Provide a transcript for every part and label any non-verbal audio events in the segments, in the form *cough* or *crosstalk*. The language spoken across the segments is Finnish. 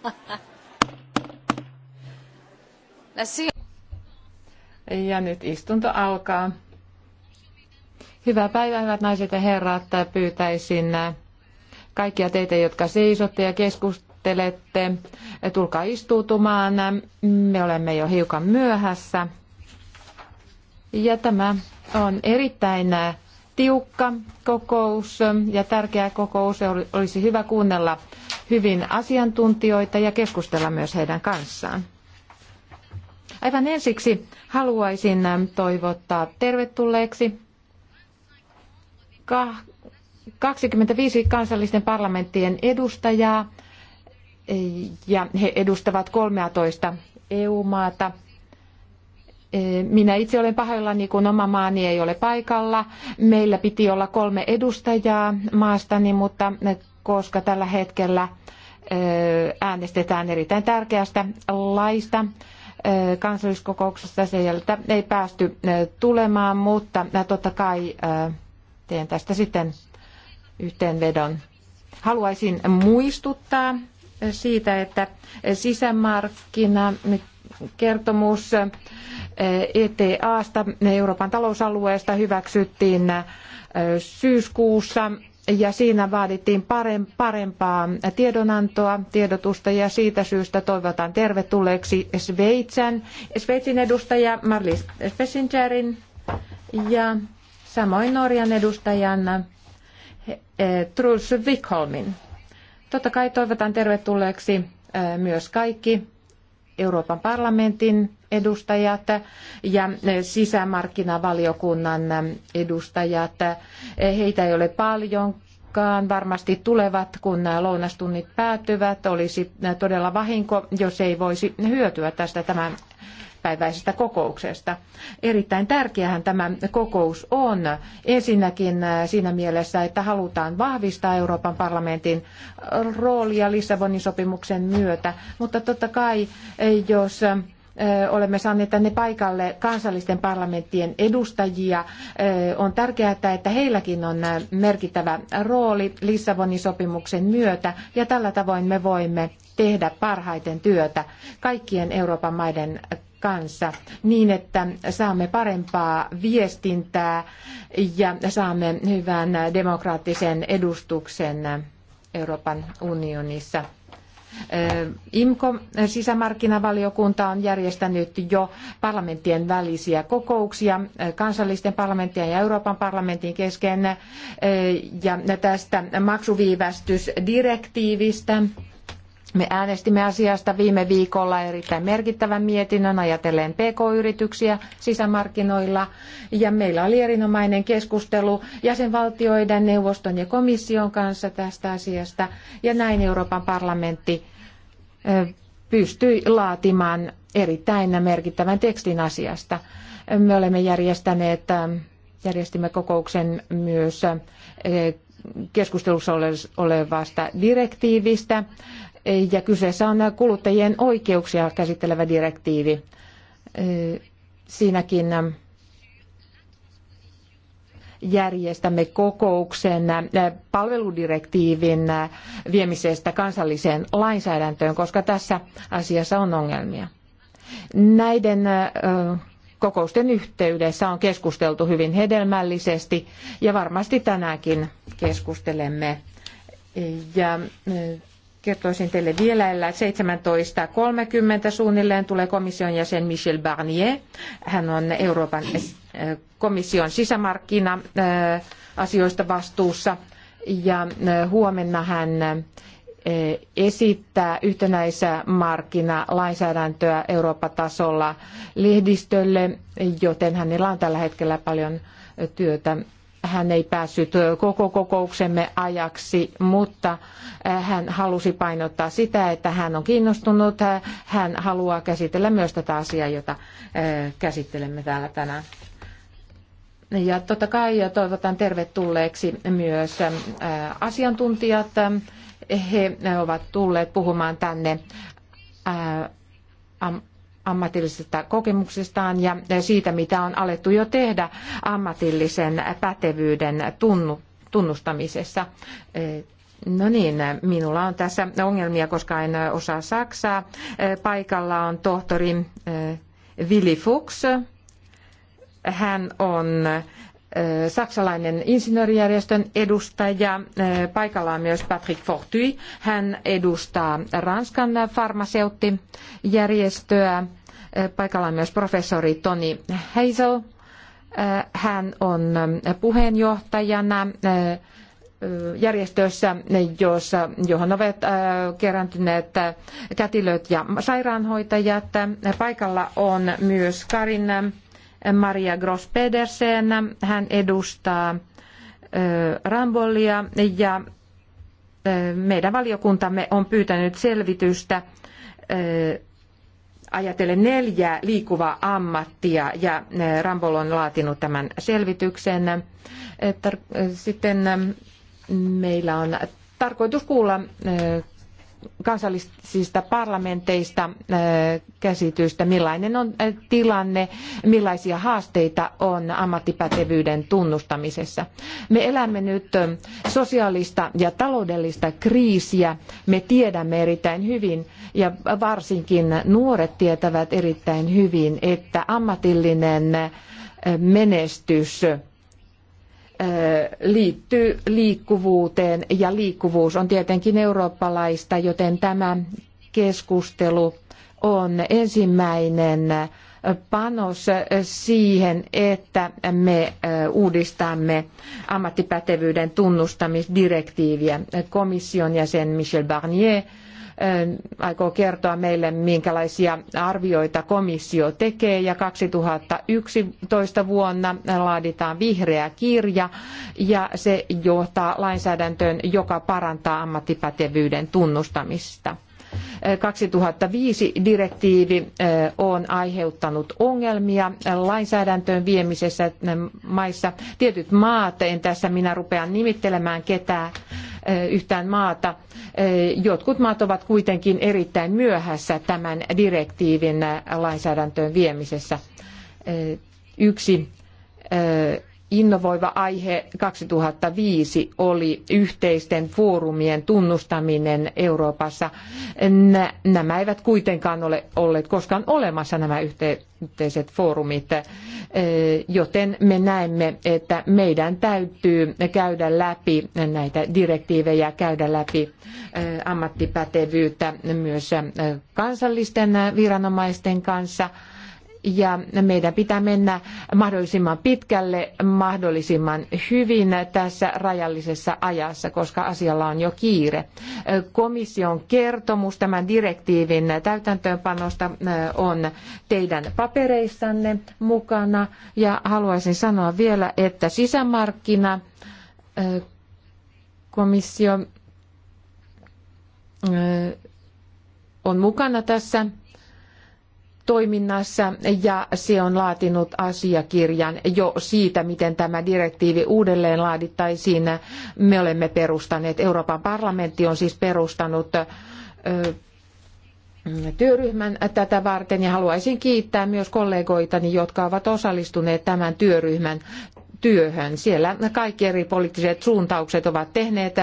*laughs* Ja nyt istunto alkaa. Hyvää päivää, hyvät naiset ja herrat. Pyytäisin kaikkia teitä, jotka seisotte ja keskustelette, tulkaa istuutumaan. Me olemme jo hiukan myöhässä. Ja tämä on erittäin tiukka kokous ja tärkeä kokous. Olisi hyvä kuunnella hyvin asiantuntijoita ja keskustella myös heidän kanssaan. Aivan ensiksi haluaisin ähm, toivottaa tervetulleeksi 25 kansallisten parlamenttien edustajaa eh, ja he edustavat 13 EU-maata. Eh, minä itse olen pahoillani, kun oma maani ei ole paikalla. Meillä piti olla kolme edustajaa maastani, mutta koska tällä hetkellä äänestetään erittäin tärkeästä laista kansalliskokouksesta. Sieltä ei päästy tulemaan, mutta totta kai teen tästä sitten yhteenvedon. Haluaisin muistuttaa siitä, että sisämarkkina kertomus ETAsta Euroopan talousalueesta hyväksyttiin syyskuussa ja siinä vaadittiin parempaa tiedonantoa, tiedotusta ja siitä syystä toivotan tervetulleeksi Sveitsin, Sveitsin edustaja Marlis Fessingerin ja samoin Norjan edustajan e, Truls Wickholmin. Totta kai toivotan tervetulleeksi e, myös kaikki Euroopan parlamentin edustajat ja sisämarkkinavaliokunnan edustajat. Heitä ei ole paljonkaan varmasti tulevat, kun nämä lounastunnit päättyvät. Olisi todella vahinko, jos ei voisi hyötyä tästä tämän päiväisestä kokouksesta. Erittäin tärkeähän tämä kokous on ensinnäkin äh, siinä mielessä, että halutaan vahvistaa Euroopan parlamentin roolia Lissabonin sopimuksen myötä, mutta totta kai eh, jos äh, olemme saaneet tänne paikalle kansallisten parlamenttien edustajia. Eh, on tärkeää, että heilläkin on äh, merkittävä rooli Lissabonin sopimuksen myötä ja tällä tavoin me voimme tehdä parhaiten työtä kaikkien Euroopan maiden kanssa niin, että saamme parempaa viestintää ja saamme hyvän demokraattisen edustuksen Euroopan unionissa. IMKO, sisämarkkinavaliokunta, on järjestänyt jo parlamenttien välisiä kokouksia kansallisten parlamenttien ja Euroopan parlamentin kesken ja tästä maksuviivästysdirektiivistä. Me äänestimme asiasta viime viikolla erittäin merkittävän mietinnön ajatellen PK-yrityksiä sisämarkkinoilla ja meillä oli erinomainen keskustelu jäsenvaltioiden, neuvoston ja komission kanssa tästä asiasta ja näin Euroopan parlamentti pystyi laatimaan erittäin merkittävän tekstin asiasta. Me olemme järjestäneet, järjestimme kokouksen myös keskustelussa olevasta direktiivistä ja kyseessä on kuluttajien oikeuksia käsittelevä direktiivi. Siinäkin järjestämme kokouksen palveludirektiivin viemisestä kansalliseen lainsäädäntöön, koska tässä asiassa on ongelmia. Näiden kokousten yhteydessä on keskusteltu hyvin hedelmällisesti ja varmasti tänäänkin keskustelemme. Ja Kertoisin teille vielä, että 17.30 suunnilleen tulee komission jäsen Michel Barnier. Hän on Euroopan äh, komission sisämarkkina-asioista äh, vastuussa. Ja äh, huomenna hän esittää yhtenäisä markkinalainsäädäntöä Eurooppa-tasolla lehdistölle, joten hänellä on tällä hetkellä paljon työtä hän ei päässyt koko kokouksemme ajaksi, mutta hän halusi painottaa sitä, että hän on kiinnostunut. Hän haluaa käsitellä myös tätä asiaa, jota käsittelemme täällä tänään. Ja totta kai toivotan tervetulleeksi myös asiantuntijat. He ovat tulleet puhumaan tänne ammatillisesta kokemuksestaan ja siitä, mitä on alettu jo tehdä ammatillisen pätevyyden tunnustamisessa. E, no niin, minulla on tässä ongelmia, koska en osaa saksaa. E, paikalla on tohtori e, Willy Fuchs. Hän on saksalainen insinöörijärjestön edustaja. Paikalla on myös Patrick Fortuy. Hän edustaa Ranskan farmaseuttijärjestöä Paikalla on myös professori Toni Hazel. Äh, hän on äh, puheenjohtajana äh, järjestössä, jossa, johon ovat kerääntyneet kätilöt ja sairaanhoitajat. Paikalla on myös Karin Maria Gross-Pedersen. Hän edustaa Rambollia ja meidän valiokuntamme on pyytänyt selvitystä ajatellen neljää liikkuvaa ammattia ja eh, Rambol on laatinut tämän selvityksen. Eh, sitten mm, meillä on tarkoitus kuulla eh, kansallisista parlamenteista eh, käsitystä, millainen on eh, tilanne, millaisia haasteita on ammattipätevyyden tunnustamisessa. Me elämme nyt eh, sosiaalista ja taloudellista kriisiä. Me tiedämme erittäin hyvin ja varsinkin nuoret tietävät erittäin hyvin, että ammatillinen menestys – liittyy liikkuvuuteen ja liikkuvuus on tietenkin eurooppalaista, joten tämä keskustelu on ensimmäinen panos siihen, että me uudistamme ammattipätevyyden tunnustamisdirektiiviä. Komission jäsen Michel Barnier aikoo kertoa meille, minkälaisia arvioita komissio tekee ja 2011 vuonna laaditaan vihreä kirja ja se johtaa lainsäädäntöön, joka parantaa ammattipätevyyden tunnustamista. 2005 direktiivi on aiheuttanut ongelmia lainsäädäntöön viemisessä maissa. Tietyt maat, en tässä minä rupea nimittelemään ketään, Eh, yhtään maata. Eh, jotkut maat ovat kuitenkin erittäin myöhässä tämän direktiivin eh, lainsäädäntöön viemisessä. Yksi innovoiva aihe 2005 oli yhteisten foorumien tunnustaminen Euroopassa. Nämä eivät kuitenkaan ole olleet koskaan olemassa nämä yhteiset foorumit, joten me näemme, että meidän täytyy käydä läpi näitä direktiivejä, käydä läpi ammattipätevyyttä myös kansallisten viranomaisten kanssa – ja meidän pitää mennä mahdollisimman pitkälle, mahdollisimman hyvin tässä rajallisessa ajassa, koska asialla on jo kiire. Komission kertomus tämän direktiivin täytäntöönpanosta äh, on teidän papereissanne mukana ja haluaisin sanoa vielä, että sisämarkkina äh, komissio äh, on mukana tässä toiminnassa ja se on laatinut asiakirjan jo siitä, miten tämä direktiivi uudelleen laadittaisiin. Me olemme perustaneet, Euroopan parlamentti on siis perustanut työryhmän tätä varten ja haluaisin kiittää myös kollegoitani, jotka ovat osallistuneet tämän työryhmän työhön. Siellä kaikki eri poliittiset suuntaukset ovat tehneet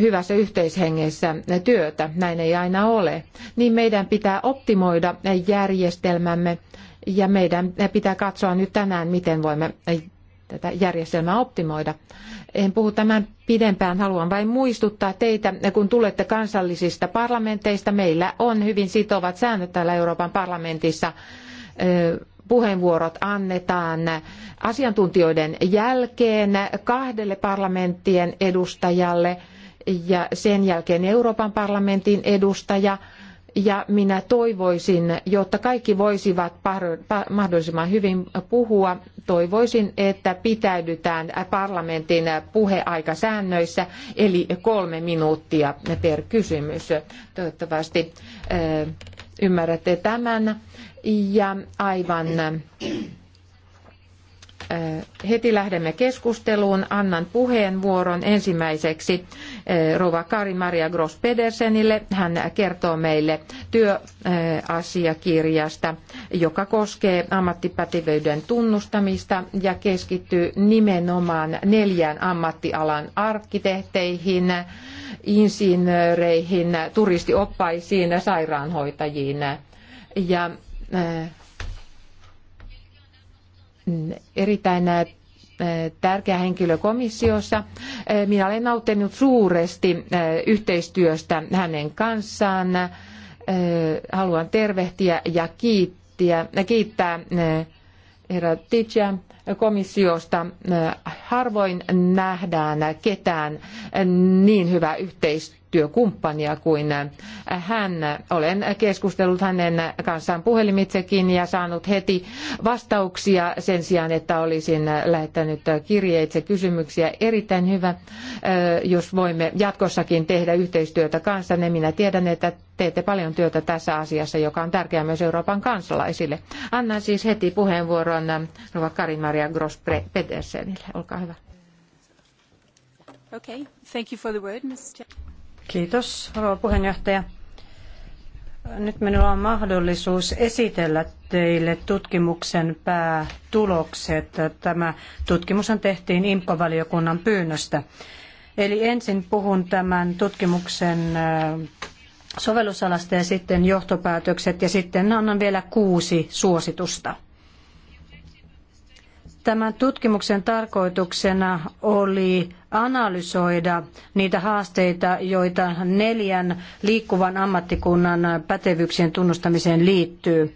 hyvässä yhteishengessä työtä. Näin ei aina ole. Niin meidän pitää optimoida järjestelmämme ja meidän pitää katsoa nyt tänään, miten voimme tätä järjestelmää optimoida. En puhu tämän pidempään, haluan vain muistuttaa teitä, kun tulette kansallisista parlamenteista, meillä on hyvin sitovat säännöt täällä Euroopan parlamentissa puheenvuorot annetaan asiantuntijoiden jälkeen kahdelle parlamenttien edustajalle ja sen jälkeen Euroopan parlamentin edustaja. Ja minä toivoisin, jotta kaikki voisivat mahdollisimman hyvin puhua, toivoisin, että pitäydytään parlamentin puheaikasäännöissä, eli kolme minuuttia per kysymys. Toivottavasti eh, ymmärrätte tämän ja aivan eh, heti lähdemme keskusteluun. Annan puheenvuoron ensimmäiseksi eh, Rova Kari Maria Gross Pedersenille. Hän kertoo meille työasiakirjasta, joka koskee ammattipätevyyden tunnustamista ja keskittyy nimenomaan neljään ammattialan arkkitehteihin, insinööreihin, turistioppaisiin ja sairaanhoitajiin. Ja erittäin tärkeä henkilö komissiossa. Minä olen nauttinut suuresti yhteistyöstä hänen kanssaan. Haluan tervehtiä ja kiittää herra Titsä komissiosta. Harvoin nähdään ketään niin hyvää yhteistyötä työkumppania kuin hän. Olen keskustellut hänen kanssaan puhelimitsekin ja saanut heti vastauksia sen sijaan, että olisin lähettänyt kirjeitse kysymyksiä. Erittäin hyvä, jos voimme jatkossakin tehdä yhteistyötä kanssanne. Minä tiedän, että teette paljon työtä tässä asiassa, joka on tärkeää myös Euroopan kansalaisille. Annan siis heti puheenvuoron Rova karin maria Gross-Pedersenille. Olkaa hyvä. Okay. Thank you for the word, Mr. Kiitos, rouva puheenjohtaja. Nyt minulla on mahdollisuus esitellä teille tutkimuksen päätulokset. Tämä tutkimus tehtiin IMKO-valiokunnan pyynnöstä. Eli ensin puhun tämän tutkimuksen äh, sovellusalasta ja sitten johtopäätökset ja sitten annan vielä kuusi suositusta. Tämän tutkimuksen tarkoituksena oli analysoida niitä haasteita, joita neljän liikkuvan ammattikunnan pätevyyksien tunnustamiseen liittyy.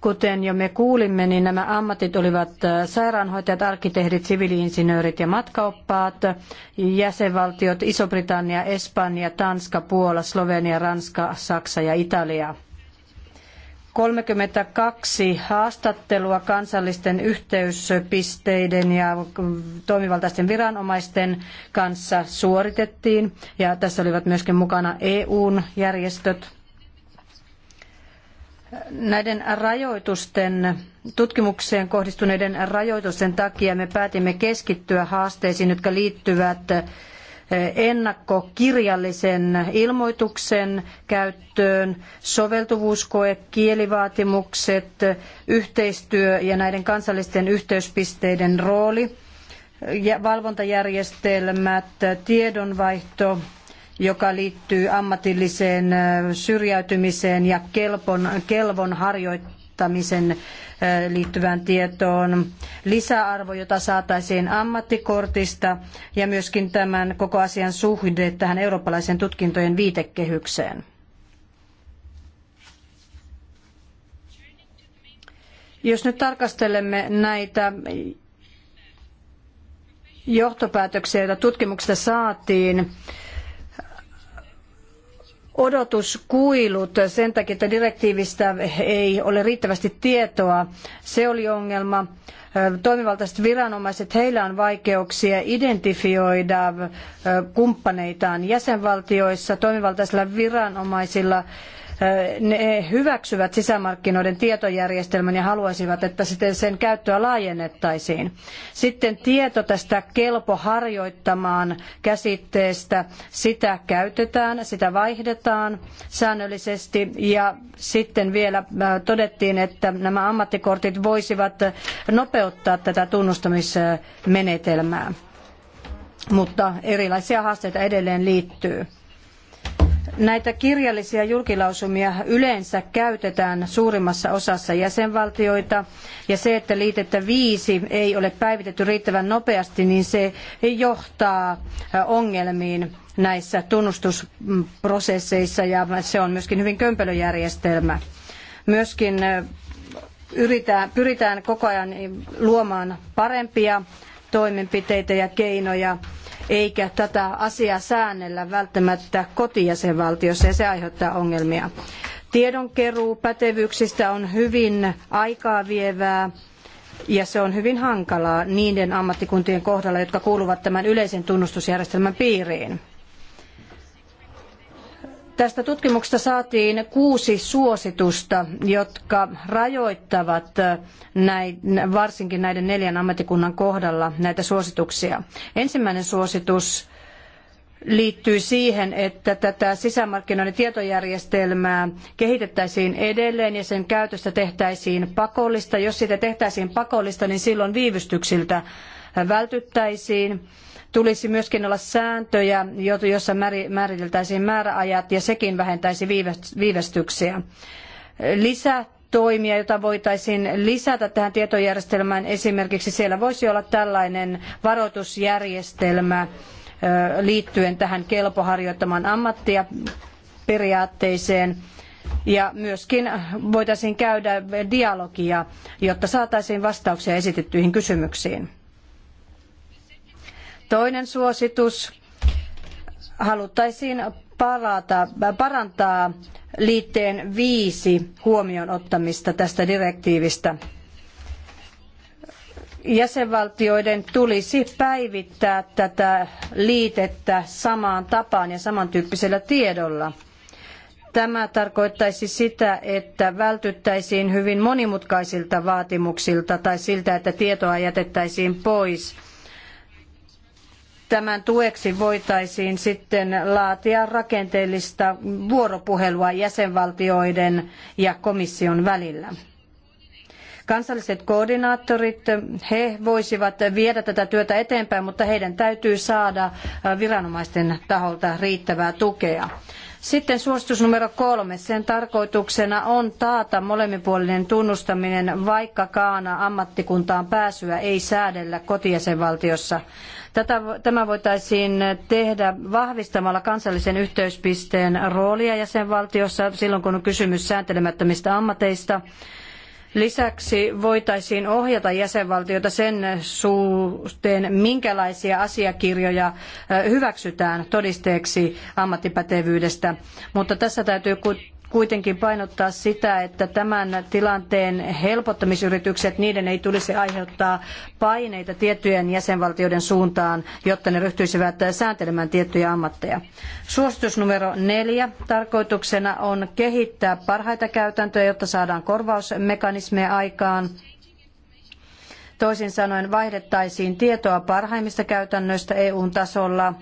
Kuten jo me kuulimme, niin nämä ammatit olivat äh, sairaanhoitajat, arkkitehdit, siviiliinsinöörit ja matkaoppaat, jäsenvaltiot Iso-Britannia, Espanja, Tanska, Puola, Slovenia, Ranska, Saksa ja Italia. 32 haastattelua kansallisten yhteyspisteiden ja toimivaltaisten viranomaisten kanssa suoritettiin ja tässä olivat myöskin mukana EUn järjestöt. Näiden rajoitusten, tutkimukseen kohdistuneiden rajoitusten takia me päätimme keskittyä haasteisiin, jotka liittyvät ennakkokirjallisen ilmoituksen käyttöön, soveltuvuuskoe, kielivaatimukset, yhteistyö ja näiden kansallisten yhteyspisteiden rooli, valvontajärjestelmät, tiedonvaihto, joka liittyy ammatilliseen syrjäytymiseen ja kelpon, kelvon harjoittamiseen kouluttamiseen liittyvään tietoon, lisäarvo, jota saataisiin ammattikortista ja myöskin tämän koko asian suhde tähän eurooppalaisen tutkintojen viitekehykseen. Jos nyt tarkastelemme näitä johtopäätöksiä, joita tutkimuksesta saatiin, odotuskuilut sen takia, että direktiivistä ei ole riittävästi tietoa. Se oli ongelma. Toimivaltaiset viranomaiset, heillä on vaikeuksia identifioida kumppaneitaan jäsenvaltioissa. Toimivaltaisilla viranomaisilla ne hyväksyvät sisämarkkinoiden tietojärjestelmän ja haluaisivat, että sitten sen käyttöä laajennettaisiin. Sitten tieto tästä kelpo harjoittamaan käsitteestä, sitä käytetään, sitä vaihdetaan säännöllisesti ja sitten vielä todettiin, että nämä ammattikortit voisivat nopeuttaa tätä tunnustamismenetelmää. Mutta erilaisia haasteita edelleen liittyy. Näitä kirjallisia julkilausumia yleensä käytetään suurimmassa osassa jäsenvaltioita ja se, että liitettä viisi ei ole päivitetty riittävän nopeasti, niin se johtaa ongelmiin näissä tunnustusprosesseissa ja se on myöskin hyvin kömpelöjärjestelmä. Myöskin yritään, pyritään koko ajan luomaan parempia toimenpiteitä ja keinoja eikä tätä asiaa säännellä välttämättä kotijäsenvaltiossa ja se aiheuttaa ongelmia. Tiedonkeruu pätevyyksistä on hyvin aikaa vievää ja se on hyvin hankalaa niiden ammattikuntien kohdalla, jotka kuuluvat tämän yleisen tunnustusjärjestelmän piiriin. Tästä tutkimuksesta saatiin kuusi suositusta, jotka rajoittavat näin, varsinkin näiden neljän ammattikunnan kohdalla näitä suosituksia. Ensimmäinen suositus liittyy siihen, että tätä sisämarkkinoiden tietojärjestelmää kehitettäisiin edelleen ja sen käytöstä tehtäisiin pakollista. Jos sitä tehtäisiin pakollista, niin silloin viivystyksiltä vältyttäisiin Tulisi myöskin olla sääntöjä, joissa määriteltäisiin määräajat ja sekin vähentäisi viivästyksiä. Lisä toimia, jota voitaisiin lisätä tähän tietojärjestelmään. Esimerkiksi siellä voisi olla tällainen varoitusjärjestelmä liittyen tähän kelpo harjoittamaan ammattia periaatteeseen. Ja myöskin voitaisiin käydä dialogia, jotta saataisiin vastauksia esitettyihin kysymyksiin. Toinen suositus. Haluttaisiin palata, parantaa liitteen viisi huomioon ottamista tästä direktiivistä. Jäsenvaltioiden tulisi päivittää tätä liitettä samaan tapaan ja samantyyppisellä tiedolla. Tämä tarkoittaisi sitä, että vältyttäisiin hyvin monimutkaisilta vaatimuksilta tai siltä, että tietoa jätettäisiin pois – tämän tueksi voitaisiin sitten laatia rakenteellista vuoropuhelua jäsenvaltioiden ja komission välillä. Kansalliset koordinaattorit, he voisivat viedä tätä työtä eteenpäin, mutta heidän täytyy saada viranomaisten taholta riittävää tukea. Sitten suositus numero kolme. Sen tarkoituksena on taata molemminpuolinen tunnustaminen, vaikka kaana ammattikuntaan pääsyä ei säädellä kotijäsenvaltiossa. Tätä, tämä voitaisiin tehdä vahvistamalla kansallisen yhteyspisteen roolia jäsenvaltiossa silloin, kun on kysymys sääntelemättömistä ammateista – Lisäksi voitaisiin ohjata jäsenvaltioita sen suhteen, minkälaisia asiakirjoja hyväksytään todisteeksi ammattipätevyydestä. Mutta tässä täytyy kuitenkin painottaa sitä, että tämän tilanteen helpottamisyritykset, niiden ei tulisi aiheuttaa paineita tiettyjen jäsenvaltioiden suuntaan, jotta ne ryhtyisivät sääntelemään tiettyjä ammatteja. Suositus numero neljä. Tarkoituksena on kehittää parhaita käytäntöjä, jotta saadaan korvausmekanismeja aikaan. Toisin sanoen vaihdettaisiin tietoa parhaimmista käytännöistä EUn tasolla.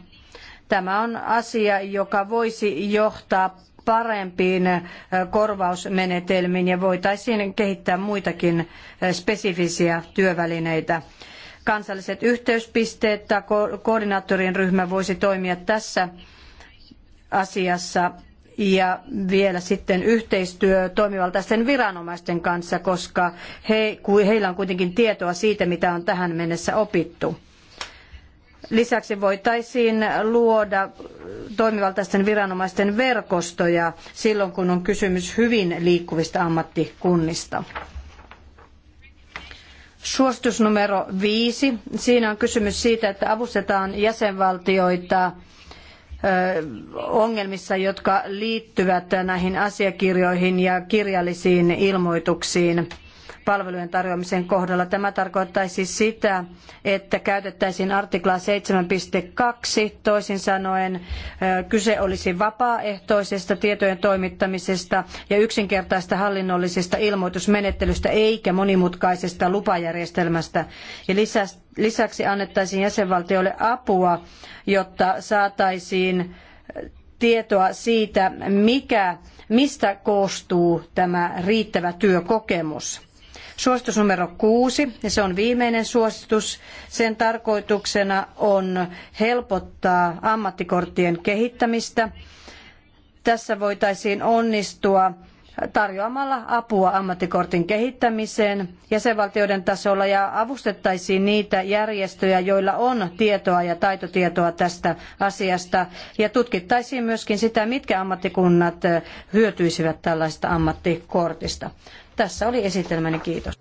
Tämä on asia, joka voisi johtaa parempiin korvausmenetelmiin ja voitaisiin kehittää muitakin spesifisiä työvälineitä kansalliset yhteyspisteet tai ko- koordinaattorien ryhmä voisi toimia tässä asiassa ja vielä sitten yhteistyö toimivaltaisten viranomaisten kanssa, koska he, heillä on kuitenkin tietoa siitä, mitä on tähän mennessä opittu. Lisäksi voitaisiin luoda toimivaltaisten viranomaisten verkostoja silloin, kun on kysymys hyvin liikkuvista ammattikunnista. Suositus numero viisi. Siinä on kysymys siitä, että avustetaan jäsenvaltioita ongelmissa, jotka liittyvät näihin asiakirjoihin ja kirjallisiin ilmoituksiin palvelujen tarjoamisen kohdalla. Tämä tarkoittaisi sitä, että käytettäisiin artiklaa 7.2, toisin sanoen kyse olisi vapaaehtoisesta tietojen toimittamisesta ja yksinkertaista hallinnollisesta ilmoitusmenettelystä eikä monimutkaisesta lupajärjestelmästä. Ja lisäksi annettaisiin jäsenvaltioille apua, jotta saataisiin tietoa siitä, mikä, mistä koostuu tämä riittävä työkokemus. Suositus numero kuusi, ja se on viimeinen suositus. Sen tarkoituksena on helpottaa ammattikorttien kehittämistä. Tässä voitaisiin onnistua tarjoamalla apua ammattikortin kehittämiseen jäsenvaltioiden tasolla ja avustettaisiin niitä järjestöjä, joilla on tietoa ja taitotietoa tästä asiasta ja tutkittaisiin myöskin sitä, mitkä ammattikunnat hyötyisivät tällaista ammattikortista. Tässä oli esitelmäni, kiitos.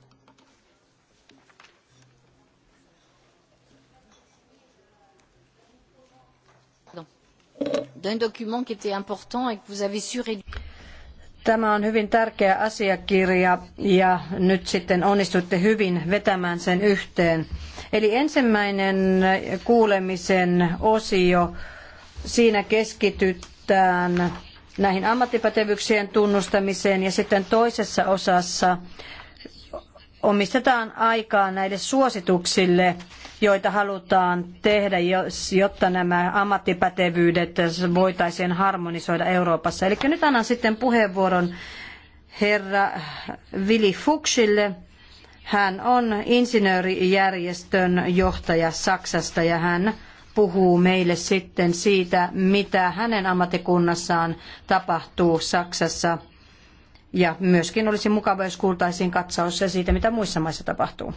Tämä on hyvin tärkeä asiakirja ja nyt sitten onnistutte hyvin vetämään sen yhteen. Eli ensimmäinen kuulemisen osio, siinä keskitytään näihin ammattipätevyyksien tunnustamiseen ja sitten toisessa osassa omistetaan aikaa näille suosituksille, joita halutaan tehdä, jotta nämä ammattipätevyydet voitaisiin harmonisoida Euroopassa. Eli nyt annan sitten puheenvuoron herra Vili Fuchsille. Hän on insinöörijärjestön johtaja Saksasta ja hän puhuu meille sitten siitä, mitä hänen ammattikunnassaan tapahtuu Saksassa. Ja myöskin olisi mukava, jos kuultaisiin katsaus siitä, mitä muissa maissa tapahtuu.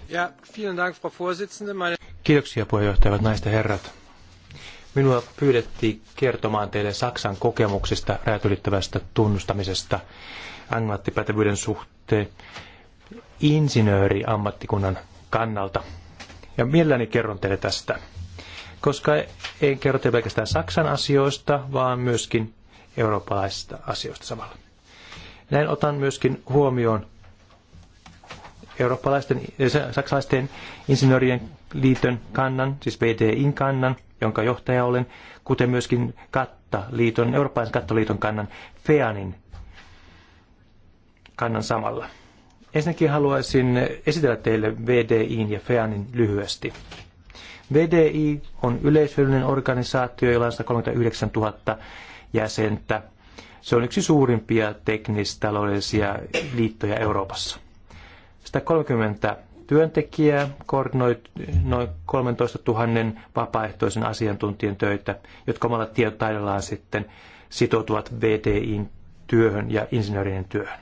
Kiitoksia puheenjohtajat naiset ja herrat. Minua pyydettiin kertomaan teille Saksan kokemuksista räätylittävästä tunnustamisesta ammattipätevyyden suhteen insinööriammattikunnan kannalta. Ja mielelläni kerron teille tästä koska ei kerrota pelkästään Saksan asioista, vaan myöskin eurooppalaisista asioista samalla. Näin otan myöskin huomioon eurooppalaisten, eh, saksalaisten insinöörien liiton kannan, siis VTIn kannan, jonka johtaja olen, kuten myöskin Kattaliiton, eurooppalaisen kattoliiton kannan, FEANin kannan samalla. Ensinnäkin haluaisin esitellä teille VDIin ja FEANin lyhyesti. VDI on yleishyödyllinen organisaatio, jolla on 139 000 jäsentä. Se on yksi suurimpia teknistaloudellisia liittoja Euroopassa. 130 työntekijää koordinoi noin 13 000 vapaaehtoisen asiantuntijan töitä, jotka omalla tietotaidollaan sitten sitoutuvat VTIn työhön ja insinöörien työhön.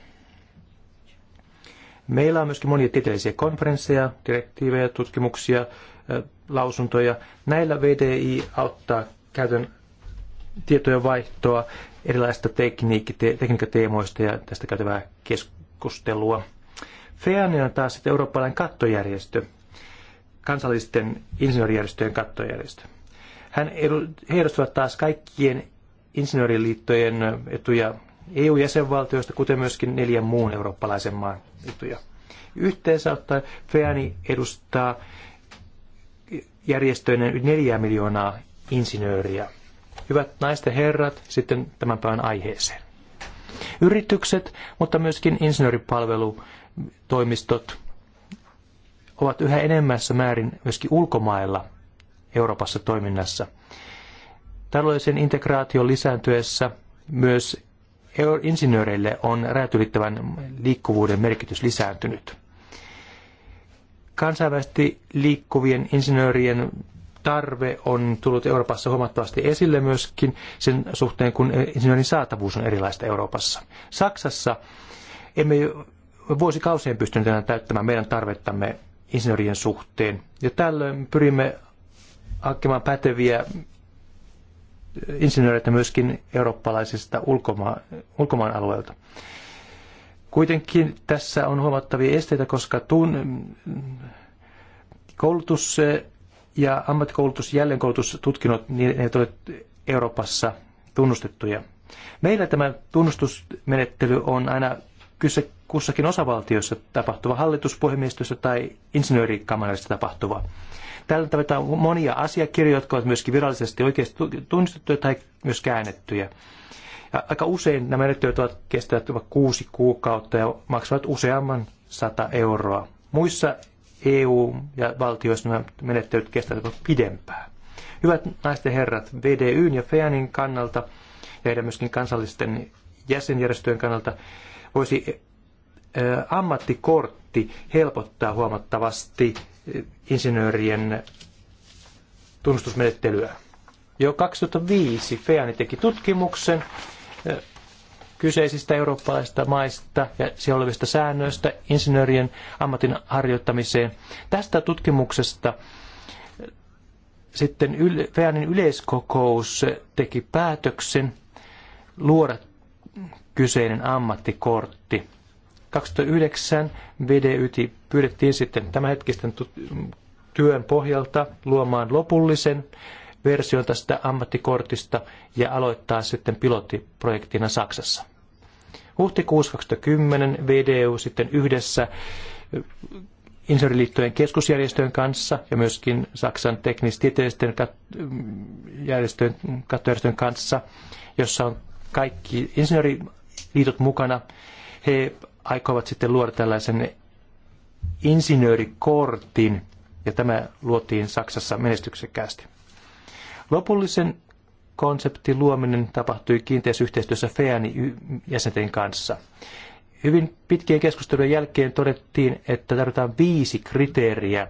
Meillä on myöskin monia tieteellisiä konferensseja, direktiivejä, tutkimuksia, lausuntoja. Näillä VDI auttaa käytön tietojen vaihtoa erilaisista tekniikkateemoista ja tästä käytävää keskustelua. FEANI on taas sitten eurooppalainen kattojärjestö, kansallisten insinöörijärjestöjen kattojärjestö. Hän he edustavat taas kaikkien insinööriliittojen etuja EU-jäsenvaltioista, kuten myöskin neljän muun eurooppalaisen maan etuja. Yhteensä ottaen FEANI edustaa järjestöinen yli 4 miljoonaa insinööriä. Hyvät naiset ja herrat, sitten tämän päivän aiheeseen. Yritykset, mutta myöskin insinööripalvelutoimistot ovat yhä enemmässä määrin myöskin ulkomailla Euroopassa toiminnassa. Taloudellisen integraation lisääntyessä myös insinööreille on räätylittävän liikkuvuuden merkitys lisääntynyt. Kansainvälisesti liikkuvien insinöörien tarve on tullut Euroopassa huomattavasti esille myöskin sen suhteen, kun insinöörin saatavuus on erilaista Euroopassa. Saksassa emme vuosikausien pystynyt enää täyttämään meidän tarvettamme insinöörien suhteen. Ja tällöin pyrimme hakemaan päteviä insinööreitä myöskin eurooppalaisista ulkoma- ulkomaan alueelta. Kuitenkin tässä on huomattavia esteitä, koska tun, mm, koulutus eh, ja ammattikoulutus, jälleenkoulutustutkinnot, niin ne ovat Euroopassa tunnustettuja. Meillä tämä tunnustusmenettely on aina kyse kussakin osavaltiossa tapahtuva, hallituspuhemiestössä tai insinöörikamarissa tapahtuva. Tällä tavoin monia asiakirjoja, jotka ovat myöskin virallisesti oikeasti tunnustettuja tai myös käännettyjä. Ja aika usein nämä menettelyt ovat kestävät jopa kuusi kuukautta ja maksavat useamman sata euroa. Muissa EU- ja valtioissa nämä menettelyt kestävät jopa pidempään. Hyvät naisten herrat, VDYn ja FEANin kannalta ja heidän myöskin kansallisten jäsenjärjestöjen kannalta voisi ammattikortti helpottaa huomattavasti insinöörien tunnustusmenettelyä. Jo 2005 FEANI teki tutkimuksen, kyseisistä eurooppalaisista maista ja siellä olevista säännöistä insinöörien ammatin harjoittamiseen. Tästä tutkimuksesta sitten Feanin yleiskokous teki päätöksen luoda kyseinen ammattikortti. 2009 VDYT pyydettiin sitten tämänhetkisten työn pohjalta luomaan lopullisen versio tästä ammattikortista ja aloittaa sitten pilottiprojektina Saksassa. Huhtikuussa 2010 VDU sitten yhdessä eh, insinööriliittojen keskusjärjestöjen kanssa ja myöskin Saksan teknistieteellisten kat- mm, järjestöjen, kattojärjestöjen kanssa, jossa on kaikki insinööriliitot mukana. He aikovat sitten luoda tällaisen insinöörikortin, ja tämä luotiin Saksassa menestyksekkäästi. Lopullisen konseptin luominen tapahtui kiinteässä yhteistyössä FEANin jäsenten kanssa. Hyvin pitkien keskustelujen jälkeen todettiin, että tarvitaan viisi kriteeriä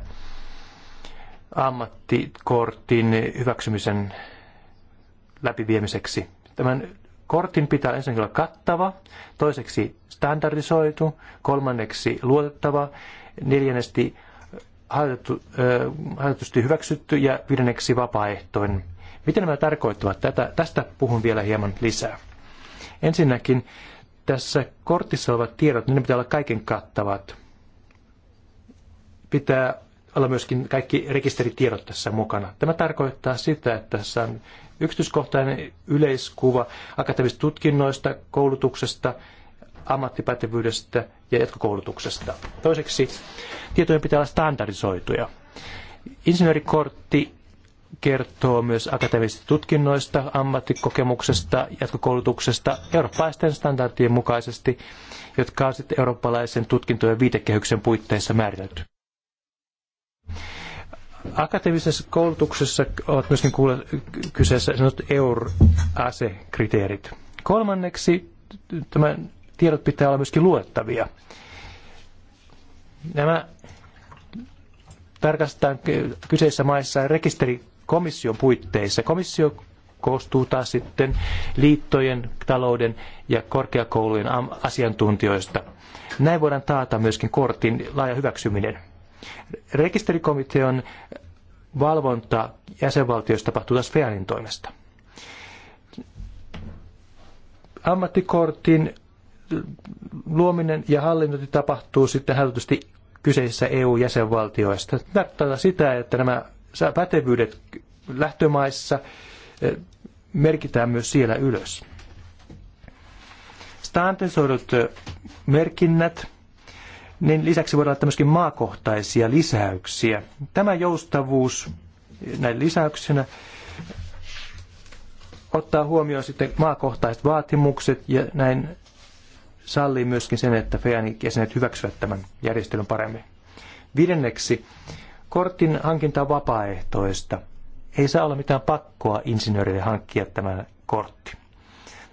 ammattikortin hyväksymisen läpiviemiseksi. Tämän kortin pitää ensinnäkin olla kattava, toiseksi standardisoitu, kolmanneksi luotettava, neljännesti hallitusti hyväksytty ja viidenneksi vapaaehtoinen. Miten nämä tarkoittavat tätä? Tästä puhun vielä hieman lisää. Ensinnäkin tässä kortissa olevat tiedot, niin ne pitää olla kaiken kattavat. Pitää olla myöskin kaikki rekisteritiedot tässä mukana. Tämä tarkoittaa sitä, että tässä on yksityiskohtainen yleiskuva akateemisista tutkinnoista, koulutuksesta ammattipätevyydestä ja jatkokoulutuksesta. Toiseksi tietojen pitää olla standardisoituja. Insinöörikortti kertoo myös akateemisista tutkinnoista, ammattikokemuksesta, jatkokoulutuksesta eurooppalaisten standardien mukaisesti, jotka on sitten eurooppalaisen tutkintojen viitekehyksen puitteissa määritelty. Akateemisessa koulutuksessa ovat myöskin kyseessä sanotut EUR-ASE-kriteerit. Kolmanneksi tämän tiedot pitää olla myöskin luettavia. Nämä tarkastetaan kyseisissä maissa rekisterikomission puitteissa. Komissio koostuu taas sitten liittojen, talouden ja korkeakoulujen asiantuntijoista. Näin voidaan taata myöskin kortin laaja hyväksyminen. Rekisterikomitean valvonta jäsenvaltioista tapahtuu taas FEANin toimesta. Ammattikortin luominen ja hallinnointi tapahtuu sitten hälytysti kyseisissä EU-jäsenvaltioista. Tarkoittaa sitä, että nämä pätevyydet lähtömaissa eh, merkitään myös siellä ylös. Standardisoidut eh, merkinnät, niin lisäksi voidaan laittaa myöskin maakohtaisia lisäyksiä. Tämä joustavuus näin lisäyksenä ottaa huomioon sitten maakohtaiset vaatimukset ja näin sallii myöskin sen, että FEAN jäsenet hyväksyvät tämän järjestelyn paremmin. Viidenneksi, kortin hankinta on vapaaehtoista. Ei saa olla mitään pakkoa insinööreille hankkia tämä kortti.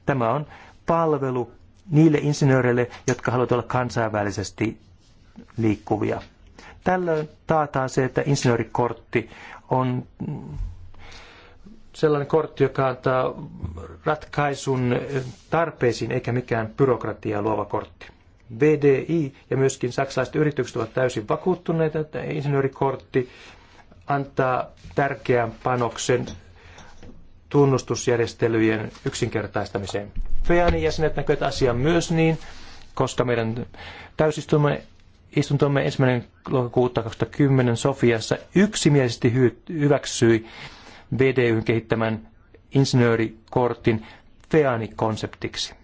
Tämä on palvelu niille insinööreille, jotka haluavat olla kansainvälisesti liikkuvia. Tällöin taataan se, että insinöörikortti on sellainen kortti, joka antaa ratkaisun tarpeisiin eikä mikään byrokratiaa luova kortti. VDI ja myöskin saksalaiset yritykset ovat täysin vakuuttuneita, että insinöörikortti antaa tärkeän panoksen tunnustusjärjestelyjen yksinkertaistamiseen. FEANin jäsenet näkevät asian myös niin, koska meidän täysistuntomme istuntomme ensimmäinen lokakuuta 2010 Sofiassa yksimielisesti hyväksyi VDYn kehittämän insinöörikortin FEANI-konseptiksi.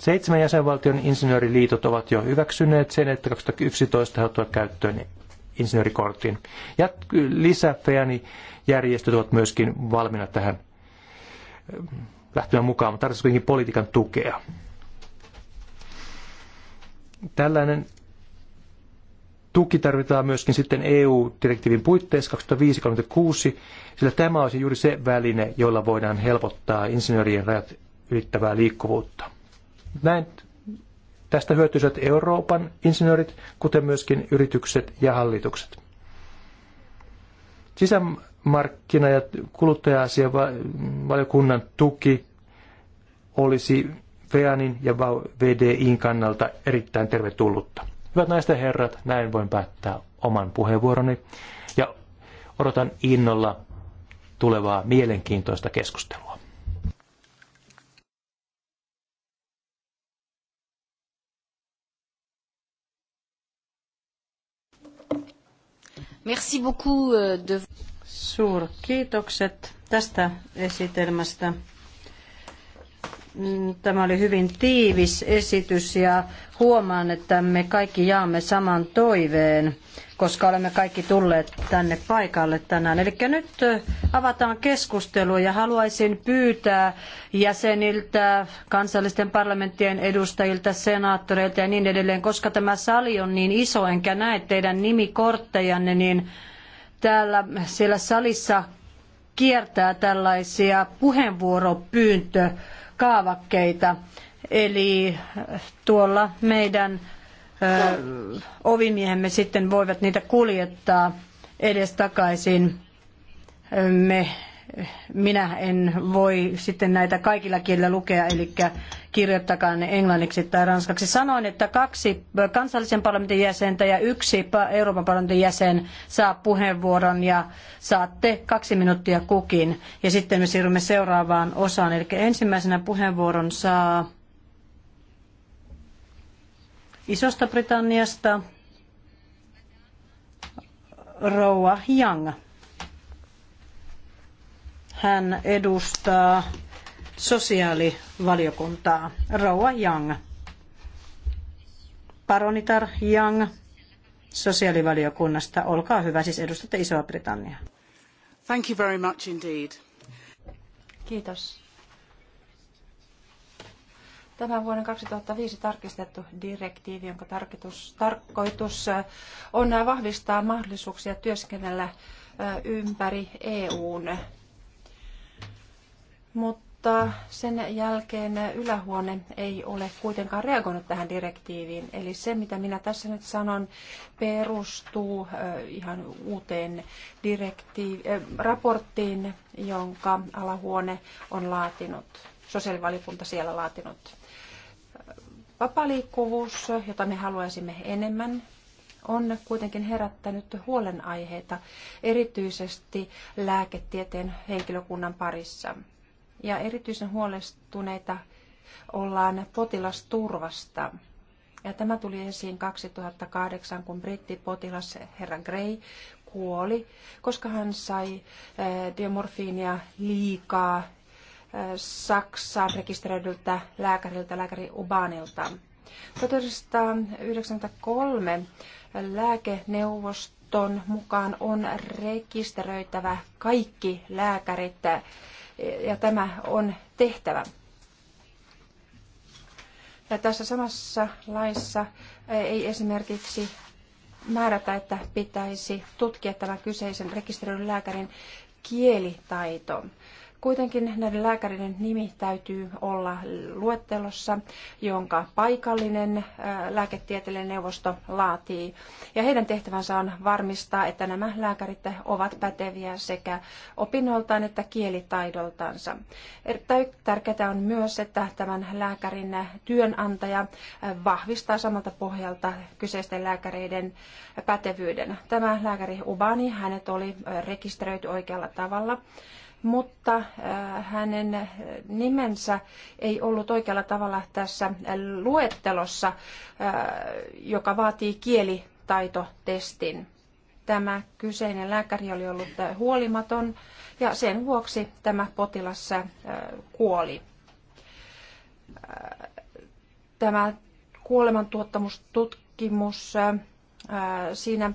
Seitsemän jäsenvaltion insinööriliitot ovat jo hyväksyneet sen, että 2011 he ottavat käyttöön insinöörikortin. Ja feani järjestöt ovat myöskin valmiina tähän äh, lähtemään mukaan, mutta tarvitsisi kuitenkin politiikan tukea. Tällainen tuki tarvitaan myöskin sitten EU-direktiivin puitteissa 2005-2036, sillä tämä olisi juuri se väline, jolla voidaan helpottaa insinöörien rajat ylittävää liikkuvuutta. Näin tästä hyötyisivät Euroopan insinöörit, kuten myöskin yritykset ja hallitukset. Sisämarkkina- ja kuluttaja-asiavaliokunnan tuki olisi FEANin ja VDIn kannalta erittäin tervetullutta. Hyvät naiset ja herrat, näin voin päättää oman puheenvuoroni ja odotan innolla tulevaa mielenkiintoista keskustelua. Merci beaucoup euh, de... kiitokset tästä esitelmästä. Tämä oli hyvin tiivis esitys ja huomaan, että me kaikki jaamme saman toiveen, koska olemme kaikki tulleet tänne paikalle tänään. Eli nyt avataan keskustelu ja haluaisin pyytää jäseniltä, kansallisten parlamenttien edustajilta, senaattoreilta ja niin edelleen, koska tämä sali on niin iso, enkä näe teidän nimikorttejanne, niin täällä siellä salissa kiertää tällaisia puheenvuoropyyntöjä kaavakkeita. Eli äh, tuolla meidän äh, ovimiehemme sitten voivat niitä kuljettaa edestakaisin. Äh, me minä en voi sitten näitä kaikilla kielillä lukea, eli ne englanniksi tai ranskaksi. Sanoin, että kaksi kansallisen parlamentin jäsentä ja yksi Euroopan parlamentin jäsen saa puheenvuoron ja saatte kaksi minuuttia kukin. Ja sitten me siirrymme seuraavaan osaan. Eli ensimmäisenä puheenvuoron saa Isosta Britanniasta Rouva Young. Hän edustaa sosiaalivaliokuntaa. Rouva Young. Paronitar Young sosiaalivaliokunnasta. Olkaa hyvä, siis edustatte Isoa-Britanniaa. Thank you very much indeed. Kiitos. Tämän vuoden 2005 tarkistettu direktiivi, jonka tarkoitus, tarkoitus äh, on vahvistaa mahdollisuuksia työskennellä äh, ympäri EUn mutta sen jälkeen ylähuone ei ole kuitenkaan reagoinut tähän direktiiviin. Eli se, mitä minä tässä nyt sanon, perustuu ihan uuteen direktiivi- raporttiin, jonka alahuone on laatinut, sosiaalivaliokunta siellä laatinut. Vapaaliikkuvuus, jota me haluaisimme enemmän, on kuitenkin herättänyt huolenaiheita erityisesti lääketieteen henkilökunnan parissa – ja erityisen huolestuneita ollaan potilasturvasta. Ja tämä tuli esiin 2008, kun brittipotilas herra Gray kuoli, koska hän sai eh, diamorfiinia liikaa eh, Saksan rekisteröidyltä lääkäriltä, lääkäri Ubanilta. 1993 lääkeneuvoston mukaan on rekisteröitävä kaikki lääkärit ja tämä on tehtävä. Ja tässä samassa laissa ei esimerkiksi määrätä, että pitäisi tutkia tämän kyseisen rekisteröidyn lääkärin kielitaito. Kuitenkin näiden lääkäreiden nimi täytyy olla luettelossa, jonka paikallinen lääketieteellinen neuvosto laatii. Ja heidän tehtävänsä on varmistaa, että nämä lääkärit ovat päteviä sekä opinnoiltaan että kielitaidoltansa. tärkeää on myös, että tämän lääkärin työnantaja vahvistaa samalta pohjalta kyseisten lääkäreiden pätevyyden. Tämä lääkäri Ubani, hänet oli rekisteröity oikealla tavalla mutta äh, hänen äh, nimensä ei ollut oikealla tavalla tässä äh, luettelossa, joka vaatii kielitaitotestin. Tämä kyseinen lääkäri oli ollut huolimaton ja sen vuoksi tämä potilas kuoli. Tämä kuolemantuottamustutkimus siinä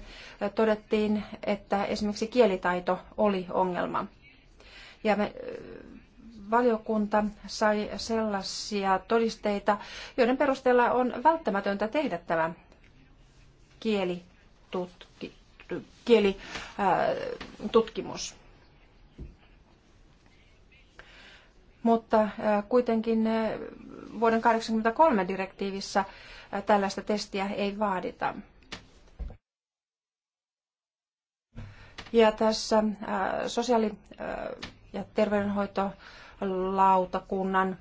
todettiin, että esimerkiksi kielitaito oli ongelma ja me, valiokunta sai sellaisia todisteita, joiden perusteella on välttämätöntä tehdä tämä kielitutkimus. Mutta äh, kuitenkin äh, vuoden 1983 direktiivissä äh, tällaista testiä ei vaadita. Ja tässä sosiaali ja terveydenhoitolautakunnan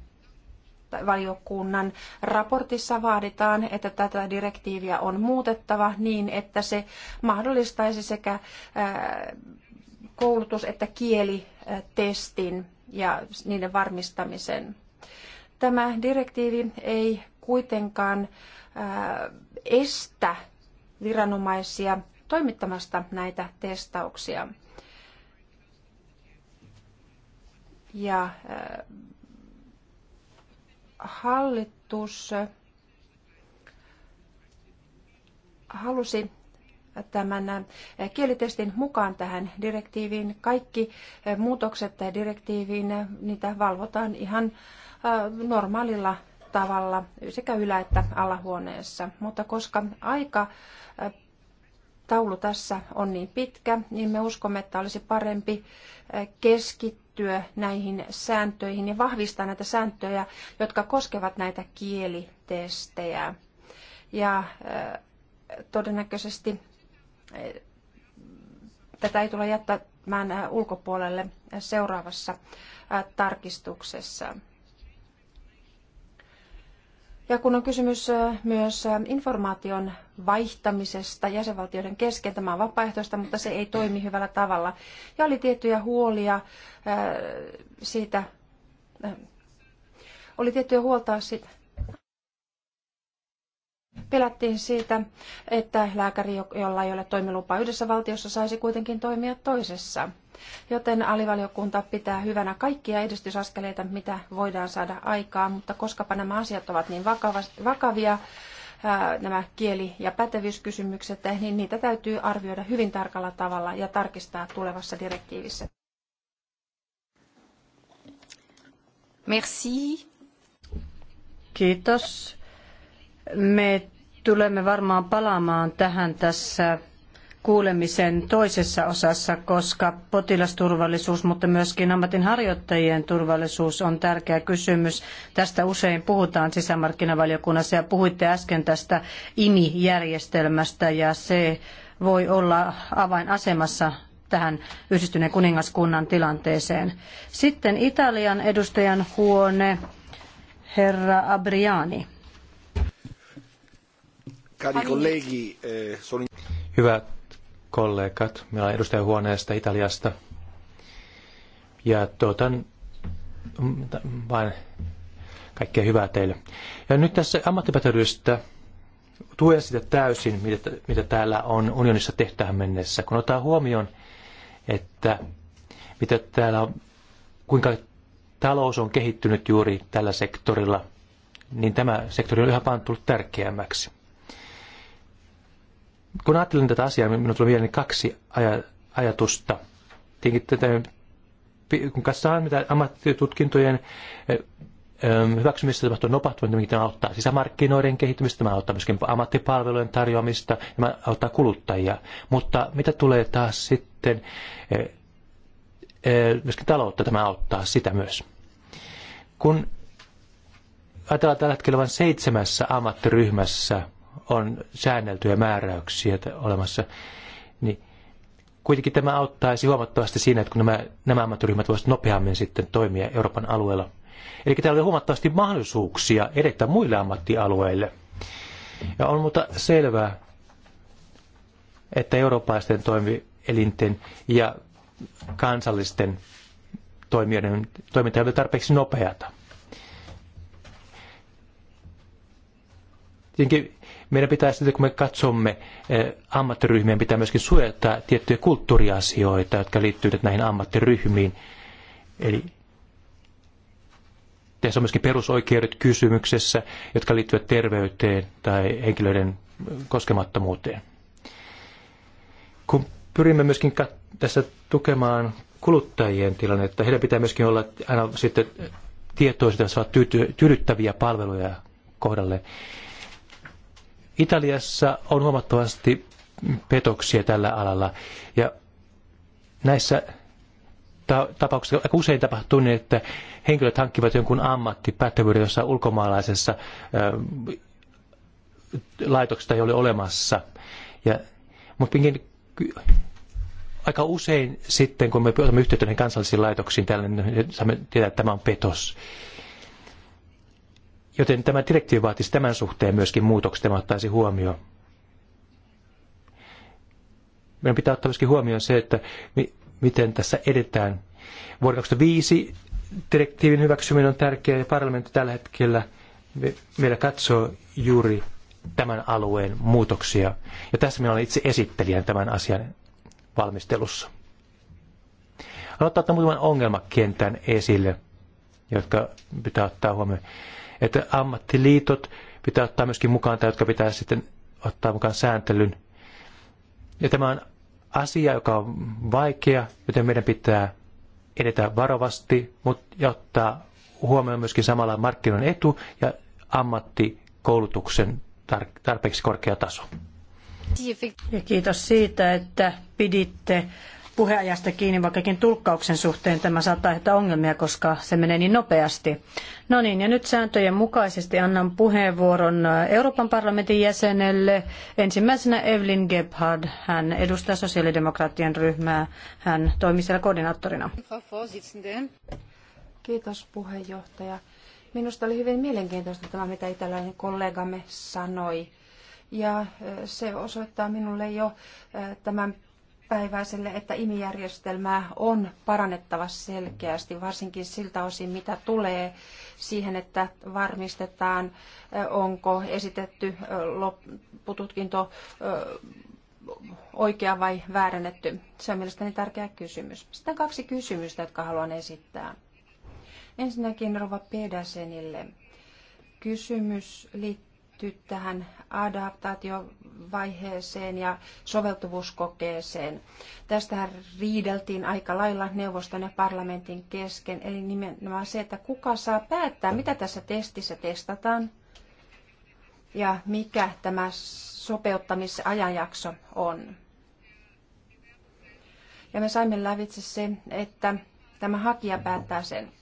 tai valiokunnan raportissa vaaditaan, että tätä direktiiviä on muutettava niin, että se mahdollistaisi sekä koulutus- että kielitestin ja niiden varmistamisen. Tämä direktiivi ei kuitenkaan estä viranomaisia toimittamasta näitä testauksia. Ja äh, hallitus äh, halusi tämän äh, kielitestin mukaan tähän direktiiviin. Kaikki muutokset direktiiviin, niitä valvotaan ihan normaalilla tavalla sekä ylä- että alahuoneessa. Mutta koska aika taulu tässä on niin pitkä, niin me uskomme, että olisi parempi keskittyä liittyä näihin sääntöihin ja vahvistaa näitä sääntöjä, jotka koskevat näitä kielitestejä. Ja äh, todennäköisesti äh, tätä ei tule jättämään äh, ulkopuolelle seuraavassa tarkistuksessa. Ja kun on kysymys myös informaation vaihtamisesta jäsenvaltioiden kesken, tämä on vapaaehtoista, mutta se ei toimi hyvällä tavalla. Ja oli tiettyjä huolia siitä, oli tiettyjä huolta siitä, Pelättiin siitä, että lääkäri, jolla ei ole toimilupaa yhdessä valtiossa, saisi kuitenkin toimia toisessa. Joten alivaliokunta pitää hyvänä kaikkia edistysaskeleita, mitä voidaan saada aikaan, mutta koskapa nämä asiat ovat niin vakavia, nämä kieli- ja pätevyyskysymykset, niin niitä täytyy arvioida hyvin tarkalla tavalla ja tarkistaa tulevassa direktiivissä. Merci. Kiitos. Me tulemme varmaan palaamaan tähän tässä kuulemisen toisessa osassa, koska potilasturvallisuus, mutta myöskin ammatinharjoittajien turvallisuus on tärkeä kysymys. Tästä usein puhutaan sisämarkkinavaliokunnassa ja puhuitte äsken tästä IMI-järjestelmästä ja se voi olla avainasemassa tähän yhdistyneen kuningaskunnan tilanteeseen. Sitten Italian edustajan huone, herra Abriani. Cari colleghi, eh, sono... Hyvät kollegat, meillä on Huoneesta Italiasta. Ja tuotan vain kaikkea hyvää teille. Ja nyt tässä ammattipätevyydestä tuen sitä täysin, mitä, mitä täällä on unionissa tehty tähän mennessä. Kun otetaan huomioon, että mitä täällä on, kuinka talous on kehittynyt juuri tällä sektorilla, niin tämä sektori on yhä vain tullut tärkeämmäksi kun ajattelen tätä asiaa, niin minulle tulee vielä kaksi ajatusta. Tietenkin tätä, kun katsotaan, mitä ammattitutkintojen hyväksymistä tapahtuu niin nopahtumista, niin tämä auttaa sisämarkkinoiden kehittymistä, tämä auttaa myöskin ammattipalvelujen tarjoamista, tämä auttaa kuluttajia. Mutta mitä tulee taas sitten, myöskin taloutta tämä auttaa sitä myös. Kun ajatellaan tällä hetkellä vain seitsemässä ammattiryhmässä on säänneltyjä määräyksiä olemassa, niin kuitenkin tämä auttaisi huomattavasti siinä, että kun nämä, nämä ammattiryhmät voisivat nopeammin sitten toimia Euroopan alueella. Eli täällä oli huomattavasti mahdollisuuksia edetä muille ammattialueille. Ja on mutta selvää, että eurooppalaisten toimielinten ja kansallisten toimijoiden toiminta ei tarpeeksi nopeata. Tietenkin meidän pitää sitten, kun me katsomme eh, ammattiryhmien, pitää myöskin suojata tiettyjä kulttuuriasioita, jotka liittyvät näihin ammattiryhmiin. Eli tässä on myöskin perusoikeudet kysymyksessä, jotka liittyvät terveyteen tai henkilöiden koskemattomuuteen. Kun pyrimme myöskin tässä tukemaan kuluttajien tilannetta, heidän pitää myöskin olla aina sitten tietoisia, että saavat tyydyttäviä palveluja kohdalle. Italiassa on huomattavasti petoksia tällä alalla. Ja näissä ta- tapauksissa aika usein tapahtuu niin, että henkilöt hankkivat jonkun ammattipätevyyden jossain ulkomaalaisessa ö, laitoksesta ei ole olemassa. Ja, mutta aika usein sitten, kun me otamme yhteyttä kansallisiin laitoksiin, tällainen, niin saamme tietää, että tämä on petos. Joten tämä direktiivi vaatisi tämän suhteen myöskin muutokset, tämä ottaisi huomioon. Meidän pitää ottaa myöskin huomioon se, että mi- miten tässä edetään. Vuoden 2005 direktiivin hyväksyminen on tärkeää ja parlamentti tällä hetkellä meillä katsoo juuri tämän alueen muutoksia. Ja tässä minä olen itse esittelijän tämän asian valmistelussa. Haluan ottaa muutaman ongelmakentän esille, jotka pitää ottaa huomioon että ammattiliitot pitää ottaa myöskin mukaan tai jotka pitää sitten ottaa mukaan sääntelyn. Ja tämä on asia, joka on vaikea, joten meidän pitää edetä varovasti mutta, ja ottaa huomioon myöskin samalla markkinoiden etu ja ammattikoulutuksen tarpeeksi korkea taso. Ja kiitos siitä, että piditte puheajasta kiinni, vaikkakin tulkkauksen suhteen tämä saattaa aiheuttaa ongelmia, koska se menee niin nopeasti. No niin, ja nyt sääntöjen mukaisesti annan puheenvuoron Euroopan parlamentin jäsenelle. Ensimmäisenä Evelyn Gebhard, hän edustaa sosiaalidemokraattien ryhmää, hän toimii siellä koordinaattorina. Kiitos puheenjohtaja. Minusta oli hyvin mielenkiintoista tämä, mitä italialainen kollegamme sanoi. Ja se osoittaa minulle jo tämän päiväiselle, että imijärjestelmää on parannettava selkeästi, varsinkin siltä osin, mitä tulee siihen, että varmistetaan, onko esitetty loppututkinto oikea vai väärennetty. Se on mielestäni tärkeä kysymys. Sitten kaksi kysymystä, jotka haluan esittää. Ensinnäkin Rova Pedersenille. Kysymys liittyy päädytty tähän adaptaatiovaiheeseen ja soveltuvuuskokeeseen. Tästähän riideltiin aika lailla neuvoston ja parlamentin kesken, eli nimenomaan se, että kuka saa päättää, mitä tässä testissä testataan ja mikä tämä sopeuttamisajanjakso on. Ja me saimme lävitse se, että tämä hakija päättää sen.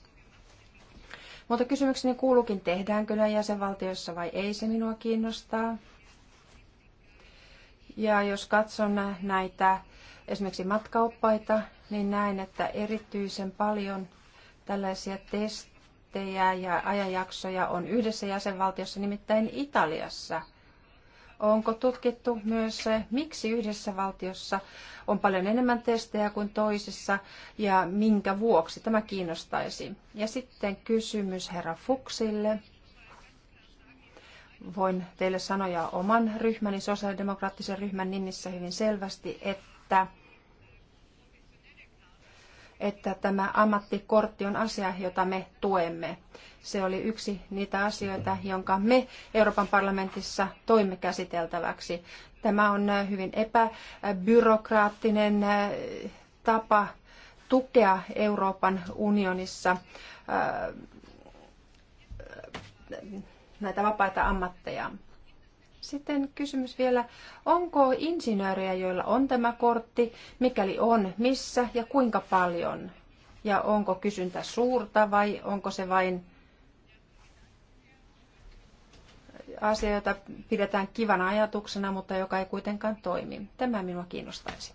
Mutta kysymykseni kuuluukin, tehdäänkö ne jäsenvaltioissa vai ei, se minua kiinnostaa. Ja jos katson näitä esimerkiksi matkaoppaita, niin näen, että erityisen paljon tällaisia testejä ja ajanjaksoja on yhdessä jäsenvaltiossa, nimittäin Italiassa – Onko tutkittu myös se, miksi yhdessä valtiossa on paljon enemmän testejä kuin toisessa ja minkä vuoksi tämä kiinnostaisi? Ja sitten kysymys herra Fuksille. Voin teille sanoa oman ryhmäni, sosiaalidemokraattisen ryhmän nimissä hyvin selvästi, että että tämä ammattikortti on asia, jota me tuemme. Se oli yksi niitä asioita, jonka me Euroopan parlamentissa toimme käsiteltäväksi. Tämä on äh, hyvin epäbyrokraattinen äh, tapa tukea Euroopan unionissa äh, näitä vapaita ammatteja. Sitten kysymys vielä, onko insinöörejä, joilla on tämä kortti, mikäli on, missä ja kuinka paljon? Ja onko kysyntä suurta vai onko se vain asia, jota pidetään kivan ajatuksena, mutta joka ei kuitenkaan toimi? Tämä minua kiinnostaisi.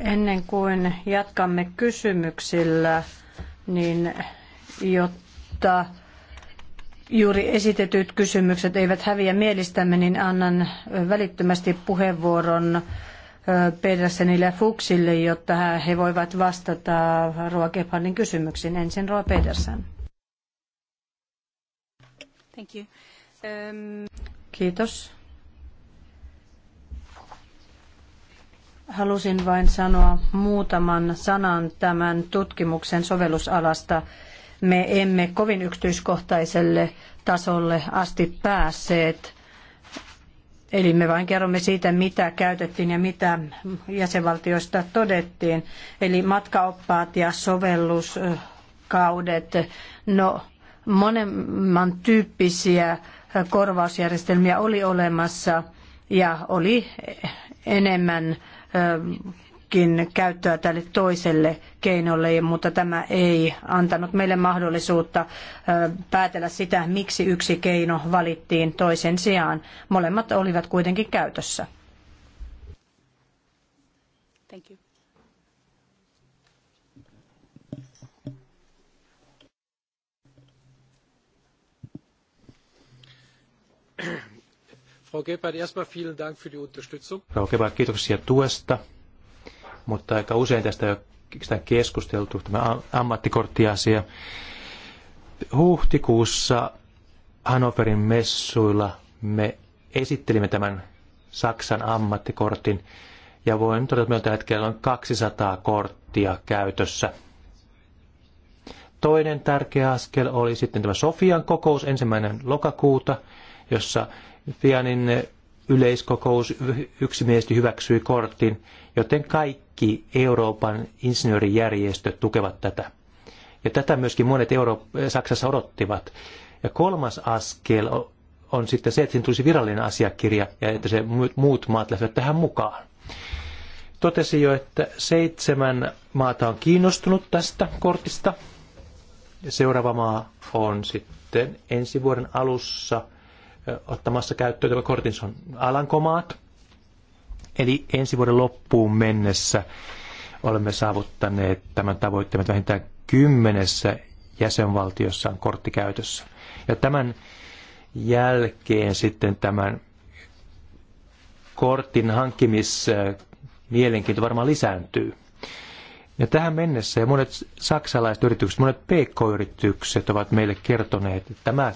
Ennen kuin jatkamme kysymyksillä, niin jotta juuri esitetyt kysymykset eivät häviä mielistämme, niin annan välittömästi puheenvuoron Pedersenille ja Fuchsille, jotta he voivat vastata Roa Gebhardin kysymyksiin. Ensin Roa Pedersen. Thank you. Um... Kiitos. Halusin vain sanoa muutaman sanan tämän tutkimuksen sovellusalasta – me emme kovin yksityiskohtaiselle tasolle asti päässeet. Eli me vain kerromme siitä, mitä käytettiin ja mitä jäsenvaltioista todettiin. Eli matkaoppaat ja sovelluskaudet, no monemman tyyppisiä korvausjärjestelmiä oli olemassa ja oli enemmän myöskin käyttöä tälle toiselle keinolle, mutta tämä ei antanut meille mahdollisuutta päätellä sitä, miksi yksi keino valittiin toisen sijaan. Molemmat olivat kuitenkin käytössä. Thank you. Frau Gebhardt, erstmal vielen Dank für die Unterstützung. Frau Gebhardt, kiitoksia tuesta mutta aika usein tästä jo sitä keskusteltu, tämä ammattikorttiasia. Huhtikuussa Hannoverin messuilla me esittelimme tämän Saksan ammattikortin, ja voin todeta, että meillä tällä hetkellä on 200 korttia käytössä. Toinen tärkeä askel oli sitten tämä Sofian kokous ensimmäinen lokakuuta, jossa Fianin yleiskokous yksimielisesti hyväksyi kortin, joten kaikki kaikki Euroopan insinöörijärjestöt tukevat tätä. Ja tätä myöskin monet Euro- Saksassa odottivat. Ja kolmas askel on sitten se, että siinä tulisi virallinen asiakirja ja että se muut maat lähtevät tähän mukaan. Totesin jo, että seitsemän maata on kiinnostunut tästä kortista. Ja seuraava maa on sitten ensi vuoden alussa ottamassa käyttöön tämä kortin, se on Alankomaat. Eli ensi vuoden loppuun mennessä olemme saavuttaneet tämän tavoitteen, että vähintään kymmenessä jäsenvaltiossa on kortti käytössä. Ja tämän jälkeen sitten tämän kortin hankkimismielenkiinto varmaan lisääntyy. Ja tähän mennessä ja monet saksalaiset yritykset, monet pk-yritykset ovat meille kertoneet, että tämä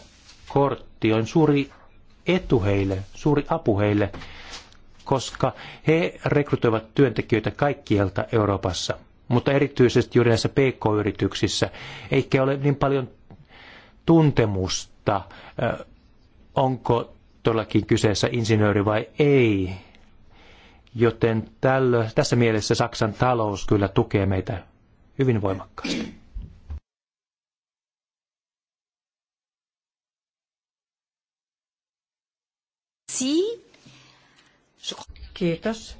kortti on suuri etu heille, suuri apu heille, koska he rekrytoivat työntekijöitä kaikkialta Euroopassa, mutta erityisesti juuri näissä PK-yrityksissä, eikä ole niin paljon tuntemusta, onko todellakin kyseessä insinööri vai ei. Joten tällö, tässä mielessä Saksan talous kyllä tukee meitä hyvin voimakkaasti. Si Kiitos.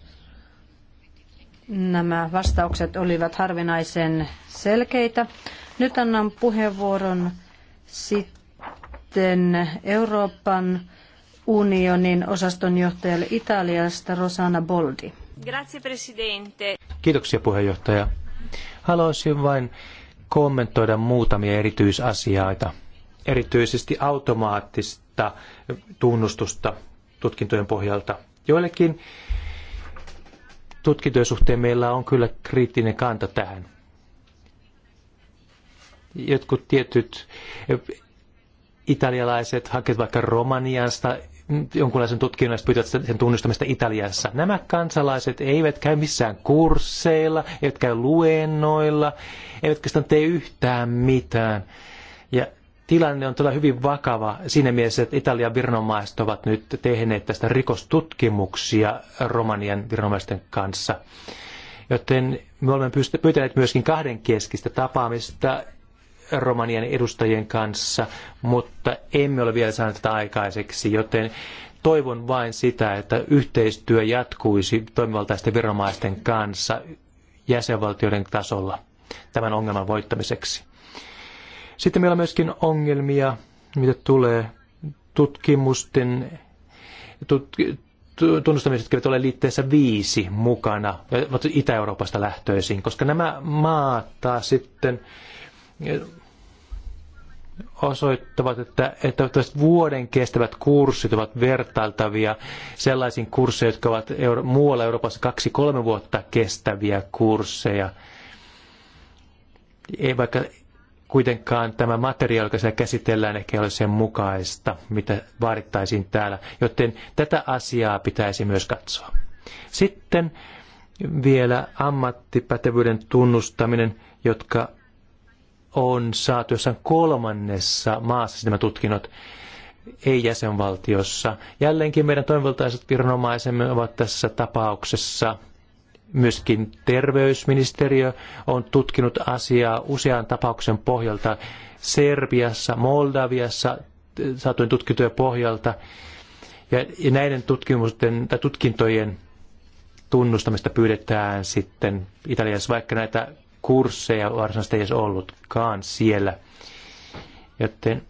Nämä vastaukset olivat harvinaisen selkeitä. Nyt annan puheenvuoron sitten Euroopan unionin osastonjohtajalle Italiasta Rosana Boldi. Grazie, presidente. Kiitoksia puheenjohtaja. Haluaisin vain kommentoida muutamia erityisasioita, erityisesti automaattista tunnustusta tutkintojen pohjalta. Joillekin tutkintojen suhteen meillä on kyllä kriittinen kanta tähän. Jotkut tietyt italialaiset hakevat vaikka Romaniasta jonkunlaisen tutkinnon pyytävät sen tunnistamista Italiassa. Nämä kansalaiset eivät käy missään kursseilla, eivät käy luennoilla, eivätkä sitä tee yhtään mitään. Ja tilanne on todella hyvin vakava siinä mielessä, että Italian viranomaiset ovat nyt tehneet tästä rikostutkimuksia Romanian viranomaisten kanssa. Joten me olemme pyytäneet myöskin kahdenkeskistä tapaamista Romanian edustajien kanssa, mutta emme ole vielä saaneet tätä aikaiseksi, joten toivon vain sitä, että yhteistyö jatkuisi toimivaltaisten viranomaisten kanssa jäsenvaltioiden tasolla tämän ongelman voittamiseksi. Sitten meillä on myöskin ongelmia, mitä tulee tutkimusten tutk- tunnustamiset, jotka eivät ole liitteessä viisi mukana, Itä-Euroopasta lähtöisin, koska nämä maat taas sitten eh, osoittavat, että, että vuoden kestävät kurssit ovat vertailtavia sellaisiin kursseihin, jotka ovat Euro- muualla Euroopassa kaksi-kolme vuotta kestäviä kursseja. Ei eh, vaikka kuitenkaan tämä materiaali, joka siellä käsitellään, ehkä ole sen mukaista, mitä vaadittaisiin täällä. Joten tätä asiaa pitäisi myös katsoa. Sitten vielä ammattipätevyyden tunnustaminen, jotka on saatu jossain kolmannessa maassa nämä tutkinnot, ei jäsenvaltiossa. Jälleenkin meidän toimivaltaiset viranomaisemme ovat tässä tapauksessa Myöskin terveysministeriö on tutkinut asiaa usean tapauksen pohjalta Serbiassa, Moldaviassa saatujen tutkintojen pohjalta. Ja näiden tutkimusten, tai tutkintojen tunnustamista pyydetään sitten Italiassa, vaikka näitä kursseja varsinaisesti ei edes ollutkaan siellä. Joten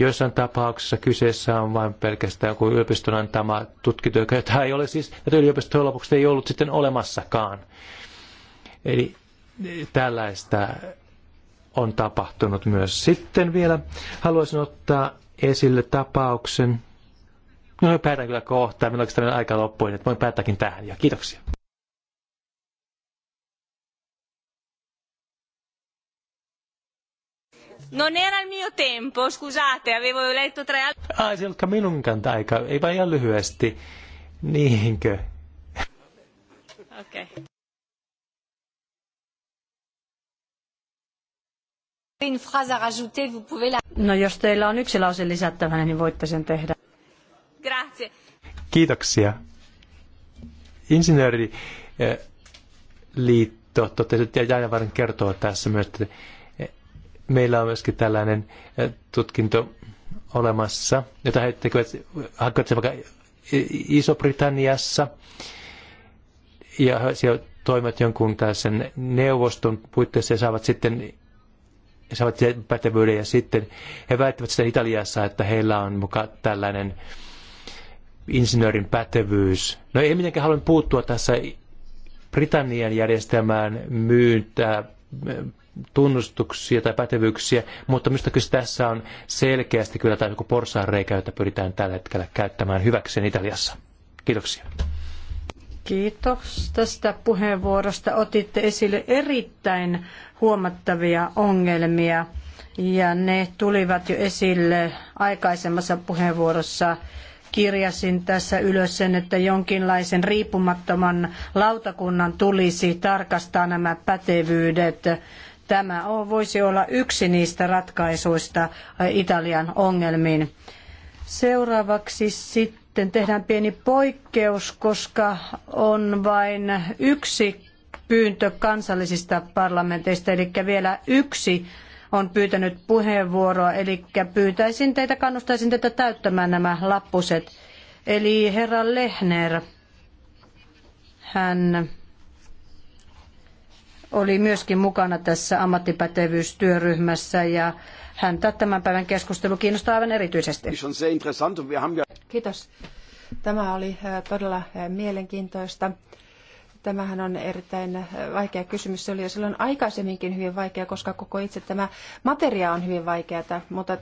Joissain tapauksissa kyseessä on vain pelkästään kuin yliopiston antama tutkinto, tämä ei ole siis, että yliopistojen lopuksi ei ollut sitten olemassakaan. Eli eh, tällaista on tapahtunut myös. Sitten vielä haluaisin ottaa esille tapauksen, No päätän kyllä kohta, minulla on aika loppuun, että voin päättääkin tähän ja kiitoksia. Non era il mio tempo, scusate, avevo letto tre al... Ah, se ollutkaan minunkaan aika, ei vaan ihan lyhyesti. Niinkö? Okei. Okay. Une phrase à rajouter, vous pouvez la... No jos teillä on yksi lause lisättävänä, niin voitte sen tehdä. Grazie. Kiitoksia. Insinööriliitto totesi, että Jaina kertoo tässä myös, että meillä on myöskin tällainen eh, tutkinto olemassa, jota he tekevät, hakevat vaikka Iso-Britanniassa, ja he siellä toimivat jonkun tällaisen neuvoston puitteissa ja saavat sitten saavat pätevyyden ja sitten he väittävät sitä Italiassa, että heillä on mukaan tällainen insinöörin pätevyys. No ei mitenkään halunnut puuttua tässä Britannian järjestämään myyntää eh, tunnustuksia tai pätevyyksiä, mutta minusta kyllä tässä on selkeästi kyllä tämä joku porsaanreikä, jota pyritään tällä hetkellä käyttämään hyväkseen Italiassa. Kiitoksia. Kiitos tästä puheenvuorosta. Otitte esille erittäin huomattavia ongelmia ja ne tulivat jo esille aikaisemmassa puheenvuorossa kirjasin tässä ylös sen, että jonkinlaisen riippumattoman lautakunnan tulisi tarkastaa nämä pätevyydet Tämä voisi olla yksi niistä ratkaisuista Italian ongelmiin. Seuraavaksi sitten tehdään pieni poikkeus, koska on vain yksi pyyntö kansallisista parlamenteista, eli vielä yksi on pyytänyt puheenvuoroa, eli pyytäisin teitä, kannustaisin teitä täyttämään nämä lappuset. Eli herra Lehner, hän oli myöskin mukana tässä ammattipätevyystyöryhmässä ja häntä tämän päivän keskustelu kiinnostaa aivan erityisesti. Kiitos. Tämä oli äh, todella äh, mielenkiintoista. Tämähän on erittäin vaikea kysymys. Se oli jo silloin aikaisemminkin hyvin vaikea, koska koko itse tämä materia on hyvin vaikeata, mutta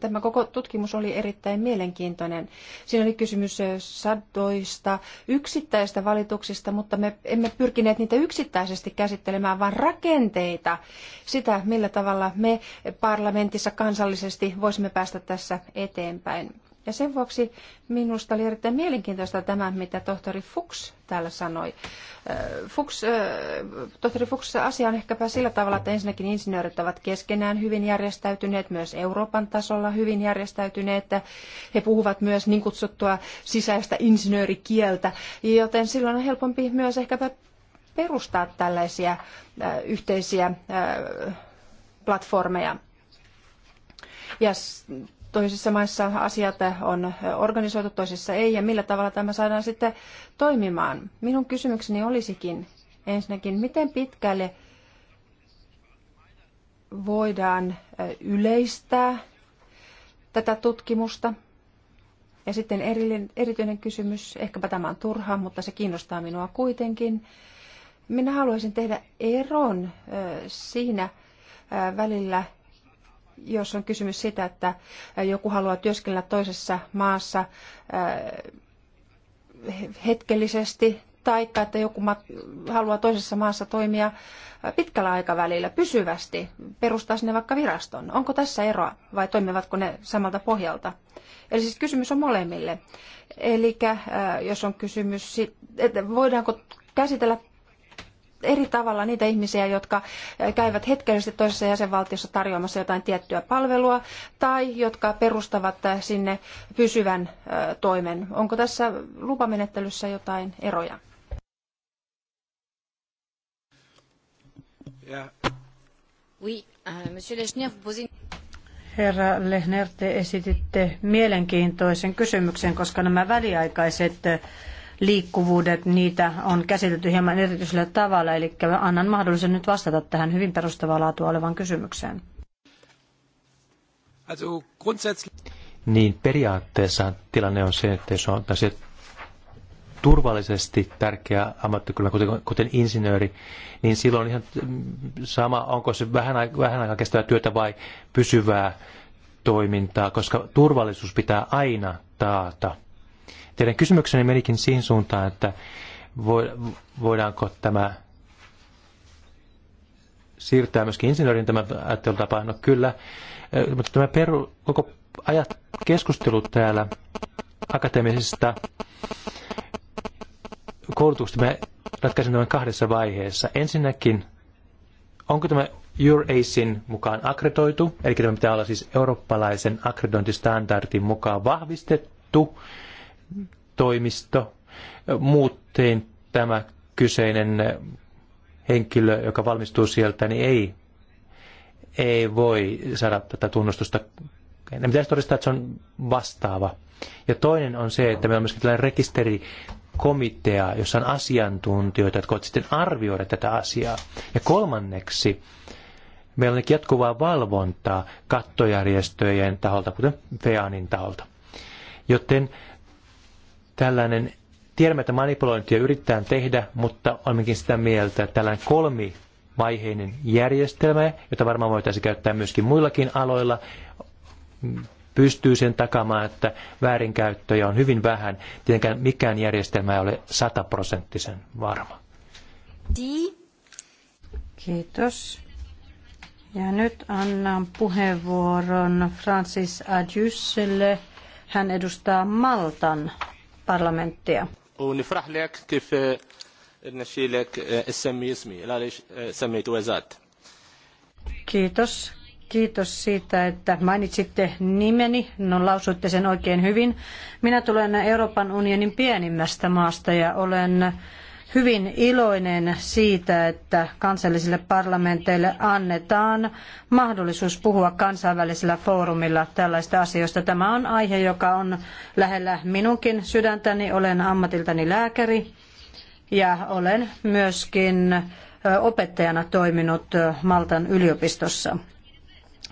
tämä koko tutkimus oli erittäin mielenkiintoinen. Siinä oli kysymys sadoista yksittäistä valituksista, mutta me emme pyrkineet niitä yksittäisesti käsittelemään, vaan rakenteita, sitä millä tavalla me parlamentissa kansallisesti voisimme päästä tässä eteenpäin. Ja sen vuoksi minusta oli erittäin mielenkiintoista tämä, mitä tohtori Fuchs täällä sanoi. Äh, Fuchs, äh, tohtori Fuchs asia on ehkäpä sillä tavalla, että ensinnäkin insinöörit ovat keskenään hyvin järjestäytyneet, myös Euroopan tasolla hyvin järjestäytyneet. että He puhuvat myös niin kutsuttua sisäistä insinöörikieltä, joten silloin on helpompi myös ehkäpä perustaa tällaisia äh, yhteisiä platformeja. Ja toisissa maissa asiat on organisoitu, toisissa ei, ja millä tavalla tämä saadaan sitten toimimaan. Minun kysymykseni olisikin ensinnäkin, miten pitkälle voidaan yleistää tätä tutkimusta? Ja sitten erityinen kysymys, ehkäpä tämä on turha, mutta se kiinnostaa minua kuitenkin. Minä haluaisin tehdä eron siinä välillä – jos on kysymys siitä, että joku haluaa työskennellä toisessa maassa äh, hetkellisesti tai että joku haluaa toisessa maassa toimia äh, pitkällä aikavälillä pysyvästi, perustaa sinne vaikka viraston. Onko tässä eroa vai toimivatko ne samalta pohjalta? Eli siis kysymys on molemmille. Eli äh, jos on kysymys, että voidaanko käsitellä eri tavalla niitä ihmisiä, jotka käyvät hetkellisesti toisessa jäsenvaltiossa tarjoamassa jotain tiettyä palvelua tai jotka perustavat sinne pysyvän toimen. Onko tässä lupamenettelyssä jotain eroja? Euh, Herra Lehner, te esititte mielenkiintoisen kysymyksen, koska nämä väliaikaiset liikkuvuudet, niitä on käsitelty hieman erityisellä tavalla, eli annan mahdollisuuden nyt vastata tähän hyvin perustavaa laatua olevaan kysymykseen. Niin periaatteessa tilanne on se, että jos on se turvallisesti tärkeä ammattikunta, kuten, kuten insinööri, niin silloin ihan sama, onko se vähän, vähän aikaa kestävää työtä vai pysyvää toimintaa, koska turvallisuus pitää aina taata. Teidän kysymykseni menikin siihen suuntaan, että voidaanko tämä siirtää myöskin insinöörin tämä ajattelutapa. No kyllä, mutta tämä peru, koko ajat keskustelu täällä akateemisesta koulutuksesta me ratkaisin tämän kahdessa vaiheessa. Ensinnäkin, onko tämä EurACin mukaan akkreditoitu, eli tämä pitää olla siis eurooppalaisen akkreditointistandardin mukaan vahvistettu toimisto. Muuttiin tämä kyseinen henkilö, joka valmistuu sieltä, niin ei, ei voi saada tätä tunnustusta. Ne pitäisi todistaa, että se on vastaava. Ja toinen on se, että meillä on myöskin tällainen rekisterikomitea, jossa on asiantuntijoita, jotka voivat sitten arvioida tätä asiaa. Ja kolmanneksi, meillä on jatkuvaa valvontaa kattojärjestöjen taholta, kuten FEANin taholta. Joten tällainen, tiedämme, että manipulointia yritetään tehdä, mutta olemmekin sitä mieltä, että tällainen vaiheinen järjestelmä, jota varmaan voitaisiin käyttää myöskin muillakin aloilla, pystyy sen takamaan, että väärinkäyttöjä on hyvin vähän. Tietenkään mikään järjestelmä ei ole sataprosenttisen varma. Kiitos. Ja nyt annan puheenvuoron Francis Adjusselle. Hän edustaa Maltan parlamenttia. Eh, eh, eh, Kiitos. Kiitos siitä, että mainitsitte nimeni. No lausuitte sen oikein hyvin. Minä tulen Euroopan unionin pienimmästä maasta ja olen hyvin iloinen siitä, että kansallisille parlamenteille annetaan mahdollisuus puhua kansainvälisellä foorumilla tällaista asioista. Tämä on aihe, joka on lähellä minunkin sydäntäni. Olen ammatiltani lääkäri ja olen myöskin opettajana toiminut Maltan yliopistossa.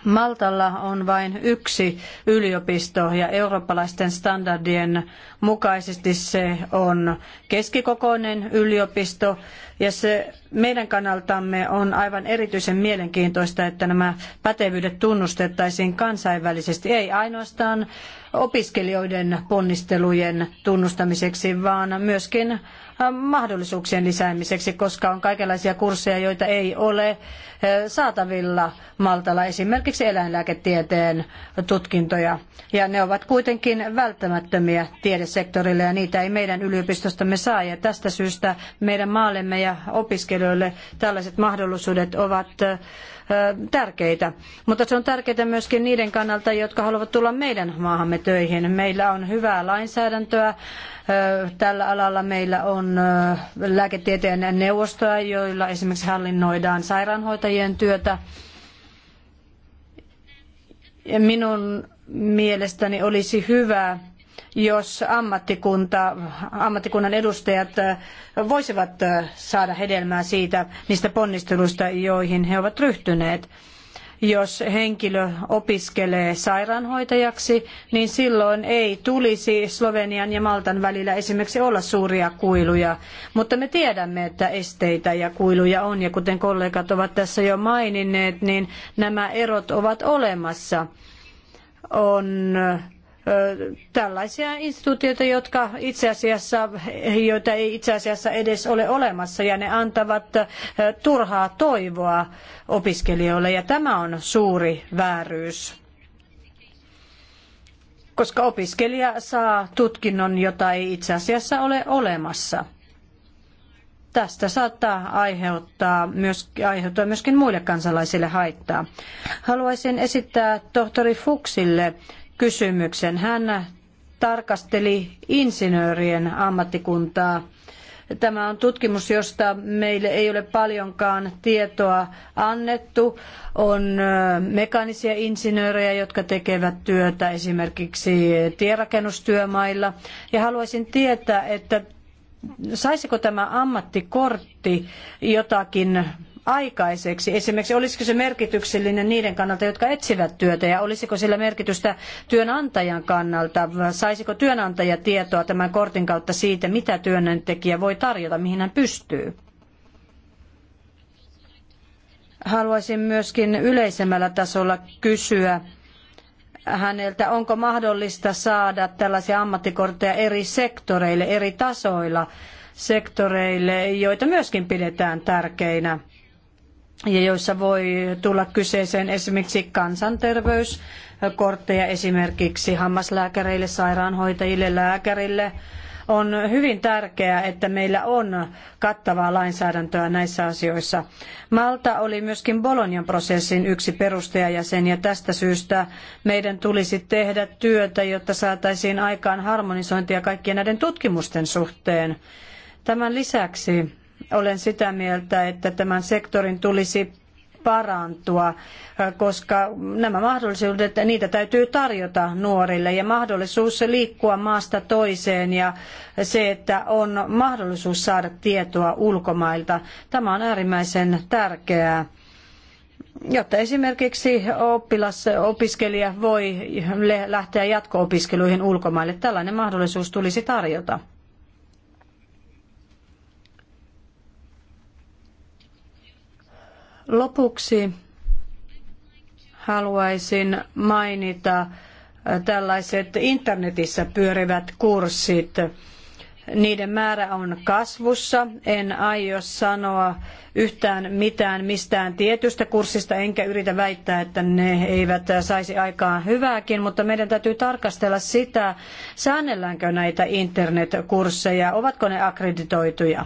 Maltalla on vain yksi yliopisto ja eurooppalaisten standardien mukaisesti se on keskikokoinen yliopisto ja se meidän kannaltamme on aivan erityisen mielenkiintoista, että nämä pätevyydet tunnustettaisiin kansainvälisesti, ei ainoastaan opiskelijoiden ponnistelujen tunnustamiseksi, vaan myöskin mahdollisuuksien lisäämiseksi, koska on kaikenlaisia kursseja, joita ei ole eh, saatavilla Maltalla, esimerkiksi eläinlääketieteen tutkintoja. Ja ne ovat kuitenkin välttämättömiä tiedesektorille ja niitä ei meidän yliopistostamme saa. Ja tästä syystä meidän maallemme ja opiskelijoille tällaiset mahdollisuudet ovat eh, tärkeitä. Mutta se on tärkeää myöskin niiden kannalta, jotka haluavat tulla meidän maahamme töihin. Meillä on hyvää lainsäädäntöä tällä alalla. Meillä on lääketieteen neuvostoa, joilla esimerkiksi hallinnoidaan sairaanhoitajien työtä. Minun mielestäni olisi hyvä jos ammattikunta, ammattikunnan edustajat äh, voisivat äh, saada hedelmää siitä niistä ponnisteluista, joihin he ovat ryhtyneet jos henkilö opiskelee sairaanhoitajaksi, niin silloin ei tulisi Slovenian ja Maltan välillä esimerkiksi olla suuria kuiluja. Mutta me tiedämme, että esteitä ja kuiluja on, ja kuten kollegat ovat tässä jo maininneet, niin nämä erot ovat olemassa. On tällaisia instituutioita, jotka itse asiassa, joita ei itse asiassa edes ole olemassa ja ne antavat turhaa toivoa opiskelijoille ja tämä on suuri vääryys koska opiskelija saa tutkinnon, jota ei itse asiassa ole olemassa. Tästä saattaa aiheuttaa myös, aiheuttaa myöskin muille kansalaisille haittaa. Haluaisin esittää tohtori Fuksille kysymyksen. Hän tarkasteli insinöörien ammattikuntaa. Tämä on tutkimus, josta meille ei ole paljonkaan tietoa annettu. On mekaanisia insinöörejä, jotka tekevät työtä esimerkiksi tierakennustyömailla. Ja haluaisin tietää, että saisiko tämä ammattikortti jotakin aikaiseksi? Esimerkiksi olisiko se merkityksellinen niiden kannalta, jotka etsivät työtä ja olisiko sillä merkitystä työnantajan kannalta? Saisiko työnantaja tietoa tämän kortin kautta siitä, mitä työntekijä voi tarjota, mihin hän pystyy? Haluaisin myöskin yleisemmällä tasolla kysyä, häneltä, onko mahdollista saada tällaisia ammattikortteja eri sektoreille, eri tasoilla sektoreille, joita myöskin pidetään tärkeinä ja joissa voi tulla kyseeseen esimerkiksi kansanterveyskortteja esimerkiksi hammaslääkäreille, sairaanhoitajille, lääkärille. On hyvin tärkeää, että meillä on kattavaa lainsäädäntöä näissä asioissa. Malta oli myöskin Bolonian prosessin yksi perustajajäsen ja tästä syystä meidän tulisi tehdä työtä, jotta saataisiin aikaan harmonisointia kaikkien näiden tutkimusten suhteen. Tämän lisäksi olen sitä mieltä, että tämän sektorin tulisi parantua, koska nämä mahdollisuudet, niitä täytyy tarjota nuorille ja mahdollisuus liikkua maasta toiseen ja se, että on mahdollisuus saada tietoa ulkomailta. Tämä on äärimmäisen tärkeää jotta esimerkiksi oppilas, opiskelija voi lähteä jatko-opiskeluihin ulkomaille. Tällainen mahdollisuus tulisi tarjota. Lopuksi haluaisin mainita tällaiset internetissä pyörivät kurssit. Niiden määrä on kasvussa. En aio sanoa yhtään mitään mistään tietystä kurssista, enkä yritä väittää, että ne eivät saisi aikaan hyvääkin, mutta meidän täytyy tarkastella sitä, säännelläänkö näitä internetkursseja, ovatko ne akkreditoituja.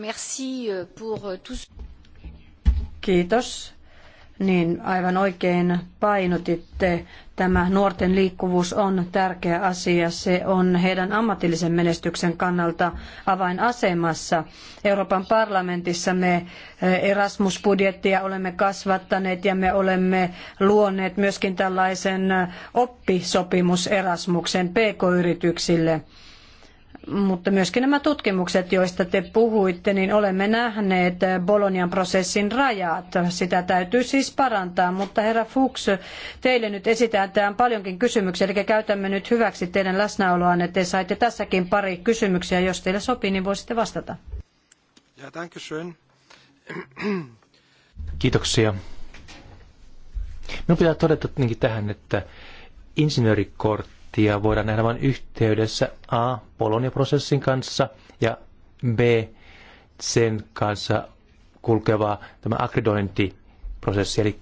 Merci euh, pour euh, tous. Kiitos. Niin aivan oikein painotitte. Tämä nuorten liikkuvuus on tärkeä asia. Se on heidän ammatillisen menestyksen kannalta avainasemassa. Euroopan parlamentissa me eh, Erasmus-budjettia olemme kasvattaneet ja me olemme luoneet myöskin tällaisen eh, oppisopimus Erasmuksen pk-yrityksille mutta myöskin nämä tutkimukset, joista te puhuitte, niin olemme nähneet Bolonian prosessin rajat. Sitä täytyy siis parantaa, mutta herra Fuchs, teille nyt esitetään paljonkin kysymyksiä, eli käytämme nyt hyväksi teidän läsnäoloanne. Te saitte tässäkin pari kysymyksiä, jos teille sopii, niin voisitte vastata. Ja, Kiitoksia. Minun pitää todeta tähän, että insinöörikortti konfliktia voidaan nähdä vain yhteydessä A. polonia prosessin kanssa ja B. sen kanssa kulkeva tämä akredointiprosessi, eli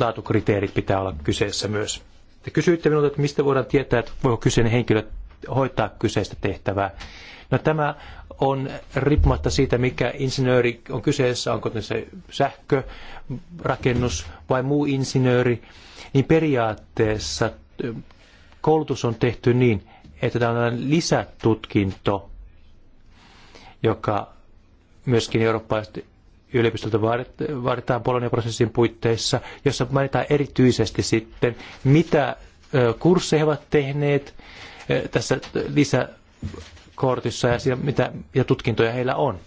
laatukriteerit pitää olla kyseessä myös. Te kysyitte minulta, että mistä voidaan tietää, että voiko kyseinen henkilö hoitaa kyseistä tehtävää. No tämä on riippumatta siitä, mikä insinööri on kyseessä, onko se sähkö, rakennus vai muu insinööri, niin periaatteessa koulutus on tehty niin, että tämä on lisätutkinto, joka myöskin eurooppalaiset yliopistolta vaaditaan Bolognan prosessin puitteissa, jossa mainitaan erityisesti sitten, mitä kursseja he ovat tehneet tässä lisäkortissa ja siinä, mitä, ja tutkintoja heillä on.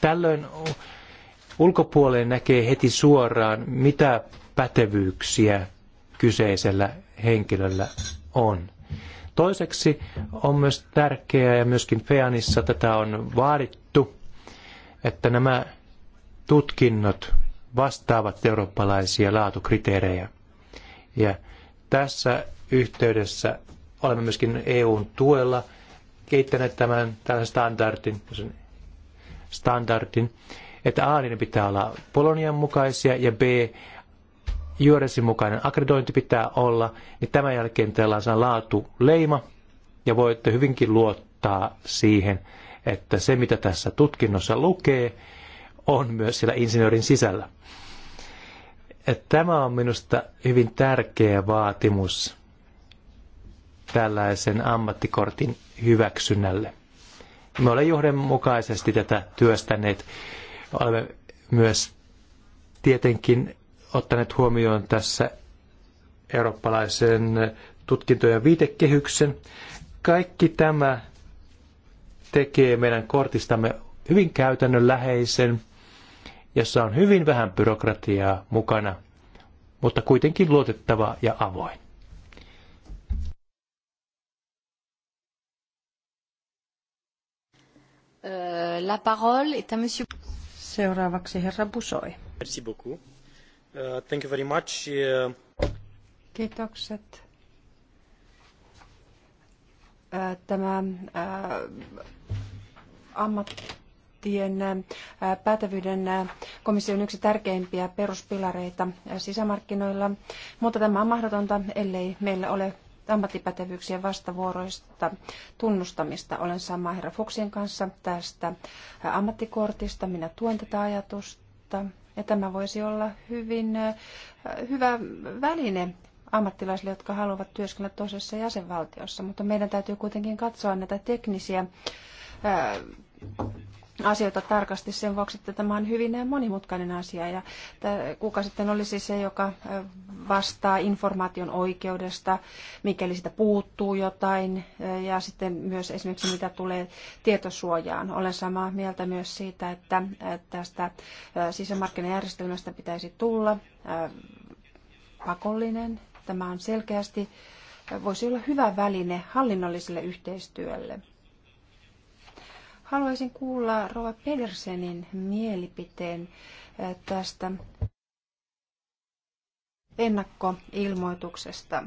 Tällöin ulkopuolelle näkee heti suoraan, mitä pätevyyksiä kyseisellä henkilöllä on. Toiseksi on myös tärkeää, ja myöskin FEANissa tätä on vaadittu, että nämä tutkinnot vastaavat eurooppalaisia laatukriteerejä. Ja tässä yhteydessä olemme myöskin EUn tuella kehittäneet tämän tällaisen standardin, standardin että A, niin pitää olla Polonian mukaisia ja B, Juoresin mukainen akkreditointi pitää olla, niin tämän jälkeen laatu leima ja voitte hyvinkin luottaa siihen, että se mitä tässä tutkinnossa lukee, on myös siellä insinöörin sisällä. Et tämä on minusta hyvin tärkeä vaatimus tällaisen ammattikortin hyväksynnälle. Me olemme johdonmukaisesti tätä työstäneet. Olemme myös tietenkin ottaneet huomioon tässä eurooppalaisen tutkintojen viitekehyksen. Kaikki tämä tekee meidän kortistamme hyvin käytännönläheisen, jossa on hyvin vähän byrokratiaa mukana, mutta kuitenkin luotettava ja avoin. Euh, la parole est à monsieur. Seuraavaksi herra Busoi. Merci beaucoup. Uh, thank you very much. Uh, Kiitokset. Äh, tämä äh, ammattien äh, pätevyyden komission yksi tärkeimpiä peruspilareita sisämarkkinoilla, mutta tämä on mahdotonta, ellei meillä ole ammattipätevyyksien vastavuoroista tunnustamista. Olen samaa herra Fuksien kanssa tästä ammattikortista. Minä tuen tätä ajatusta. Ja tämä voisi olla hyvin hyvä väline ammattilaisille, jotka haluavat työskennellä toisessa jäsenvaltiossa, mutta meidän täytyy kuitenkin katsoa näitä teknisiä asioita tarkasti sen vuoksi, että tämä on hyvin monimutkainen asia. Ja kuka sitten olisi siis se, joka vastaa informaation oikeudesta, mikäli sitä puuttuu jotain, ja sitten myös esimerkiksi mitä tulee tietosuojaan. Olen samaa mieltä myös siitä, että tästä sisämarkkinajärjestelmästä pitäisi tulla pakollinen. Tämä on selkeästi, voisi olla hyvä väline hallinnolliselle yhteistyölle Haluaisin kuulla Rova Pedersenin mielipiteen eh, tästä ennakkoilmoituksesta.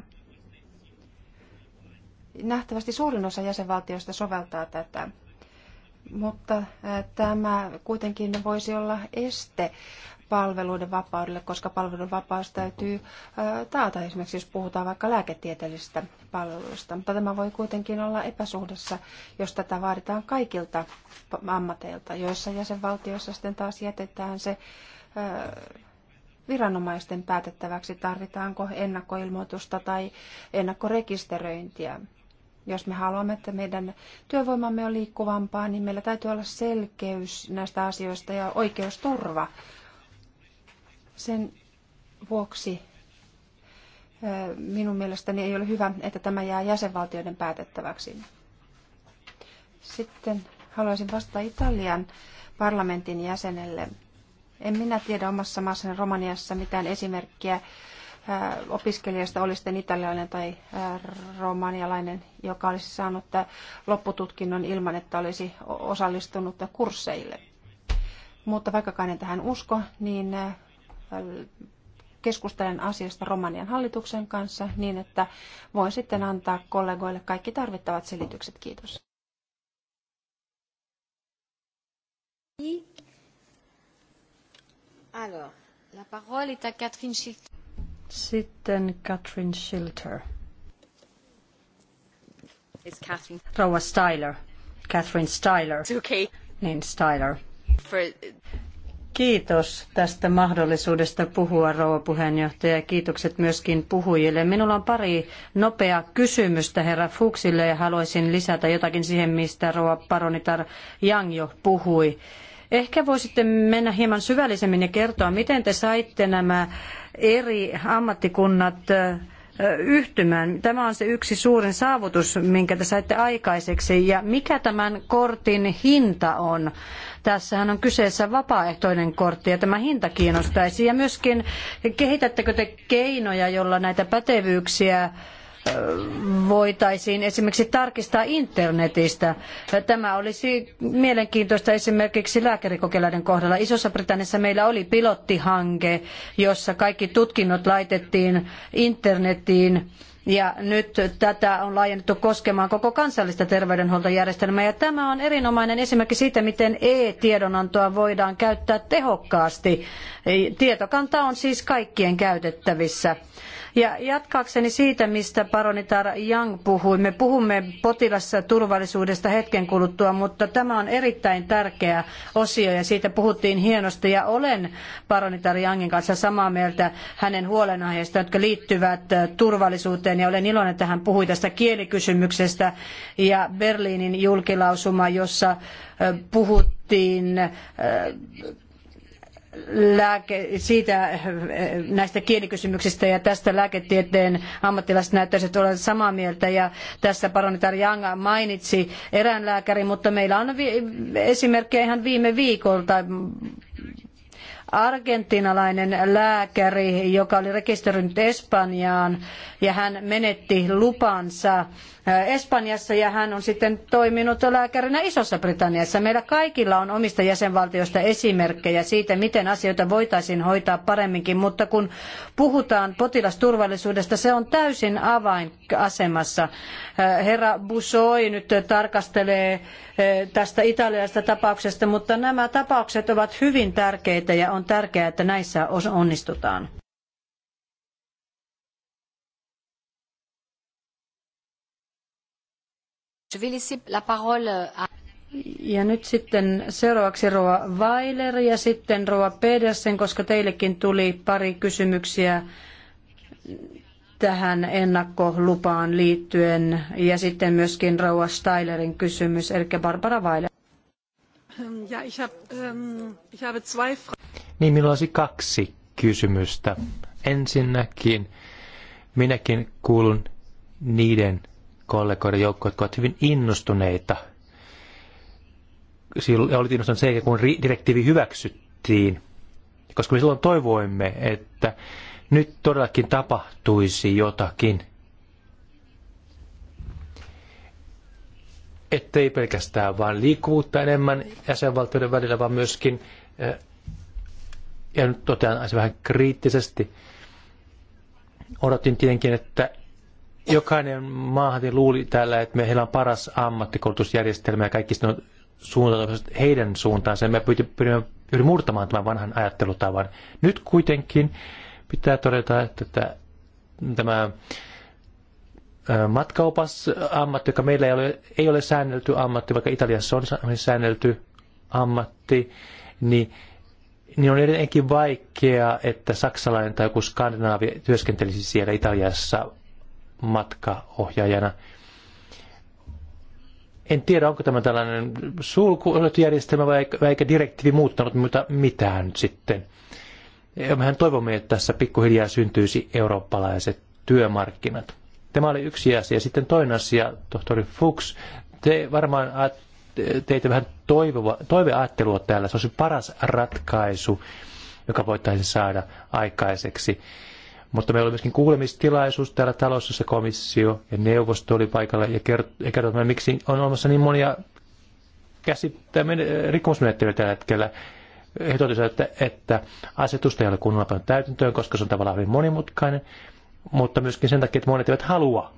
Nähtävästi suurin osa jäsenvaltioista soveltaa tätä, mutta eh, tämä kuitenkin voisi olla este palveluiden vapaudelle, koska palveluiden vapaus täytyy taata esimerkiksi, jos puhutaan vaikka lääketieteellisistä palveluista. Mutta tämä voi kuitenkin olla epäsuhdassa, jos tätä vaaditaan kaikilta ammateilta, joissa jäsenvaltioissa sitten taas jätetään se viranomaisten päätettäväksi, tarvitaanko ennakkoilmoitusta tai ennakkorekisteröintiä. Jos me haluamme, että meidän työvoimamme on liikkuvampaa, niin meillä täytyy olla selkeys näistä asioista ja oikeusturva sen vuoksi minun mielestäni ei ole hyvä, että tämä jää jäsenvaltioiden päätettäväksi. Sitten haluaisin vastata Italian parlamentin jäsenelle. En minä tiedä omassa maassani Romaniassa mitään esimerkkiä opiskelijasta, oli sitten italialainen tai romanialainen, joka olisi saanut loppututkinnon ilman, että olisi osallistunut kursseille. Mutta vaikkakaan en tähän usko, niin keskustelen asiasta Romanian hallituksen kanssa niin, että voin sitten antaa kollegoille kaikki tarvittavat selitykset. Kiitos. Sitten Catherine Schilter. It's Catherine. Rouva Styler. Catherine Styler. It's okay. Niin, Styler. For Kiitos tästä mahdollisuudesta puhua, rouva puheenjohtaja, ja kiitokset myöskin puhujille. Minulla on pari nopeaa kysymystä herra Fuksille, ja haluaisin lisätä jotakin siihen, mistä rouva paronitar Jang jo puhui. Ehkä voisitte mennä hieman syvällisemmin ja kertoa, miten te saitte nämä eri ammattikunnat yhtymään. Tämä on se yksi suurin saavutus, minkä te saitte aikaiseksi. Ja mikä tämän kortin hinta on? Tässähän on kyseessä vapaaehtoinen kortti ja tämä hinta kiinnostaisi. Ja myöskin kehitättekö te keinoja, jolla näitä pätevyyksiä voitaisiin esimerkiksi tarkistaa internetistä. Tämä olisi mielenkiintoista esimerkiksi lääkärikokeilaiden kohdalla. Isossa Britanniassa meillä oli pilottihanke, jossa kaikki tutkinnot laitettiin internetiin ja nyt tätä on laajennettu koskemaan koko kansallista terveydenhuoltojärjestelmää. Ja tämä on erinomainen esimerkki siitä, miten e-tiedonantoa voidaan käyttää tehokkaasti. Tietokanta on siis kaikkien käytettävissä. Ja jatkaakseni siitä, mistä paronitar Young puhui, me puhumme potilasturvallisuudesta hetken kuluttua, mutta tämä on erittäin tärkeä osio ja siitä puhuttiin hienosti ja olen paronitar Youngin kanssa samaa mieltä hänen huolenaiheistaan, jotka liittyvät äh, turvallisuuteen ja olen iloinen, että hän puhui tästä kielikysymyksestä ja Berliinin julkilausuma, jossa äh, puhuttiin äh, lääke, siitä, äh, näistä kielikysymyksistä ja tästä lääketieteen ammattilaiset näyttäisivät olevan samaa mieltä. Ja tässä paronitar Yang mainitsi erään lääkärin, mutta meillä on vi- esimerkkejä ihan viime viikolta argentinalainen lääkäri, joka oli rekisteröinyt Espanjaan ja hän menetti lupansa Espanjassa ja hän on sitten toiminut lääkärinä Isossa Britanniassa. Meillä kaikilla on omista jäsenvaltioista esimerkkejä siitä, miten asioita voitaisiin hoitaa paremminkin, mutta kun puhutaan potilasturvallisuudesta, se on täysin avainasemassa. Herra Busoi nyt tarkastelee tästä italialaisesta tapauksesta, mutta nämä tapaukset ovat hyvin tärkeitä ja on tärkeää, että näissä onnistutaan. Euh, ja nyt sitten seuraavaksi Roa Weiler ja sitten Roa Pedersen, koska teillekin tuli pari kysymyksiä tähän ennakkolupaan liittyen ja sitten myöskin Roa Steilerin kysymys, eli Barbara Weiler. Ja, ich hab, ähm, ich habe zwei niin, minulla olisi kaksi kysymystä. Ensinnäkin minäkin kuulun niiden kollegoiden joukko, jotka ovat hyvin innostuneita. Silloin oli innostunut se, kun direktiivi hyväksyttiin, koska me silloin toivoimme, että nyt todellakin tapahtuisi jotakin. Ettei pelkästään vain liikkuvuutta enemmän jäsenvaltioiden välillä, vaan myöskin, eh, ja nyt totean asia vähän kriittisesti, odotin tietenkin, että jokainen maahan luuli täällä, että meillä on paras ammattikoulutusjärjestelmä ja kaikki on heidän suuntaansa. Me pyrimme murtamaan tämän vanhan ajattelutavan. Nyt kuitenkin pitää todeta, että tämä matkaopas ammatti, joka meillä ei ole, ei ole säännelty ammatti, vaikka Italiassa on säännelty ammatti, niin, niin on edelleenkin vaikeaa, että saksalainen tai joku skandinaavi työskentelisi siellä Italiassa matkaohjaajana. En tiedä, onko tämä tällainen sulkujärjestelmä vai eikä direktiivi muuttanut mutta mitään nyt sitten. Ja mehän toivomme, että tässä pikkuhiljaa syntyisi eurooppalaiset työmarkkinat. Tämä oli yksi asia. Sitten toinen asia, tohtori Fuchs, te varmaan teitä vähän toivova, toiveajattelua täällä. Se olisi paras ratkaisu, joka voitaisiin saada aikaiseksi. Mutta meillä oli myöskin kuulemistilaisuus täällä talossa, jossa komissio ja neuvosto oli paikalla ja kertoivat, miksi on olemassa niin monia käsittäminen rikkomusmenettelyä tällä hetkellä. He totesivat, että, että asetusta ei ole kunnolla pannut täytäntöön, koska se on tavallaan hyvin monimutkainen, mutta myöskin sen takia, että monet eivät halua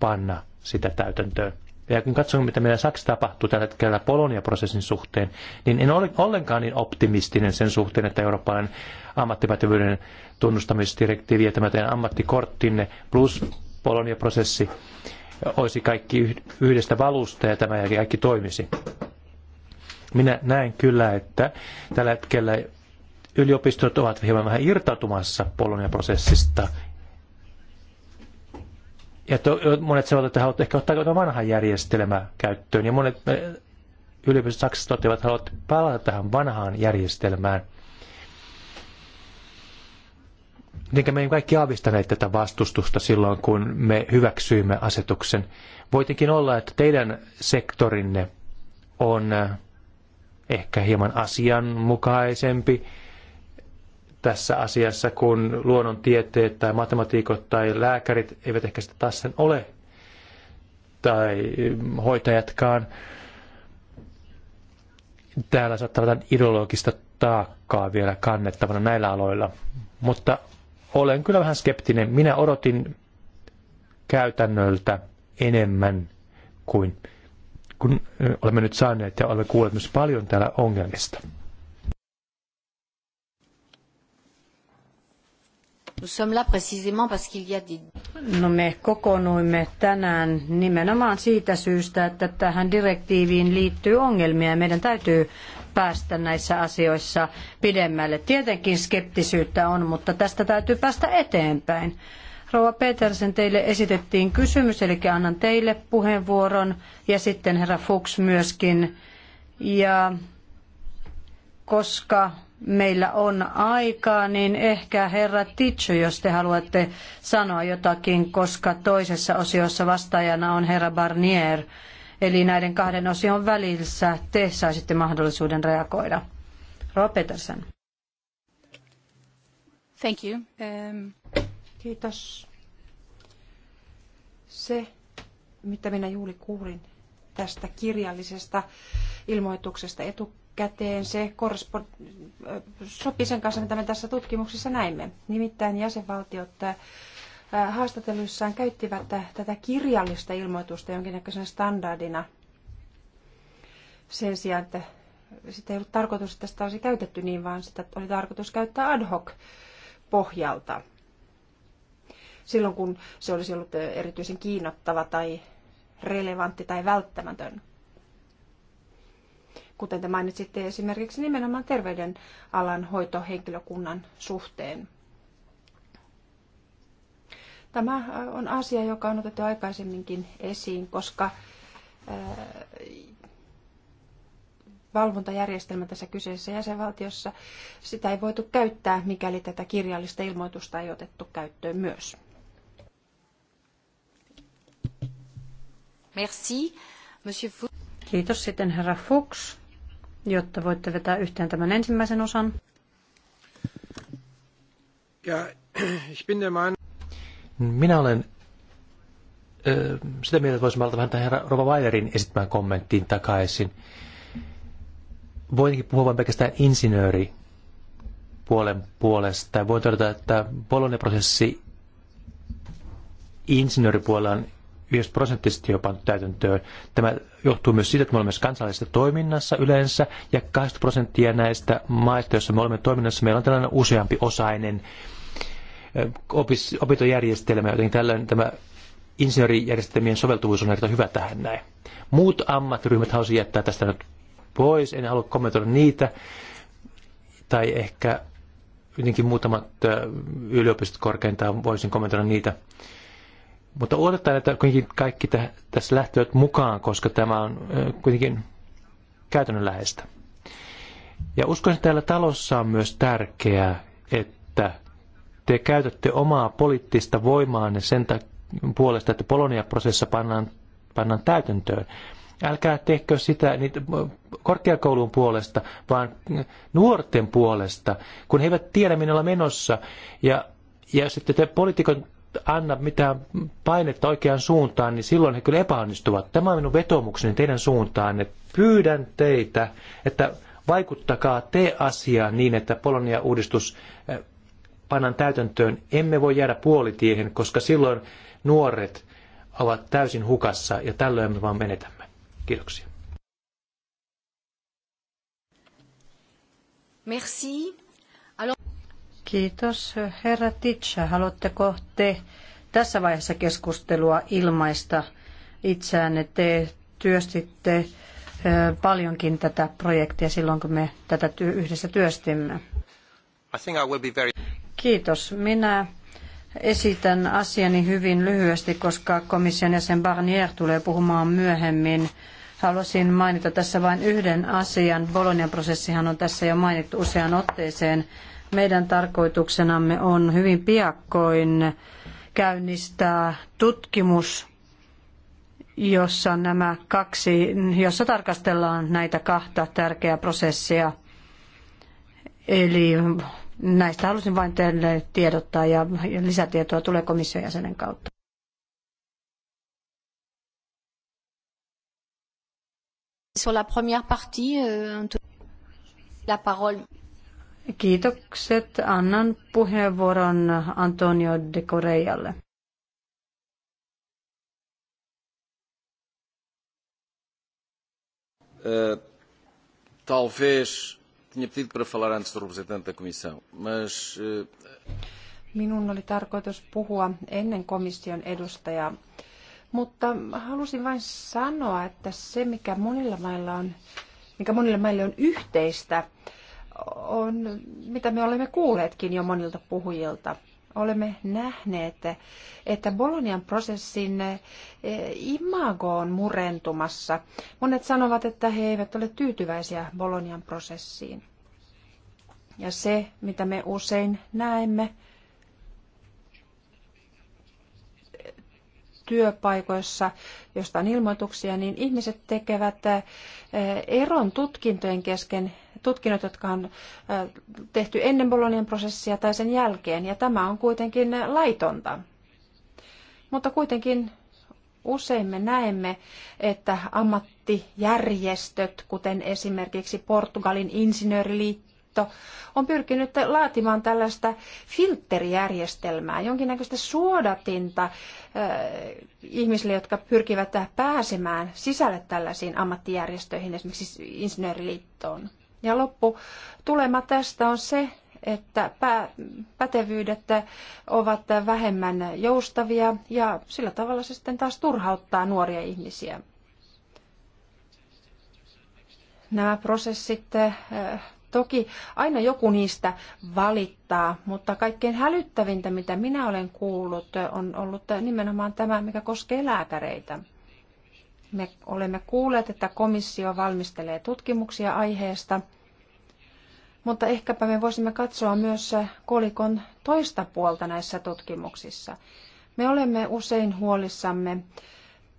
panna sitä täytäntöön. Ja kun katson, mitä meillä Saksassa tapahtuu tällä hetkellä Polonia-prosessin suhteen, niin en ole ollenkaan niin optimistinen sen suhteen, että eurooppalainen ammattipätevyyden tunnustamisdirektiivi ja tämä teidän ammattikorttinne plus Polonia-prosessi olisi kaikki yhdestä valusta ja tämä jälkeen kaikki toimisi. Minä näen kyllä, että tällä hetkellä yliopistot ovat hieman vähän irtautumassa Polonia-prosessista ja to, monet sanovat, että haluat ehkä ottaa tämä tuota vanha järjestelmä käyttöön. Ja monet yliopistot Saksassa toteavat, että haluat palata tähän vanhaan järjestelmään. Miten me ei kaikki aavistaneet tätä vastustusta silloin, kun me hyväksyimme asetuksen. Voitinkin olla, että teidän sektorinne on ehkä hieman asianmukaisempi tässä asiassa, kun luonnontieteet tai matematiikot tai lääkärit eivät ehkä sitä taas sen ole, tai hoitajatkaan. Täällä saattaa olla ideologista taakkaa vielä kannettavana näillä aloilla. Mutta olen kyllä vähän skeptinen. Minä odotin käytännöltä enemmän kuin kun olemme nyt saaneet ja olemme kuulleet myös paljon täällä ongelmista. No me kokoonnuimme tänään nimenomaan siitä syystä, että tähän direktiiviin liittyy ongelmia ja meidän täytyy päästä näissä asioissa pidemmälle. Tietenkin skeptisyyttä on, mutta tästä täytyy päästä eteenpäin. Rouva Petersen, teille esitettiin kysymys, eli annan teille puheenvuoron ja sitten herra Fuchs myöskin. Ja koska meillä on aikaa, niin ehkä herra Titsu, jos te haluatte sanoa jotakin, koska toisessa osiossa vastaajana on herra Barnier. Eli näiden kahden osion välissä te saisitte mahdollisuuden reagoida. Roa Petersen. Thank you. Um... Kiitos. Se, mitä minä juuri kuulin tästä kirjallisesta ilmoituksesta etukäteen, etukäteen se korrespond sopii sen kanssa, mitä me tässä tutkimuksessa näimme. Nimittäin jäsenvaltiot äh, haastatteluissaan käyttivät tätä kirjallista ilmoitusta jonkinnäköisenä standardina sen sijaan, että sitä ei ollut tarkoitus, että sitä olisi käytetty niin, vaan sitä oli tarkoitus käyttää ad hoc pohjalta. Silloin kun se olisi ollut erityisen kiinnottava tai relevantti tai välttämätön kuten te mainitsitte esimerkiksi nimenomaan terveydenalan hoitohenkilökunnan suhteen. Tämä äh, on asia, joka on otettu aikaisemminkin esiin, koska äh, valvontajärjestelmä tässä kyseisessä jäsenvaltiossa, sitä ei voitu käyttää, mikäli tätä kirjallista ilmoitusta ei otettu käyttöön myös. Merci. Monsieur Fuchs. Kiitos sitten herra Fuchs jotta voitte vetää yhteen tämän ensimmäisen osan. Ja, *clears throat* ich bin der Mann. Minä olen ö, sitä mieltä, että voisimme vähän tähän Rova Weilerin esittämään kommenttiin takaisin. Voinkin puhua vain pelkästään insinööri puolen puolesta. Voin todeta, että Bologna-prosessi insinööripuolella on 90 prosenttisesti jo pantu täytäntöön. Tämä johtuu myös siitä, että me olemme myös kansallisessa toiminnassa yleensä, ja 20 prosenttia näistä maista, joissa me olemme toiminnassa, meillä on tällainen useampi osainen opis, opintojärjestelmä, joten tällöin tämä insinöörijärjestelmien soveltuvuus on erittäin hyvä tähän näin. Muut ammattiryhmät haluaisin jättää tästä nyt pois, en halua kommentoida niitä, tai ehkä jotenkin muutamat yliopistot korkeintaan voisin kommentoida niitä. Mutta odotetaan, että kuitenkin kaikki tässä lähtevät mukaan, koska tämä on kuitenkin käytännönläheistä. Ja uskon, että täällä talossa on myös tärkeää, että te käytätte omaa poliittista voimaanne sen puolesta, että Polonia-prosessa pannaan, pannaan täytäntöön. Älkää tehkö sitä niitä korkeakoulun puolesta, vaan nuorten puolesta, kun he eivät tiedä, minne olla menossa. Ja, ja sitten te poliitikon anna mitään painetta oikeaan suuntaan, niin silloin he kyllä epäonnistuvat. Tämä on minun vetomukseni teidän suuntaan, että pyydän teitä, että vaikuttakaa te asiaan niin, että Polonia-uudistus eh, pannaan täytäntöön. Emme voi jäädä puolitiehen, koska silloin nuoret ovat täysin hukassa ja tällöin me vaan menetämme. Kiitoksia. Merci. Alors... Kiitos. Herra Titsä, haluatteko te tässä vaiheessa keskustelua ilmaista itseänne? Te työstitte eh, paljonkin tätä projektia silloin, kun me tätä yhdessä työstimme. Kiitos. Minä esitän asiani hyvin lyhyesti, koska komission jäsen Barnier tulee puhumaan myöhemmin. Haluaisin mainita tässä vain yhden asian. Bolonian prosessihan on tässä jo mainittu useaan otteeseen. Meidän tarkoituksenamme on hyvin piakkoin käynnistää tutkimus, jossa nämä kaksi, jossa tarkastellaan näitä kahta tärkeää prosessia. Eli näistä halusin vain teille tiedottaa ja lisätietoa tulee komission jäsenen kautta. Sur la première partie, euh, la parole. Kiitokset. Annan puheenvuoron Antonio de Correalle. Uh, talvez tinha pedido para falar antes do representante da Comissão, mas uh... Minun oli tarkoitus puhua ennen komission edustajaa, mutta halusin vain sanoa, että se mikä monilla mailla on, mikä monilla mailla on yhteistä, uh, on, mitä me olemme kuulleetkin jo monilta puhujilta. Olemme nähneet, että Bolonian prosessin eh, imago on murentumassa. Monet sanovat, että he eivät ole tyytyväisiä Bolonian prosessiin. Ja se, mitä me usein näemme työpaikoissa, josta on ilmoituksia, niin ihmiset tekevät eh, eron tutkintojen kesken tutkinnot, jotka on tehty ennen Bolonian prosessia tai sen jälkeen, ja tämä on kuitenkin laitonta. Mutta kuitenkin usein me näemme, että ammattijärjestöt, kuten esimerkiksi Portugalin insinööriliitto, on pyrkinyt laatimaan tällaista filterijärjestelmää, jonkinnäköistä suodatinta äh, ihmisille, jotka pyrkivät pääsemään sisälle tällaisiin ammattijärjestöihin, esimerkiksi insinööriliittoon. Ja loppu tulema tästä on se, että pätevyydet ovat vähemmän joustavia ja sillä tavalla se sitten taas turhauttaa nuoria ihmisiä. Nämä prosessit, eh, toki aina joku niistä valittaa, mutta kaikkein hälyttävintä, mitä minä olen kuullut, on ollut eh, nimenomaan tämä, mikä koskee lääkäreitä. Me olemme kuulleet, että komissio valmistelee tutkimuksia aiheesta, mutta ehkäpä me voisimme katsoa myös kolikon toista puolta näissä tutkimuksissa. Me olemme usein huolissamme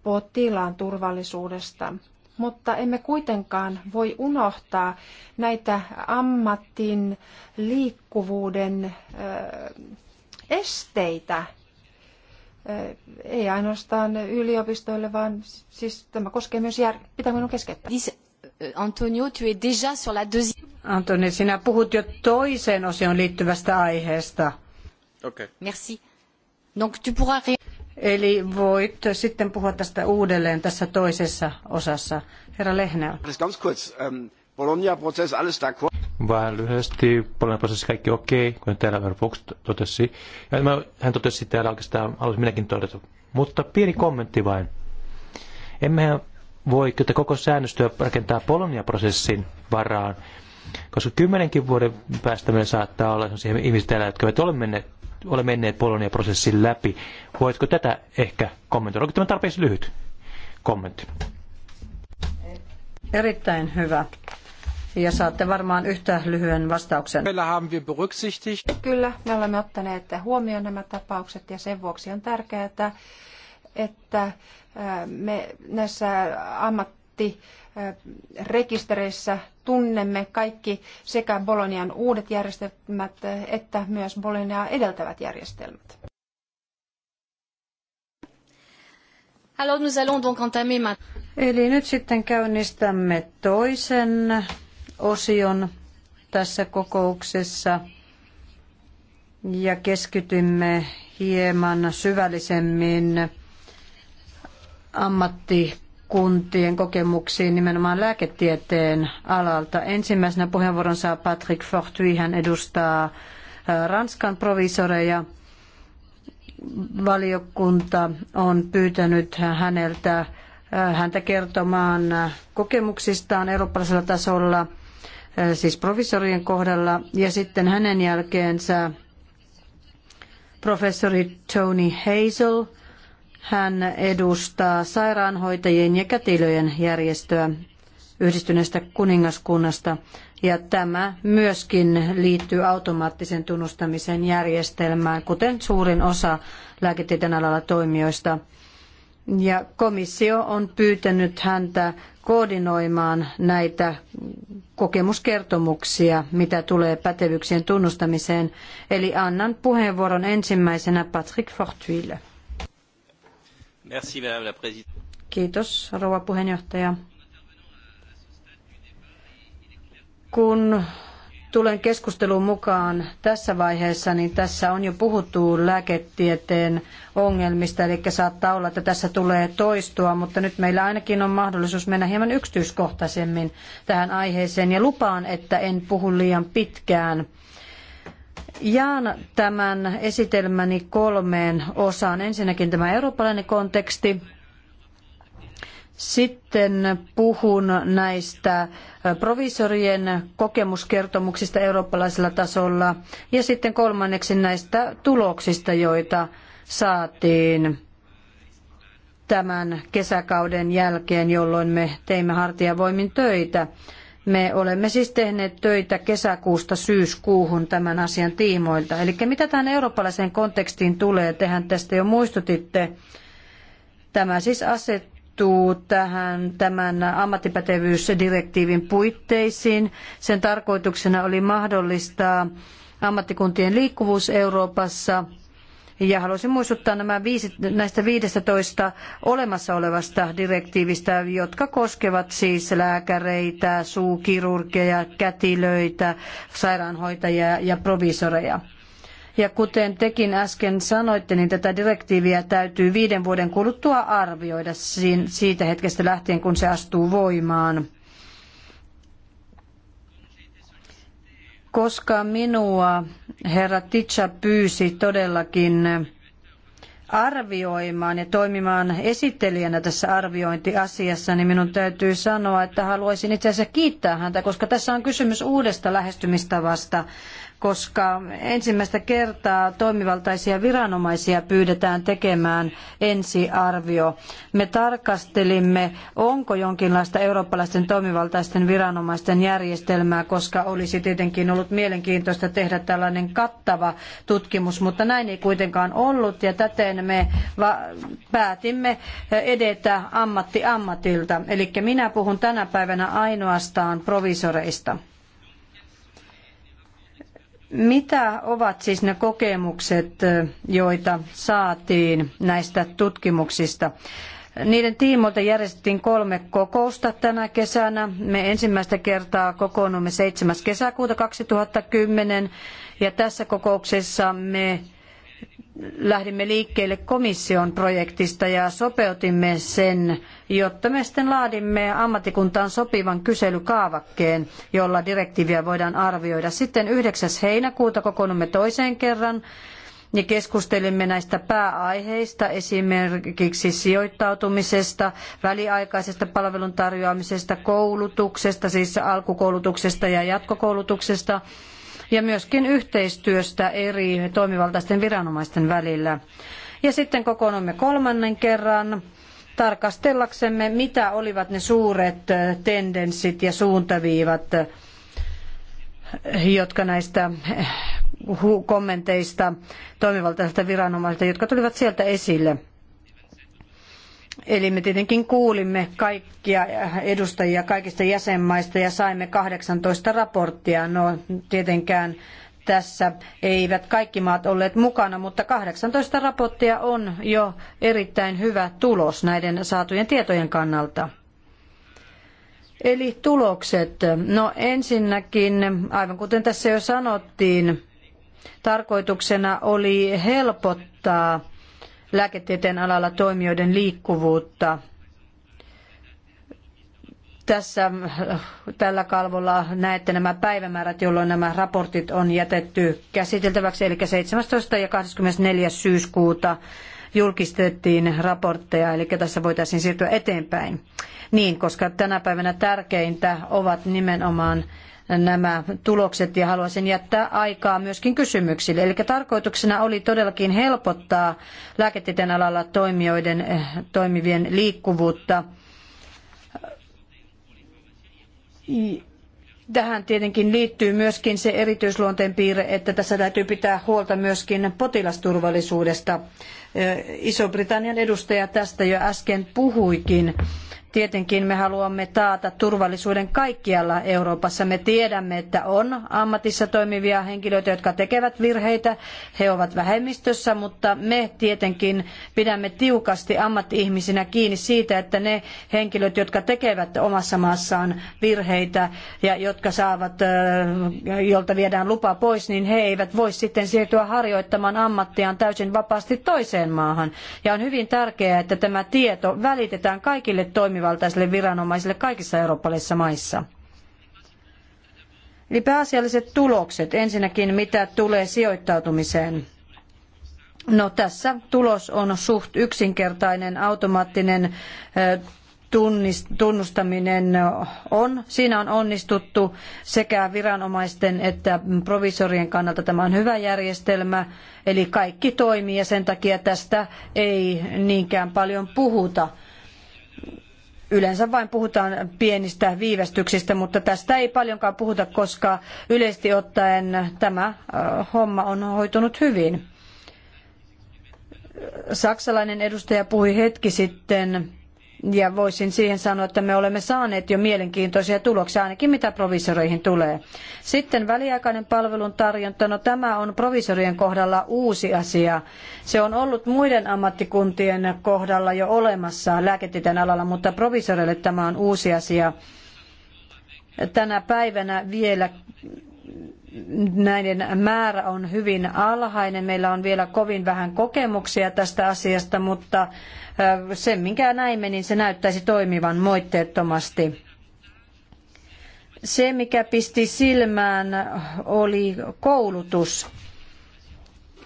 potilaan turvallisuudesta, mutta emme kuitenkaan voi unohtaa näitä ammattin liikkuvuuden esteitä, ei ainoastaan yliopistoille, vaan siis tämä koskee myös jär... pitää minun keskeyttää. Äh, Antonio, tu es déjà sur la deuxième. Antonio, sinä puhut jo toiseen osioon liittyvästä aiheesta. Okei. Okay. Merci. Donc tu pourras... Eli voit sitten puhua tästä uudelleen tässä toisessa osassa. Herra Lehnel. Alles ganz kurz. Ähm, Bologna-Prozess, alles d'accord vaan lyhyesti Bolognan prosessi kaikki okei, okay, kuten täällä Fox totesi. Ja mä, hän totesi täällä oikeastaan, haluaisin minäkin todeta. Mutta pieni kommentti vain. Emmehän voi tätä koko säännöstöä rakentaa Polonia-prosessin varaan, koska kymmenenkin vuoden päästä meillä saattaa olla sellaisia ihmisiä täällä, jotka eivät ole menneet, ole menneet Polonia-prosessin läpi. Voitko tätä ehkä kommentoida? Onko tämä tarpeeksi lyhyt kommentti? Erittäin hyvä ja saatte varmaan yhtä lyhyen vastauksen. Kyllä, me olemme ottaneet huomioon nämä tapaukset ja sen vuoksi on tärkeää, että, että äh, me näissä ammattirekistereissä tunnemme kaikki sekä Bolonian uudet järjestelmät äh, että myös Boloniaa edeltävät järjestelmät. Eli nyt sitten käynnistämme toisen osion tässä kokouksessa ja keskitymme hieman syvällisemmin ammattikuntien kokemuksiin nimenomaan lääketieteen alalta. Ensimmäisenä puheenvuoron saa Patrick Fortuy, hän edustaa Ranskan provisoreja. Valiokunta on pyytänyt häneltä häntä kertomaan kokemuksistaan eurooppalaisella tasolla – Äh, siis professorien kohdalla, ja sitten hänen jälkeensä professori Tony Hazel. Hän edustaa sairaanhoitajien ja kätilöjen järjestöä yhdistyneestä kuningaskunnasta. Ja tämä myöskin liittyy automaattisen tunnustamisen järjestelmään, kuten suurin osa lääketieteen alalla toimijoista. Ja komissio on pyytänyt häntä koordinoimaan näitä kokemuskertomuksia, mitä tulee pätevyyksien tunnustamiseen. Eli annan puheenvuoron ensimmäisenä Patrick Fortuille. Merci, la Kiitos, rouva puheenjohtaja. Kun tulen keskusteluun mukaan tässä vaiheessa, niin tässä on jo puhuttu lääketieteen ongelmista, eli saattaa olla, että tässä tulee toistua, mutta nyt meillä ainakin on mahdollisuus mennä hieman yksityiskohtaisemmin tähän aiheeseen, ja lupaan, että en puhu liian pitkään. Jaan tämän esitelmäni kolmeen osaan. Ensinnäkin tämä eurooppalainen konteksti, sitten puhun näistä äh, provisorien kokemuskertomuksista eurooppalaisella tasolla ja sitten kolmanneksi näistä tuloksista, joita saatiin tämän kesäkauden jälkeen, jolloin me teimme hartiavoimin töitä. Me olemme siis tehneet töitä kesäkuusta syyskuuhun tämän asian tiimoilta. Eli mitä tähän eurooppalaiseen kontekstiin tulee, tehän tästä jo muistutitte. Tämä siis asettaa sijoittuu tähän, tämän ammattipätevyysdirektiivin puitteisiin. Sen tarkoituksena oli mahdollistaa ammattikuntien liikkuvuus Euroopassa ja haluaisin muistuttaa nämä viisi, näistä 15 olemassa olevasta direktiivistä, jotka koskevat siis lääkäreitä, suukirurgeja, kätilöitä, sairaanhoitajia ja provisoreja. Ja kuten tekin äsken sanoitte, niin tätä direktiiviä täytyy viiden vuoden kuluttua arvioida siitä hetkestä lähtien, kun se astuu voimaan. Koska minua herra Titsa pyysi todellakin arvioimaan ja toimimaan esittelijänä tässä arviointiasiassa, niin minun täytyy sanoa, että haluaisin itse asiassa kiittää häntä, koska tässä on kysymys uudesta lähestymistavasta koska ensimmäistä kertaa toimivaltaisia viranomaisia pyydetään tekemään ensiarvio. Me tarkastelimme, onko jonkinlaista eurooppalaisten toimivaltaisten viranomaisten järjestelmää, koska olisi tietenkin ollut mielenkiintoista tehdä tällainen kattava tutkimus, mutta näin ei kuitenkaan ollut ja täten me päätimme edetä ammatti ammatilta. Eli minä puhun tänä päivänä ainoastaan provisoreista. Mitä ovat siis ne kokemukset, joita saatiin näistä tutkimuksista? Niiden tiimoilta järjestettiin kolme kokousta tänä kesänä. Me ensimmäistä kertaa kokoonnumme 7. kesäkuuta 2010 ja tässä kokouksessa me lähdimme liikkeelle komission projektista ja sopeutimme sen, jotta me sitten laadimme ammattikuntaan sopivan kyselykaavakkeen, jolla direktiiviä voidaan arvioida. Sitten 9. heinäkuuta kokoonnumme toiseen kerran ja keskustelimme näistä pääaiheista, esimerkiksi sijoittautumisesta, väliaikaisesta palveluntarjoamisesta, koulutuksesta, siis alkukoulutuksesta ja jatkokoulutuksesta – ja myöskin yhteistyöstä eri toimivaltaisten viranomaisten välillä. Ja sitten kokoonnumme kolmannen kerran tarkastellaksemme, mitä olivat ne suuret tendenssit ja suuntaviivat, jotka näistä eh, kommenteista toimivaltaisilta viranomaisilta, jotka tulivat sieltä esille. Eli me tietenkin kuulimme kaikkia edustajia kaikista jäsenmaista ja saimme 18 raporttia. No tietenkään tässä eivät kaikki maat olleet mukana, mutta 18 raporttia on jo erittäin hyvä tulos näiden saatujen tietojen kannalta. Eli tulokset. No ensinnäkin, aivan kuten tässä jo sanottiin, tarkoituksena oli helpottaa lääketieteen alalla toimijoiden liikkuvuutta. Tässä tällä kalvolla näette nämä päivämäärät, jolloin nämä raportit on jätetty käsiteltäväksi, eli 17. ja 24. syyskuuta julkistettiin raportteja, eli tässä voitaisiin siirtyä eteenpäin. Niin, koska tänä päivänä tärkeintä ovat nimenomaan nämä tulokset ja haluaisin jättää aikaa myöskin kysymyksille. Eli tarkoituksena oli todellakin helpottaa lääketieteen alalla toimijoiden, eh, toimivien liikkuvuutta. Tähän tietenkin liittyy myöskin se erityisluonteen piirre, että tässä täytyy pitää huolta myöskin potilasturvallisuudesta. Eh, Iso-Britannian edustaja tästä jo äsken puhuikin. Tietenkin me haluamme taata turvallisuuden kaikkialla Euroopassa. Me tiedämme, että on ammatissa toimivia henkilöitä, jotka tekevät virheitä. He ovat vähemmistössä, mutta me tietenkin pidämme tiukasti ammattiihmisinä kiinni siitä, että ne henkilöt, jotka tekevät omassa maassaan virheitä ja jotka saavat, jolta viedään lupa pois, niin he eivät voi sitten siirtyä harjoittamaan ammattiaan täysin vapaasti toiseen maahan. Ja on hyvin tärkeää, että tämä tieto välitetään kaikille toimiville toimivaltaisille viranomaisille kaikissa eurooppalaisissa maissa. Eli pääasialliset tulokset ensinnäkin, mitä tulee sijoittautumiseen. No tässä tulos on suht yksinkertainen, automaattinen tunnustaminen on. Siinä on onnistuttu sekä viranomaisten että provisorien kannalta tämä on hyvä järjestelmä. Eli kaikki toimii ja sen takia tästä ei niinkään paljon puhuta Yleensä vain puhutaan pienistä viivästyksistä, mutta tästä ei paljonkaan puhuta, koska yleisesti ottaen tämä äh, homma on hoitunut hyvin. Saksalainen edustaja puhui hetki sitten ja voisin siihen sanoa, että me olemme saaneet jo mielenkiintoisia tuloksia, ainakin mitä provisoreihin tulee. Sitten väliaikainen palvelun tarjonta, no tämä on provisorien kohdalla uusi asia. Se on ollut muiden ammattikuntien kohdalla jo olemassa lääketieteen alalla, mutta provisoreille tämä on uusi asia. Tänä päivänä vielä näiden määrä on hyvin alhainen. Meillä on vielä kovin vähän kokemuksia tästä asiasta, mutta se, minkä näimme, niin se näyttäisi toimivan moitteettomasti. Se, mikä pisti silmään, oli koulutus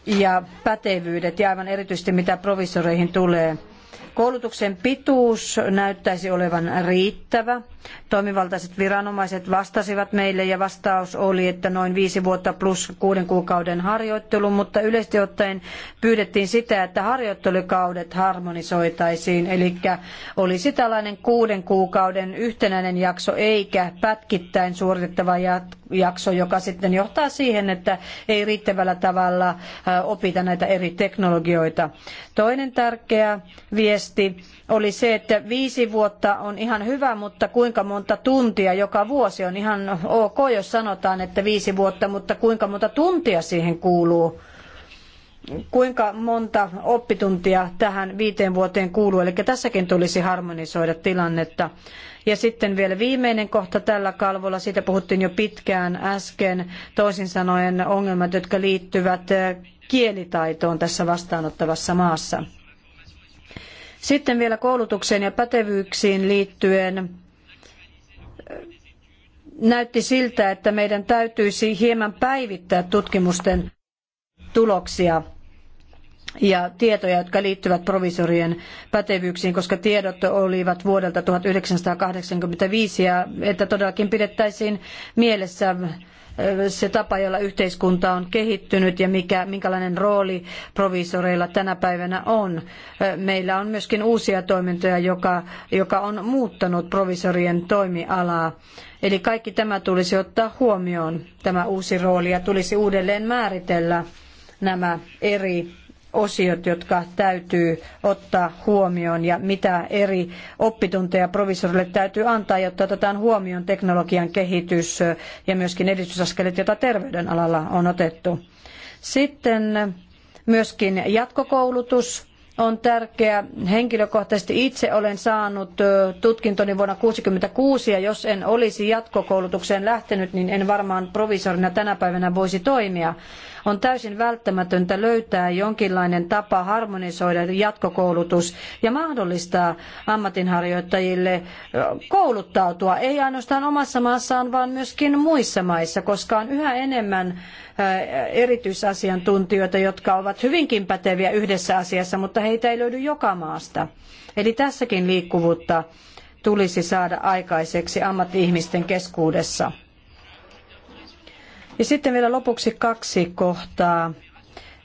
ja pätevyydet ja aivan erityisesti mitä provisoreihin tulee. Koulutuksen pituus näyttäisi olevan riittävä Toimivaltaiset viranomaiset vastasivat meille ja vastaus oli, että noin viisi vuotta plus kuuden kuukauden harjoittelu, mutta yleisesti ottaen pyydettiin sitä, että harjoittelukaudet harmonisoitaisiin, eli olisi tällainen kuuden kuukauden yhtenäinen jakso eikä pätkittäin suoritettava jakso, joka sitten johtaa siihen, että ei riittävällä tavalla opita näitä eri teknologioita. Toinen tärkeä viesti oli se, että viisi vuotta on ihan hyvä, mutta kuinka kuinka monta tuntia joka vuosi. On ihan ok, jos sanotaan, että viisi vuotta, mutta kuinka monta tuntia siihen kuuluu? Kuinka monta oppituntia tähän viiteen vuoteen kuuluu? Eli tässäkin tulisi harmonisoida tilannetta. Ja sitten vielä viimeinen kohta tällä kalvolla, siitä puhuttiin jo pitkään äsken, toisin sanoen ongelmat, jotka liittyvät kielitaitoon tässä vastaanottavassa maassa. Sitten vielä koulutukseen ja pätevyyksiin liittyen näytti siltä, että meidän täytyisi hieman päivittää tutkimusten tuloksia ja tietoja, jotka liittyvät provisorien pätevyyksiin, koska tiedot olivat vuodelta 1985 ja että todellakin pidettäisiin mielessä se tapa, jolla yhteiskunta on kehittynyt ja mikä, minkälainen rooli proviisoreilla tänä päivänä on. Meillä on myöskin uusia toimintoja, joka, joka on muuttanut provisorien toimialaa. Eli kaikki tämä tulisi ottaa huomioon, tämä uusi rooli, ja tulisi uudelleen määritellä nämä eri osiot, jotka täytyy ottaa huomioon ja mitä eri oppitunteja provisorille täytyy antaa, jotta otetaan huomioon teknologian kehitys ja myöskin edistysaskelet, joita terveydenalalla on otettu. Sitten myöskin jatkokoulutus on tärkeä. Henkilökohtaisesti itse olen saanut tutkintoni vuonna 1966 ja jos en olisi jatkokoulutukseen lähtenyt, niin en varmaan provisorina tänä päivänä voisi toimia. On täysin välttämätöntä löytää jonkinlainen tapa harmonisoida jatkokoulutus ja mahdollistaa ammatinharjoittajille kouluttautua, ei ainoastaan omassa maassaan, vaan myöskin muissa maissa, koska on yhä enemmän erityisasiantuntijoita, jotka ovat hyvinkin päteviä yhdessä asiassa, mutta heitä ei löydy joka maasta. Eli tässäkin liikkuvuutta tulisi saada aikaiseksi ammatti-ihmisten keskuudessa. Ja sitten vielä lopuksi kaksi kohtaa.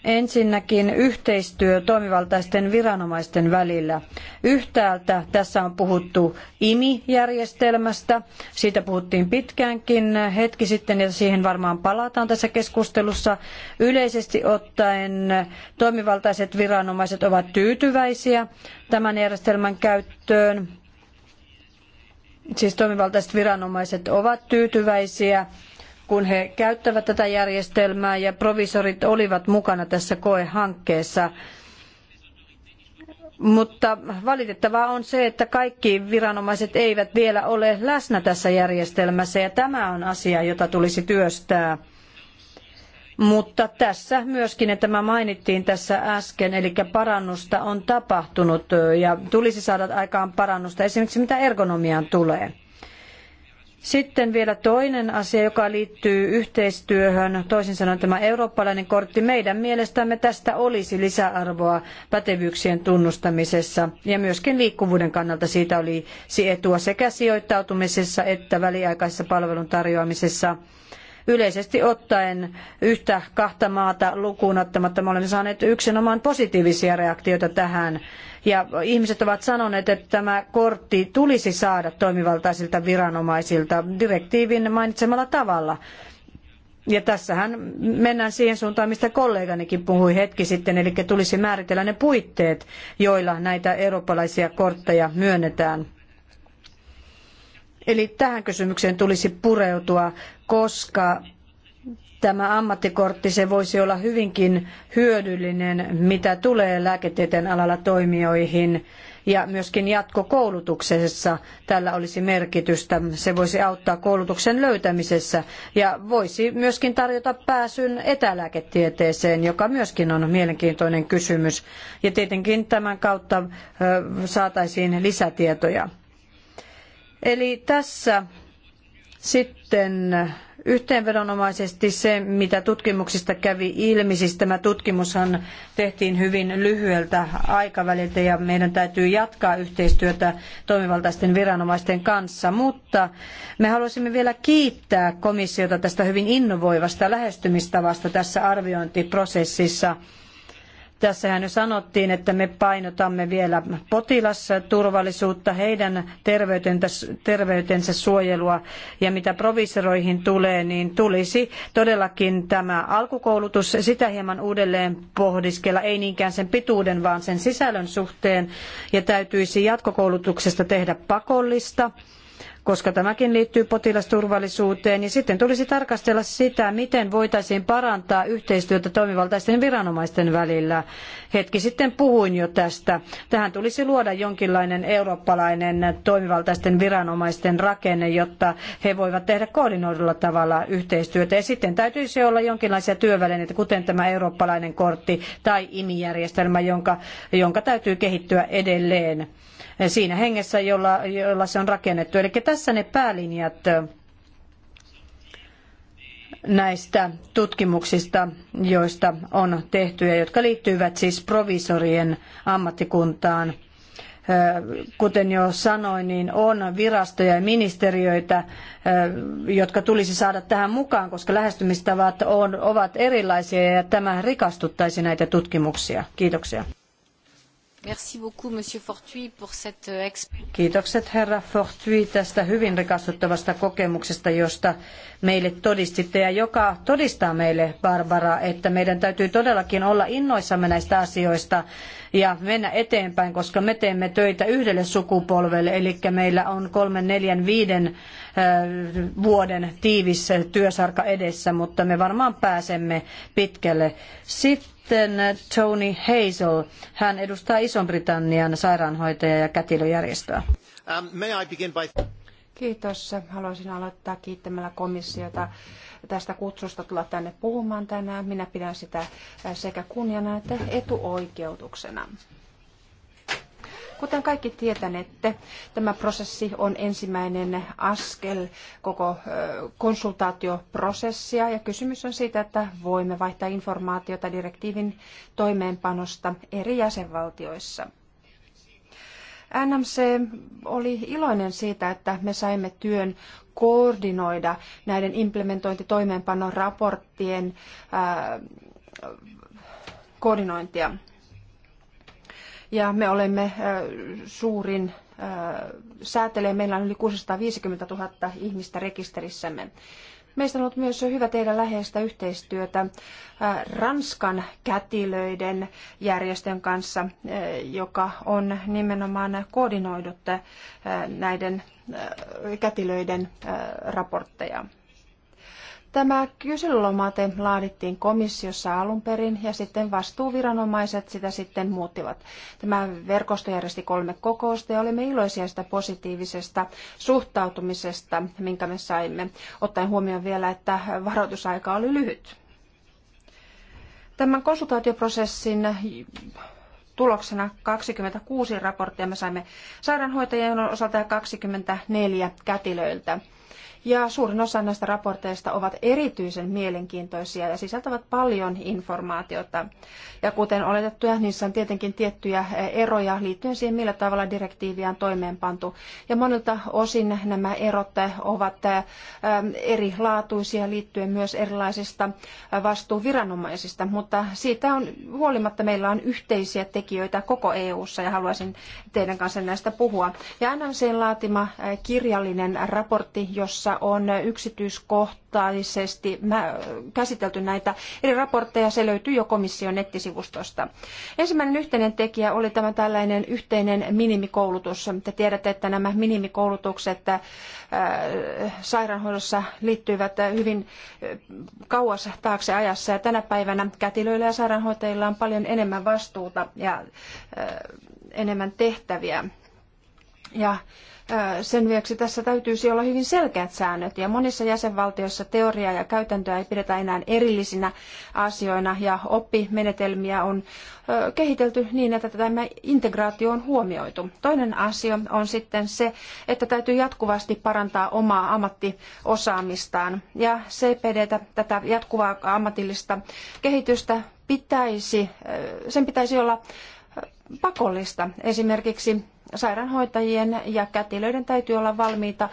Ensinnäkin yhteistyö toimivaltaisten viranomaisten välillä. Yhtäältä tässä on puhuttu IMI-järjestelmästä. Siitä puhuttiin pitkäänkin hetki sitten ja siihen varmaan palataan tässä keskustelussa. Yleisesti ottaen toimivaltaiset viranomaiset ovat tyytyväisiä tämän järjestelmän käyttöön. Siis toimivaltaiset viranomaiset ovat tyytyväisiä kun he käyttävät tätä järjestelmää ja provisorit olivat mukana tässä koehankkeessa. Mutta valitettavaa on se, että kaikki viranomaiset eivät vielä ole läsnä tässä järjestelmässä ja tämä on asia, jota tulisi työstää. Mutta tässä myöskin, että tämä mainittiin tässä äsken, eli parannusta on tapahtunut ja tulisi saada aikaan parannusta esimerkiksi mitä ergonomiaan tulee. Sitten vielä toinen asia, joka liittyy yhteistyöhön, toisin sanoen tämä eurooppalainen kortti. Meidän mielestämme tästä olisi lisäarvoa pätevyyksien tunnustamisessa ja myöskin liikkuvuuden kannalta siitä olisi etua sekä sijoittautumisessa että väliaikaisessa palvelun tarjoamisessa. Yleisesti ottaen yhtä kahta maata lukuun ottamatta me olemme saaneet yksinomaan positiivisia reaktioita tähän. Ja ihmiset ovat sanoneet, että tämä kortti tulisi saada toimivaltaisilta viranomaisilta direktiivin mainitsemalla tavalla. Ja tässähän mennään siihen suuntaan, mistä kolleganikin puhui hetki sitten, eli tulisi määritellä ne puitteet, joilla näitä eurooppalaisia kortteja myönnetään. Eli tähän kysymykseen tulisi pureutua, koska tämä ammattikortti se voisi olla hyvinkin hyödyllinen, mitä tulee lääketieteen alalla toimijoihin ja myöskin jatkokoulutuksessa tällä olisi merkitystä. Se voisi auttaa koulutuksen löytämisessä ja voisi myöskin tarjota pääsyn etälääketieteeseen, joka myöskin on mielenkiintoinen kysymys. Ja tietenkin tämän kautta saataisiin lisätietoja. Eli tässä sitten yhteenvedonomaisesti se, mitä tutkimuksista kävi ilmi, siis tämä tutkimushan tehtiin hyvin lyhyeltä aikaväliltä ja meidän täytyy jatkaa yhteistyötä toimivaltaisten viranomaisten kanssa, mutta me haluaisimme vielä kiittää komissiota tästä hyvin innovoivasta lähestymistavasta tässä arviointiprosessissa. Tässähän jo sanottiin, että me painotamme vielä potilasturvallisuutta, heidän terveytensä, terveytensä suojelua ja mitä provisoroihin tulee, niin tulisi todellakin tämä alkukoulutus sitä hieman uudelleen pohdiskella, ei niinkään sen pituuden, vaan sen sisällön suhteen ja täytyisi jatkokoulutuksesta tehdä pakollista koska tämäkin liittyy potilasturvallisuuteen, niin sitten tulisi tarkastella sitä, miten voitaisiin parantaa yhteistyötä toimivaltaisten viranomaisten välillä. Hetki sitten puhuin jo tästä. Tähän tulisi luoda jonkinlainen eurooppalainen toimivaltaisten viranomaisten rakenne, jotta he voivat tehdä koordinoidulla tavalla yhteistyötä. Ja sitten täytyisi olla jonkinlaisia työvälineitä, kuten tämä eurooppalainen kortti tai IMI-järjestelmä, jonka, jonka täytyy kehittyä edelleen siinä hengessä, jolla, jolla se on rakennettu. Eli tässä ne päälinjat näistä tutkimuksista, joista on tehty ja jotka liittyvät siis provisorien ammattikuntaan. Kuten jo sanoin, niin on virastoja ja ministeriöitä, jotka tulisi saada tähän mukaan, koska lähestymistavat on, ovat erilaisia ja tämä rikastuttaisi näitä tutkimuksia. Kiitoksia. Merci beaucoup, Monsieur pour cette euh, Kiitokset herra Fortuy tästä hyvin rikastuttavasta kokemuksesta, josta meille todistitte ja joka todistaa meille, Barbara, että meidän täytyy todellakin olla innoissamme näistä asioista ja mennä eteenpäin, koska me teemme töitä yhdelle sukupolvelle, eli meillä on kolmen, neljän, viiden äh, vuoden tiivis työsarka edessä, mutta me varmaan pääsemme pitkälle. Sitten sitten äh, Tony Hazel. Hän edustaa Ison-Britannian sairaanhoitaja- ja kätilöjärjestöä. Um, Kiitos. Haluaisin aloittaa kiittämällä komissiota tästä kutsusta tulla tänne puhumaan tänään. Minä pidän sitä äh, sekä kunniana että etuoikeutuksena. Kuten kaikki tietänette, tämä prosessi on ensimmäinen askel koko konsultaatioprosessia ja kysymys on siitä, että voimme vaihtaa informaatiota direktiivin toimeenpanosta eri jäsenvaltioissa. NMC oli iloinen siitä, että me saimme työn koordinoida näiden implementointitoimeenpanon raporttien koordinointia ja me olemme äh, suurin äh, säätelee. Meillä on yli 650 000 ihmistä rekisterissämme. Meistä on ollut myös hyvä tehdä läheistä yhteistyötä äh, Ranskan kätilöiden järjestön kanssa, joka on nimenomaan koordinoidut näiden kätilöiden raportteja. Tämä kyselylomate laadittiin komissiossa alun perin ja sitten vastuuviranomaiset sitä sitten muuttivat. Tämä verkosto järjesti kolme kokousta ja olimme iloisia sitä positiivisesta suhtautumisesta, minkä me saimme, ottaen huomioon vielä, että varoitusaika oli lyhyt. Tämän konsultaatioprosessin tuloksena 26 raporttia me saimme sairaanhoitajien osalta ja 24 kätilöiltä ja suurin osa näistä raporteista ovat erityisen mielenkiintoisia ja sisältävät paljon informaatiota. Ja kuten oletettuja, niissä on tietenkin tiettyjä eroja liittyen siihen, millä tavalla direktiiviä on toimeenpantu. Ja monilta osin nämä erot ovat erilaatuisia liittyen myös erilaisista vastuuviranomaisista, mutta siitä on huolimatta meillä on yhteisiä tekijöitä koko EU:ssa ja haluaisin teidän kanssa näistä puhua. Ja NMCn laatima kirjallinen raportti, jossa on yksityiskohtaisesti käsitelty näitä eri raportteja. Se löytyy jo komission nettisivustosta. Ensimmäinen yhteinen tekijä oli tämä tällainen yhteinen minimikoulutus. Te tiedätte, että nämä minimikoulutukset äh, sairaanhoidossa liittyvät hyvin äh, kauas taakse ajassa ja tänä päivänä kätilöillä ja sairaanhoitajilla on paljon enemmän vastuuta ja äh, enemmän tehtäviä. Ja sen vuoksi tässä täytyisi olla hyvin selkeät säännöt ja monissa jäsenvaltioissa teoriaa ja käytäntöä ei pidetä enää erillisinä asioina ja oppimenetelmiä on kehitelty niin, että tämä integraatio on huomioitu. Toinen asia on sitten se, että täytyy jatkuvasti parantaa omaa ammattiosaamistaan ja CPD tätä jatkuvaa ammatillista kehitystä pitäisi, sen pitäisi olla pakollista. Esimerkiksi sairaanhoitajien ja kätilöiden täytyy olla valmiita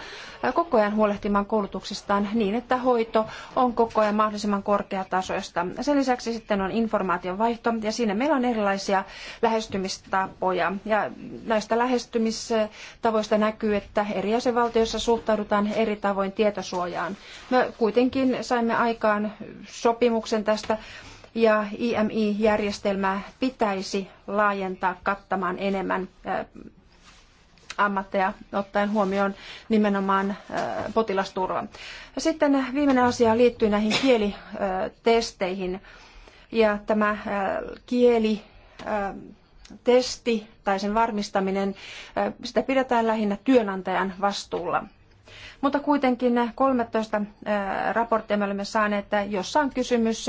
koko ajan huolehtimaan koulutuksestaan niin, että hoito on koko ajan mahdollisimman korkeatasoista. Sen lisäksi sitten on informaation vaihto ja siinä meillä on erilaisia lähestymistapoja. Ja näistä lähestymistavoista näkyy, että eri jäsenvaltioissa suhtaudutaan eri tavoin tietosuojaan. Me kuitenkin saimme aikaan sopimuksen tästä ja IMI-järjestelmää pitäisi laajentaa kattamaan enemmän ammatteja ottaen huomioon nimenomaan äh, potilasturvan. Sitten viimeinen asia liittyy näihin kielitesteihin. Ja tämä äh, kieli äh, testi tai sen varmistaminen, sitä pidetään lähinnä työnantajan vastuulla. Mutta kuitenkin 13 raporttia me olemme saaneet, että jossa on kysymys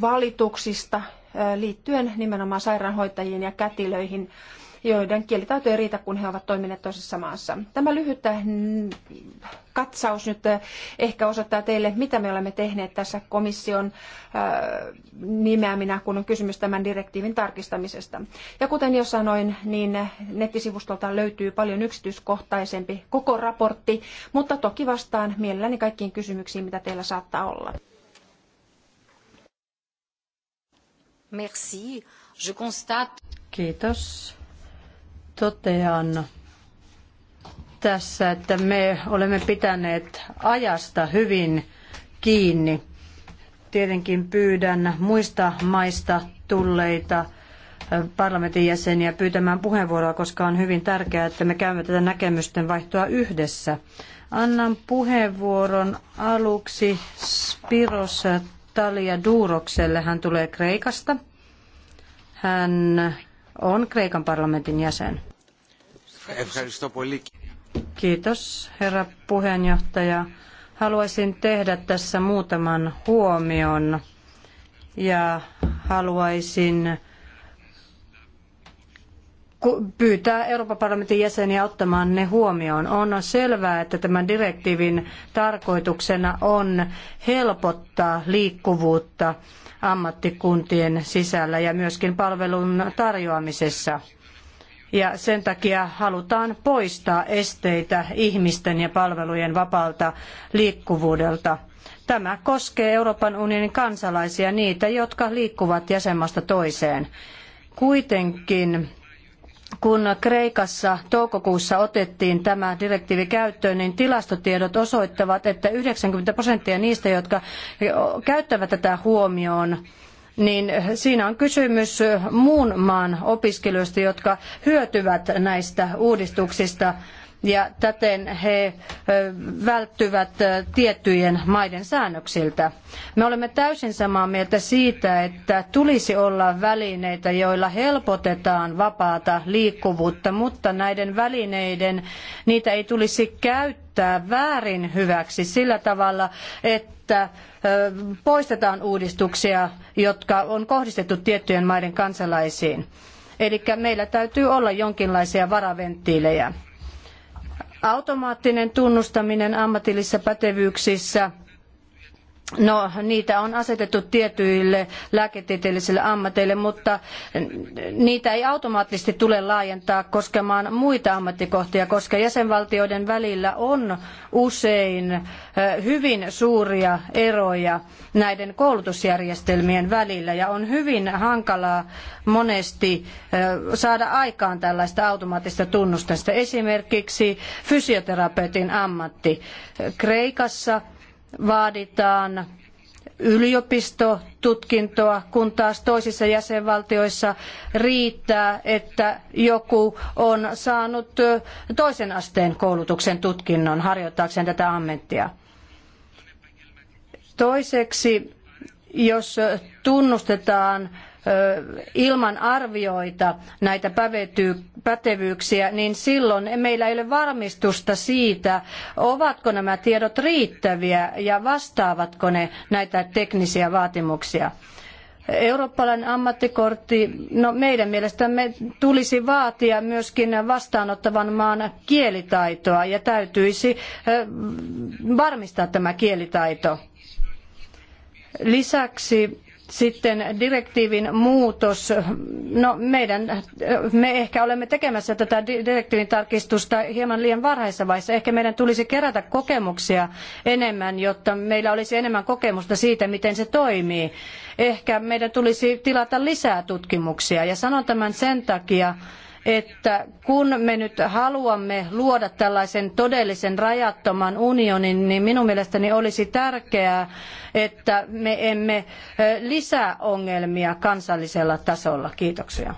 valituksista liittyen nimenomaan sairaanhoitajiin ja kätilöihin joiden kielitaito ei riitä, kun he ovat toimineet toisessa maassa. Tämä lyhyt äh, katsaus nyt äh, ehkä osoittaa teille, mitä me olemme tehneet tässä komission äh, nimeäminä, kun on kysymys tämän direktiivin tarkistamisesta. Ja kuten jo sanoin, niin nettisivustolta löytyy paljon yksityiskohtaisempi koko raportti, mutta toki vastaan mielelläni kaikkiin kysymyksiin, mitä teillä saattaa olla. Merci. Je constate... Kiitos totean tässä, että me olemme pitäneet ajasta hyvin kiinni. Tietenkin pyydän muista maista tulleita parlamentin jäseniä pyytämään puheenvuoroa, koska on hyvin tärkeää, että me käymme tätä näkemysten vaihtoa yhdessä. Annan puheenvuoron aluksi Spiros Talia Duurokselle. Hän tulee Kreikasta. Hän on Kreikan parlamentin jäsen. Kiitos, herra puheenjohtaja. Haluaisin tehdä tässä muutaman huomion ja haluaisin pyytää Euroopan parlamentin jäseniä ottamaan ne huomioon. On selvää, että tämän direktiivin tarkoituksena on helpottaa liikkuvuutta ammattikuntien sisällä ja myöskin palvelun tarjoamisessa ja sen takia halutaan poistaa esteitä ihmisten ja palvelujen vapaalta liikkuvuudelta. Tämä koskee Euroopan unionin kansalaisia, niitä, jotka liikkuvat jäsenmaasta toiseen. Kuitenkin kun Kreikassa toukokuussa otettiin tämä direktiivi käyttöön, niin tilastotiedot osoittavat, että 90 prosenttia niistä, jotka käyttävät tätä huomioon, niin siinä on kysymys muun maan opiskelijoista, jotka hyötyvät näistä uudistuksista ja täten he välttyvät tiettyjen maiden säännöksiltä. Me olemme täysin samaa mieltä siitä, että tulisi olla välineitä, joilla helpotetaan vapaata liikkuvuutta, mutta näiden välineiden niitä ei tulisi käyttää väärin hyväksi sillä tavalla, että että poistetaan uudistuksia, jotka on kohdistettu tiettyjen maiden kansalaisiin. Eli meillä täytyy olla jonkinlaisia varaventtiilejä. Automaattinen tunnustaminen ammatillisissa pätevyyksissä – No, niitä on asetettu tietyille lääketieteellisille ammateille, mutta niitä ei automaattisesti tule laajentaa koskemaan muita ammattikohtia, koska jäsenvaltioiden välillä on usein hyvin suuria eroja näiden koulutusjärjestelmien välillä ja on hyvin hankalaa monesti saada aikaan tällaista automaattista tunnustusta. Esimerkiksi fysioterapeutin ammatti Kreikassa – vaaditaan yliopistotutkintoa, kun taas toisissa jäsenvaltioissa riittää, että joku on saanut toisen asteen koulutuksen tutkinnon harjoittaakseen tätä ammenttia. Toiseksi, jos tunnustetaan ilman arvioita näitä pätevyyksiä, niin silloin meillä ei ole varmistusta siitä, ovatko nämä tiedot riittäviä ja vastaavatko ne näitä teknisiä vaatimuksia. Eurooppalainen ammattikortti, no meidän mielestämme tulisi vaatia myöskin vastaanottavan maan kielitaitoa ja täytyisi varmistaa tämä kielitaito. Lisäksi sitten direktiivin muutos. No meidän, me ehkä olemme tekemässä tätä direktiivin tarkistusta hieman liian varhaisessa vaiheessa. Ehkä meidän tulisi kerätä kokemuksia enemmän, jotta meillä olisi enemmän kokemusta siitä, miten se toimii. Ehkä meidän tulisi tilata lisää tutkimuksia. Ja sanon tämän sen takia, että kun me nyt haluamme luoda tällaisen todellisen rajattoman unionin, niin minun mielestäni olisi tärkeää, että me emme lisää ongelmia kansallisella tasolla. Kiitoksia.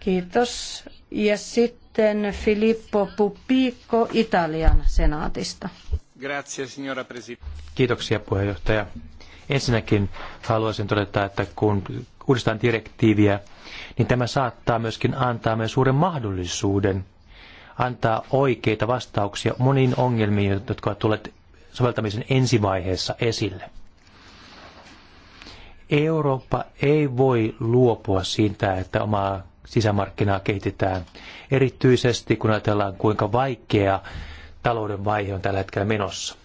Kiitos. Ja sitten Filippo Puppiikko Italian senaatista. Grazie, Kiitoksia puheenjohtaja. Ensinnäkin haluaisin todeta, että kun uudistetaan direktiiviä, niin tämä saattaa myöskin antaa meille suuren mahdollisuuden antaa oikeita vastauksia moniin ongelmiin, jotka ovat tulleet soveltamisen ensivaiheessa esille. Eurooppa ei voi luopua siitä, että omaa sisämarkkinaa kehitetään. Erityisesti kun ajatellaan, kuinka vaikea talouden vaihe on tällä hetkellä menossa.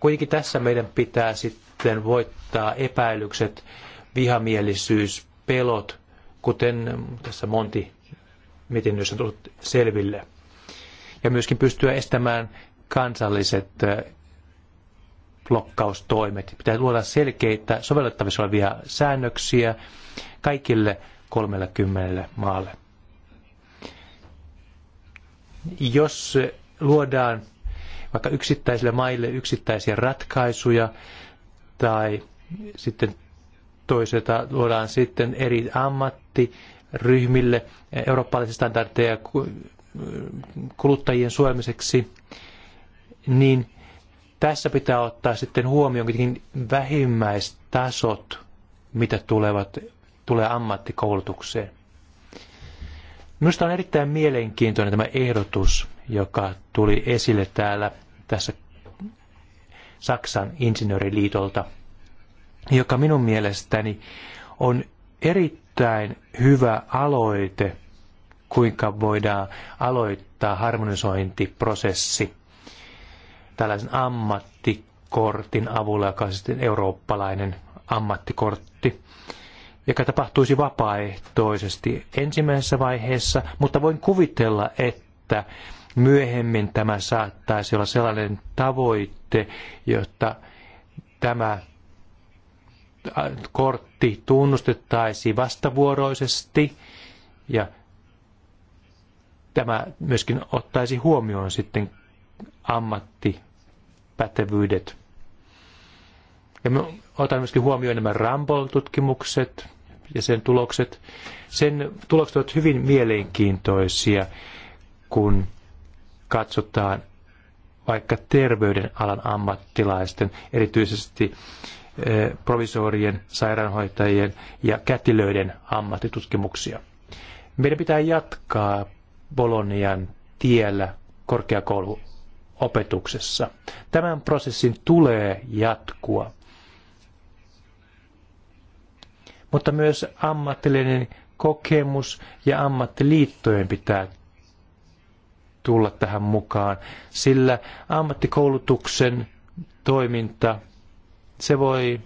Kuitenkin tässä meidän pitää sit sitten voittaa epäilykset, vihamielisyys, pelot, kuten tässä Monti mietinnössä on tullut selville. Ja myöskin pystyä estämään kansalliset blokkaustoimet. Pitää luoda selkeitä sovellettavissa olevia säännöksiä kaikille 30 maalle. Jos luodaan vaikka yksittäisille maille yksittäisiä ratkaisuja, tai sitten toisaalta luodaan sitten eri ammattiryhmille eurooppalaisia standardeja kuluttajien suojelmiseksi, niin tässä pitää ottaa sitten huomioon kuitenkin vähimmäistasot, mitä tulevat, tulee ammattikoulutukseen. Minusta on erittäin mielenkiintoinen tämä ehdotus, joka tuli esille täällä tässä Saksan insinööriliitolta, joka minun mielestäni on erittäin hyvä aloite, kuinka voidaan aloittaa harmonisointiprosessi tällaisen ammattikortin avulla, joka on siis sitten eurooppalainen ammattikortti, joka tapahtuisi vapaaehtoisesti ensimmäisessä vaiheessa, mutta voin kuvitella, että myöhemmin tämä saattaisi olla sellainen tavoitte, jotta tämä kortti tunnustettaisiin vastavuoroisesti ja tämä myöskin ottaisi huomioon sitten ammattipätevyydet. Ja me otan myöskin huomioon nämä Rumble-tutkimukset ja sen tulokset. Sen tulokset ovat hyvin mielenkiintoisia, kun katsotaan vaikka terveydenalan ammattilaisten, erityisesti eh, provisorien, sairaanhoitajien ja kätilöiden ammattitutkimuksia. Meidän pitää jatkaa Bolonian tiellä korkeakouluopetuksessa. Tämän prosessin tulee jatkua. Mutta myös ammattilainen kokemus ja ammattiliittojen pitää tulla tähän mukaan, sillä ammattikoulutuksen toiminta, se voi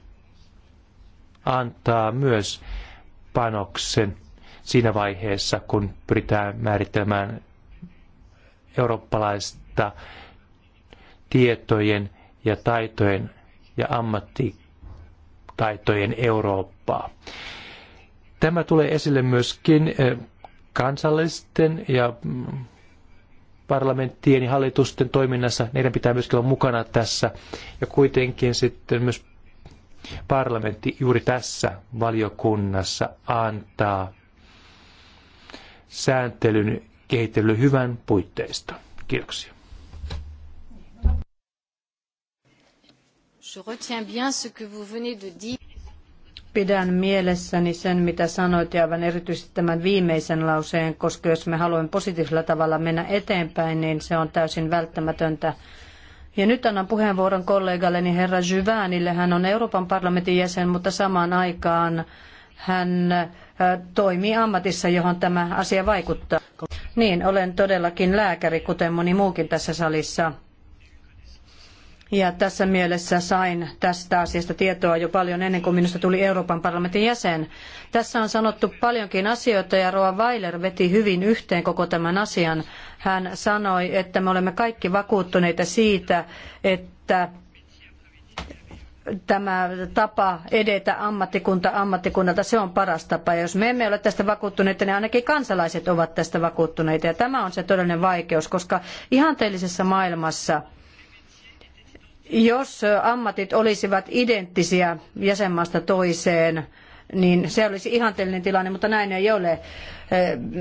antaa myös panoksen siinä vaiheessa, kun pyritään määrittelemään eurooppalaista tietojen ja taitojen ja ammattitaitojen Eurooppaa. Tämä tulee esille myöskin eh, kansallisten ja parlamenttien ja hallitusten toiminnassa, niiden pitää myöskin olla mukana tässä. Ja kuitenkin sitten myös parlamentti juuri tässä valiokunnassa antaa sääntelyn kehittelylle hyvän puitteista. Kiitoksia. Je retiens bien ce que vous venez de dire pidän mielessäni sen, mitä sanoit, ja aivan erityisesti tämän viimeisen lauseen, koska jos me haluamme positiivisella tavalla mennä eteenpäin, niin se on täysin välttämätöntä. Ja nyt annan puheenvuoron kollegalleni herra Jyvänille. Hän on Euroopan parlamentin jäsen, mutta samaan aikaan hän toimii ammatissa, johon tämä asia vaikuttaa. Niin, olen todellakin lääkäri, kuten moni muukin tässä salissa. Ja tässä mielessä sain tästä asiasta tietoa jo paljon ennen kuin minusta tuli Euroopan parlamentin jäsen. Tässä on sanottu paljonkin asioita ja Roa Weiler veti hyvin yhteen koko tämän asian. Hän sanoi, että me olemme kaikki vakuuttuneita siitä, että tämä tapa edetä ammattikunta ammattikunnalta, se on paras tapa. Ja jos me emme ole tästä vakuuttuneita, niin ainakin kansalaiset ovat tästä vakuuttuneita. Ja tämä on se todellinen vaikeus, koska ihanteellisessa maailmassa – jos ammatit olisivat identtisiä jäsenmaasta toiseen, niin se olisi ihanteellinen tilanne, mutta näin ei ole. Eh,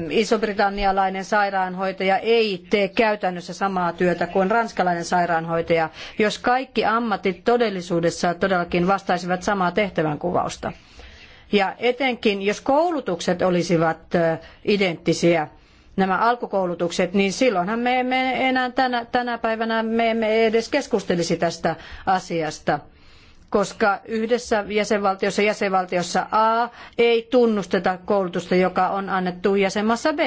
Iso-britannialainen sairaanhoitaja ei tee käytännössä samaa työtä kuin ranskalainen sairaanhoitaja, jos kaikki ammatit todellisuudessa todellakin vastaisivat samaa tehtävänkuvausta. Ja etenkin, jos koulutukset olisivat eh, identtisiä, nämä alkukoulutukset, niin silloinhan me emme enää tänä, tänä päivänä me emme edes keskustelisi tästä asiasta koska yhdessä jäsenvaltiossa jäsenvaltiossa A ei tunnusteta koulutusta, joka on annettu jäsenmassa B.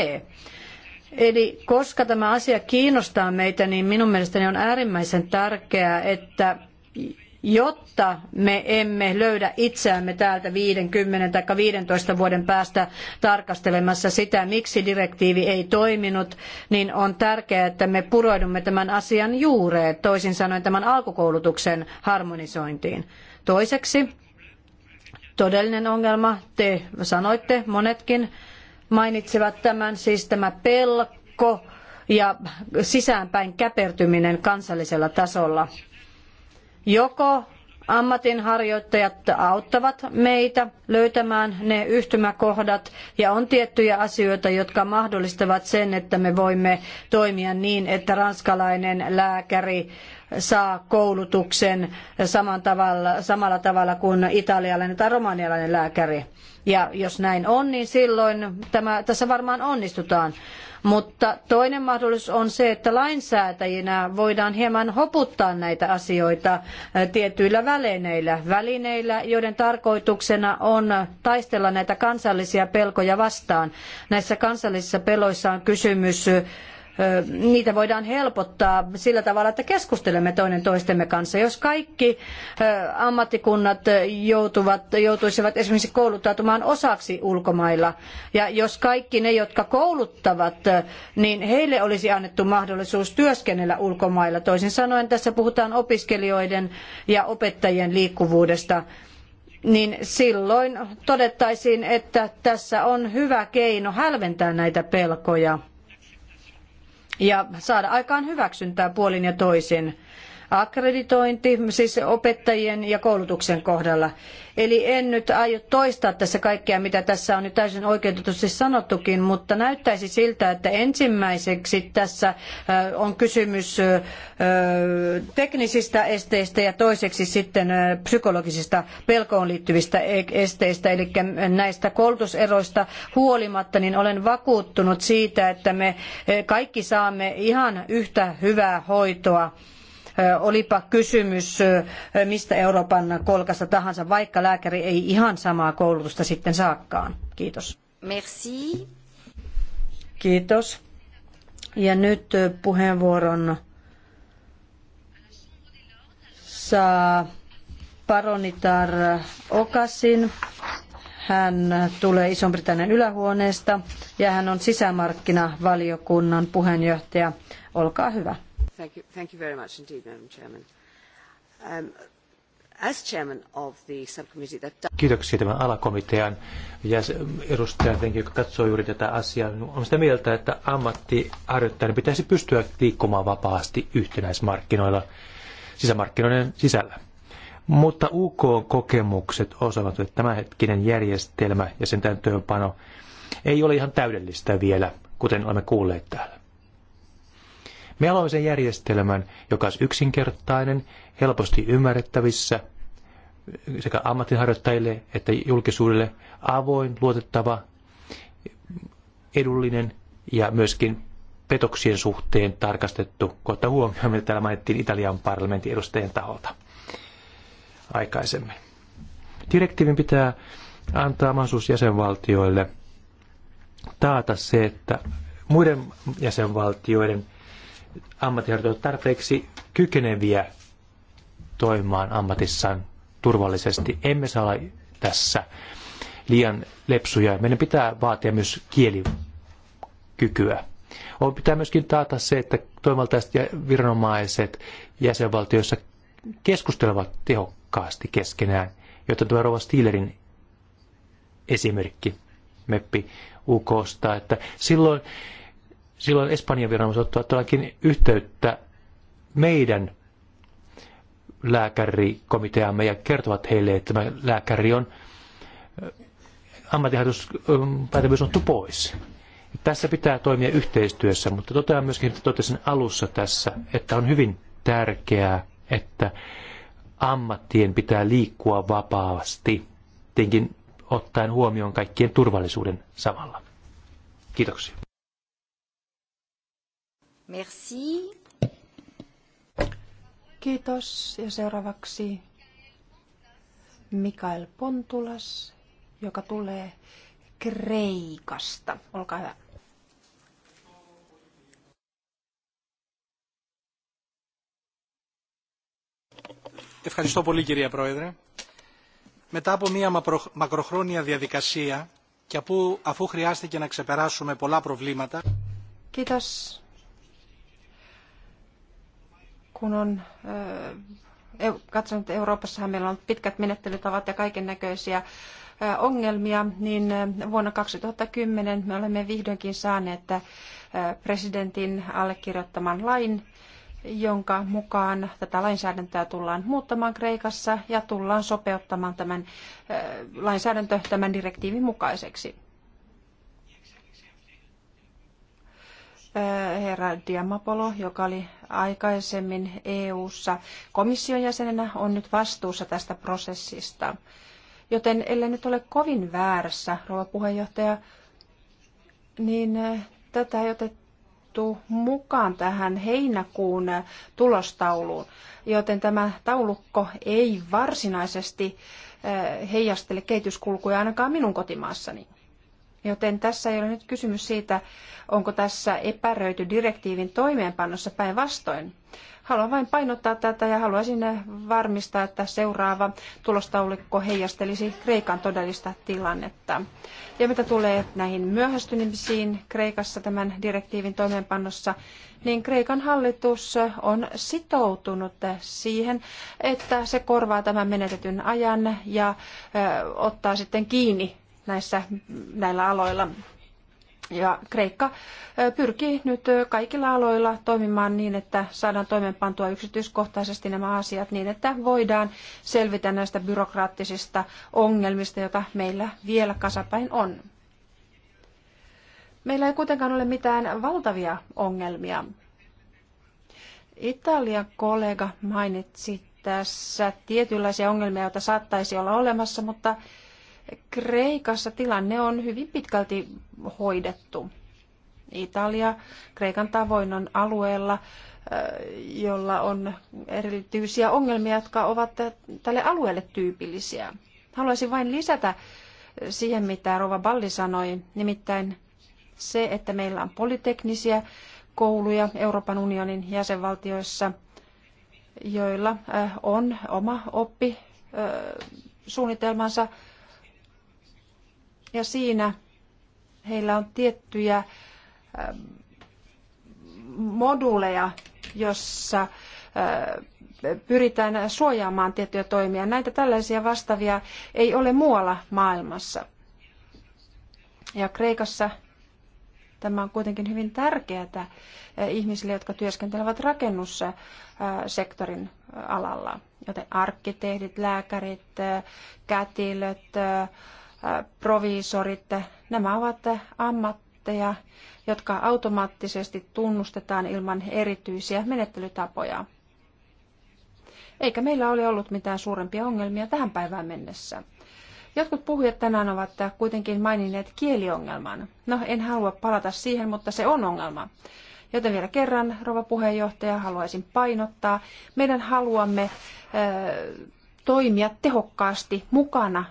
Eli koska tämä asia kiinnostaa meitä, niin minun mielestäni on äärimmäisen tärkeää, että jotta me emme löydä itseämme täältä 50 tai 15 vuoden päästä tarkastelemassa sitä, miksi direktiivi ei toiminut, niin on tärkeää, että me puroidumme tämän asian juureen, toisin sanoen tämän alkukoulutuksen harmonisointiin. Toiseksi todellinen ongelma, te sanoitte, monetkin mainitsevat tämän, siis tämä pelko ja sisäänpäin käpertyminen kansallisella tasolla. Joko ammatinharjoittajat auttavat meitä löytämään ne yhtymäkohdat ja on tiettyjä asioita, jotka mahdollistavat sen, että me voimme toimia niin, että ranskalainen lääkäri saa koulutuksen saman tavalla, samalla tavalla kuin italialainen tai romanialainen lääkäri. Ja jos näin on, niin silloin tämä, tässä varmaan onnistutaan. Mutta toinen mahdollisuus on se, että lainsäätäjinä voidaan hieman hoputtaa näitä asioita äh, tietyillä välineillä. Välineillä, joiden tarkoituksena on taistella näitä kansallisia pelkoja vastaan. Näissä kansallisissa peloissa on kysymys äh, niitä voidaan helpottaa sillä tavalla, että keskustelemme toinen toistemme kanssa. Jos kaikki ammattikunnat joutuvat, joutuisivat esimerkiksi kouluttautumaan osaksi ulkomailla, ja jos kaikki ne, jotka kouluttavat, niin heille olisi annettu mahdollisuus työskennellä ulkomailla. Toisin sanoen tässä puhutaan opiskelijoiden ja opettajien liikkuvuudesta niin silloin todettaisiin, että tässä on hyvä keino hälventää näitä pelkoja ja saada aikaan hyväksyntää puolin ja toisin akkreditointi, siis opettajien ja koulutuksen kohdalla. Eli en nyt aio toistaa tässä kaikkea, mitä tässä on nyt täysin oikeutetusti sanottukin, mutta näyttäisi siltä, että ensimmäiseksi tässä on kysymys teknisistä esteistä ja toiseksi sitten psykologisista pelkoon liittyvistä e-, esteistä, eli näistä koulutuseroista huolimatta, niin olen vakuuttunut siitä, että me kaikki saamme ihan yhtä hyvää hoitoa olipa kysymys mistä Euroopan kolkasta tahansa, vaikka lääkäri ei ihan samaa koulutusta sitten saakaan. Kiitos. Merci. Kiitos. Ja nyt puheenvuoron saa paronitar Okasin. Hän tulee Ison-Britannian ylähuoneesta ja hän on sisämarkkinavaliokunnan puheenjohtaja. Olkaa hyvä. Thank you, very much indeed, Madam Chairman. Um, as chairman of the subcommittee that... Kiitoksia tämän alakomitean tietenkin joka katsoo juuri tätä asiaa. On sitä mieltä, että ammattiharjoittajan pitäisi pystyä liikkumaan vapaasti yhtenäismarkkinoilla sisämarkkinoiden sisällä. Mutta UK-kokemukset osoivat, että tämänhetkinen järjestelmä ja sen työpano ei ole ihan täydellistä vielä, kuten olemme kuulleet täällä. Me haluamme sen järjestelmän, joka on yksinkertainen, helposti ymmärrettävissä sekä ammattiharjoittajille että julkisuudelle, avoin, luotettava, edullinen ja myöskin petoksien suhteen tarkastettu, kohta huomioon, mitä täällä mainittiin Italian parlamentin edustajien taholta aikaisemmin. Direktiivin pitää antaa mahdollisuus jäsenvaltioille taata se, että muiden jäsenvaltioiden ammattiharjoittajat tarpeeksi kykeneviä toimimaan ammatissaan turvallisesti. Emme saa olla tässä liian lepsuja. Meidän pitää vaatia myös kielikykyä. On pitää myöskin taata se, että toimivaltaiset ja viranomaiset jäsenvaltioissa keskustelevat tehokkaasti keskenään, jotta tuo Rova Steelerin esimerkki meppi UKsta, että silloin silloin Espanjan viranomaiset ottavat todellakin yhteyttä meidän lääkärikomiteamme ja kertovat heille, että tämä lääkäri on äh, ammatinharjoituspäätävyys ähm, on pois. Tässä pitää toimia yhteistyössä, mutta totean myöskin, että totesin alussa tässä, että on hyvin tärkeää, että ammattien pitää liikkua vapaasti, tietenkin ottaen huomioon kaikkien turvallisuuden samalla. Kiitoksia. Merci. Kiitos. Ja seuraavaksi Mikael Pontulas, joka tulee Kreikasta. Olkaa hyvä. Ευχαριστώ πολύ κυρία Πρόεδρε. Μετά από μια μακροχρόνια διαδικασία και αφού χρειάστηκε να ξεπεράσουμε πολλά προβλήματα... Κοίτας, kun on katsonut, että Euroopassahan meillä on pitkät menettelytavat ja kaiken näköisiä ongelmia, niin vuonna 2010 me olemme vihdoinkin saaneet presidentin allekirjoittaman lain, jonka mukaan tätä lainsäädäntöä tullaan muuttamaan Kreikassa ja tullaan sopeuttamaan tämän lainsäädäntö tämän direktiivin mukaiseksi. Äh, herra Diamapolo, joka oli aikaisemmin EU-ssa komission jäsenenä, on nyt vastuussa tästä prosessista. Joten ellei nyt ole kovin väärässä, rouva puheenjohtaja, niin äh, tätä ei otettu mukaan tähän heinäkuun äh, tulostauluun, joten tämä taulukko ei varsinaisesti heijastele kehityskulkuja ainakaan minun kotimaassani. Joten tässä ei ole nyt kysymys siitä, onko tässä epäröity direktiivin toimeenpanossa päinvastoin. Haluan vain painottaa tätä ja haluaisin varmistaa, että seuraava tulostaulikko heijastelisi Kreikan todellista tilannetta. Ja mitä tulee näihin myöhästymisiin Kreikassa tämän direktiivin toimeenpanossa, niin Kreikan hallitus on sitoutunut siihen, että se korvaa tämän menetetyn ajan ja ottaa sitten kiinni näissä, näillä aloilla. Ja Kreikka pyrkii nyt kaikilla aloilla toimimaan niin, että saadaan toimeenpantua yksityiskohtaisesti nämä asiat niin, että voidaan selvitä näistä byrokraattisista ongelmista, joita meillä vielä kasapäin on. Meillä ei kuitenkaan ole mitään valtavia ongelmia. Italian kollega mainitsi tässä tietynlaisia ongelmia, joita saattaisi olla olemassa, mutta Kreikassa tilanne on hyvin pitkälti hoidettu. Italia Kreikan tavoin on alueella, jolla on erityisiä ongelmia, jotka ovat tälle alueelle tyypillisiä. Haluaisin vain lisätä siihen, mitä Rova Balli sanoi, nimittäin se, että meillä on politeknisiä kouluja Euroopan unionin jäsenvaltioissa, joilla on oma oppisuunnitelmansa. suunnitelmansa ja siinä heillä on tiettyjä ähm, moduleja, jossa äh, pyritään suojaamaan tiettyjä toimia. Näitä tällaisia vastaavia ei ole muualla maailmassa. Ja Kreikassa tämä on kuitenkin hyvin tärkeää äh, ihmisille, jotka työskentelevät rakennussektorin äh, alalla, joten arkkitehdit, lääkärit, kätilöt, proviisorit, nämä ovat ammatteja, jotka automaattisesti tunnustetaan ilman erityisiä menettelytapoja. Eikä meillä ole ollut mitään suurempia ongelmia tähän päivään mennessä. Jotkut puhujat tänään ovat kuitenkin maininneet kieliongelman. No, en halua palata siihen, mutta se on ongelma. Joten vielä kerran, rouva puheenjohtaja, haluaisin painottaa. Meidän haluamme ö, toimia tehokkaasti mukana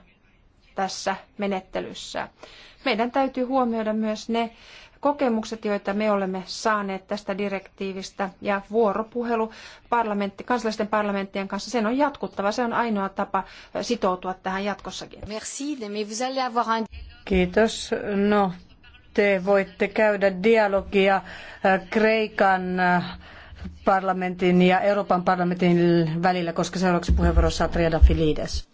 tässä menettelyssä. Meidän täytyy huomioida myös ne kokemukset, joita me olemme saaneet tästä direktiivistä ja vuoropuhelu parlamentti, kansallisten parlamenttien kanssa, sen on jatkuttava. Se on ainoa tapa sitoutua tähän jatkossakin. Kiitos. No, te voitte käydä dialogia äh, Kreikan äh, parlamentin ja Euroopan parlamentin välillä, koska seuraavaksi puheenvuorossa saa Filides.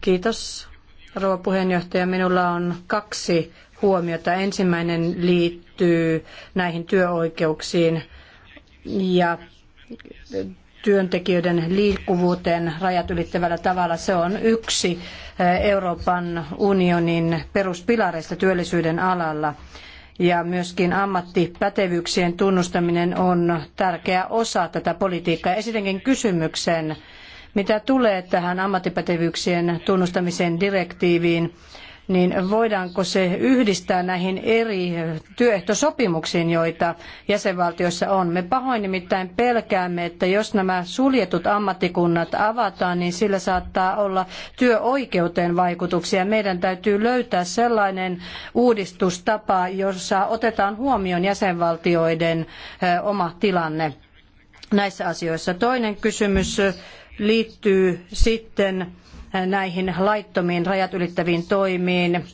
Kiitos, rouva puheenjohtaja. Minulla on kaksi huomiota. Ensimmäinen liittyy näihin työoikeuksiin ja työntekijöiden liikkuvuuteen rajat ylittävällä tavalla. Se on yksi eh, Euroopan unionin peruspilareista työllisyyden alalla. Ja myöskin ammattipätevyyksien tunnustaminen on tärkeä osa tätä politiikkaa. Esitänkin kysymyksen mitä tulee tähän ammattipätevyyksien tunnustamiseen direktiiviin, niin voidaanko se yhdistää näihin eri työehtosopimuksiin, joita jäsenvaltioissa on. Me pahoin nimittäin pelkäämme, että jos nämä suljetut ammattikunnat avataan, niin sillä saattaa olla työoikeuteen vaikutuksia. Meidän täytyy löytää sellainen uudistustapa, jossa otetaan huomioon jäsenvaltioiden oma tilanne näissä asioissa. Toinen kysymys liittyy sitten näihin laittomiin rajat ylittäviin toimiin.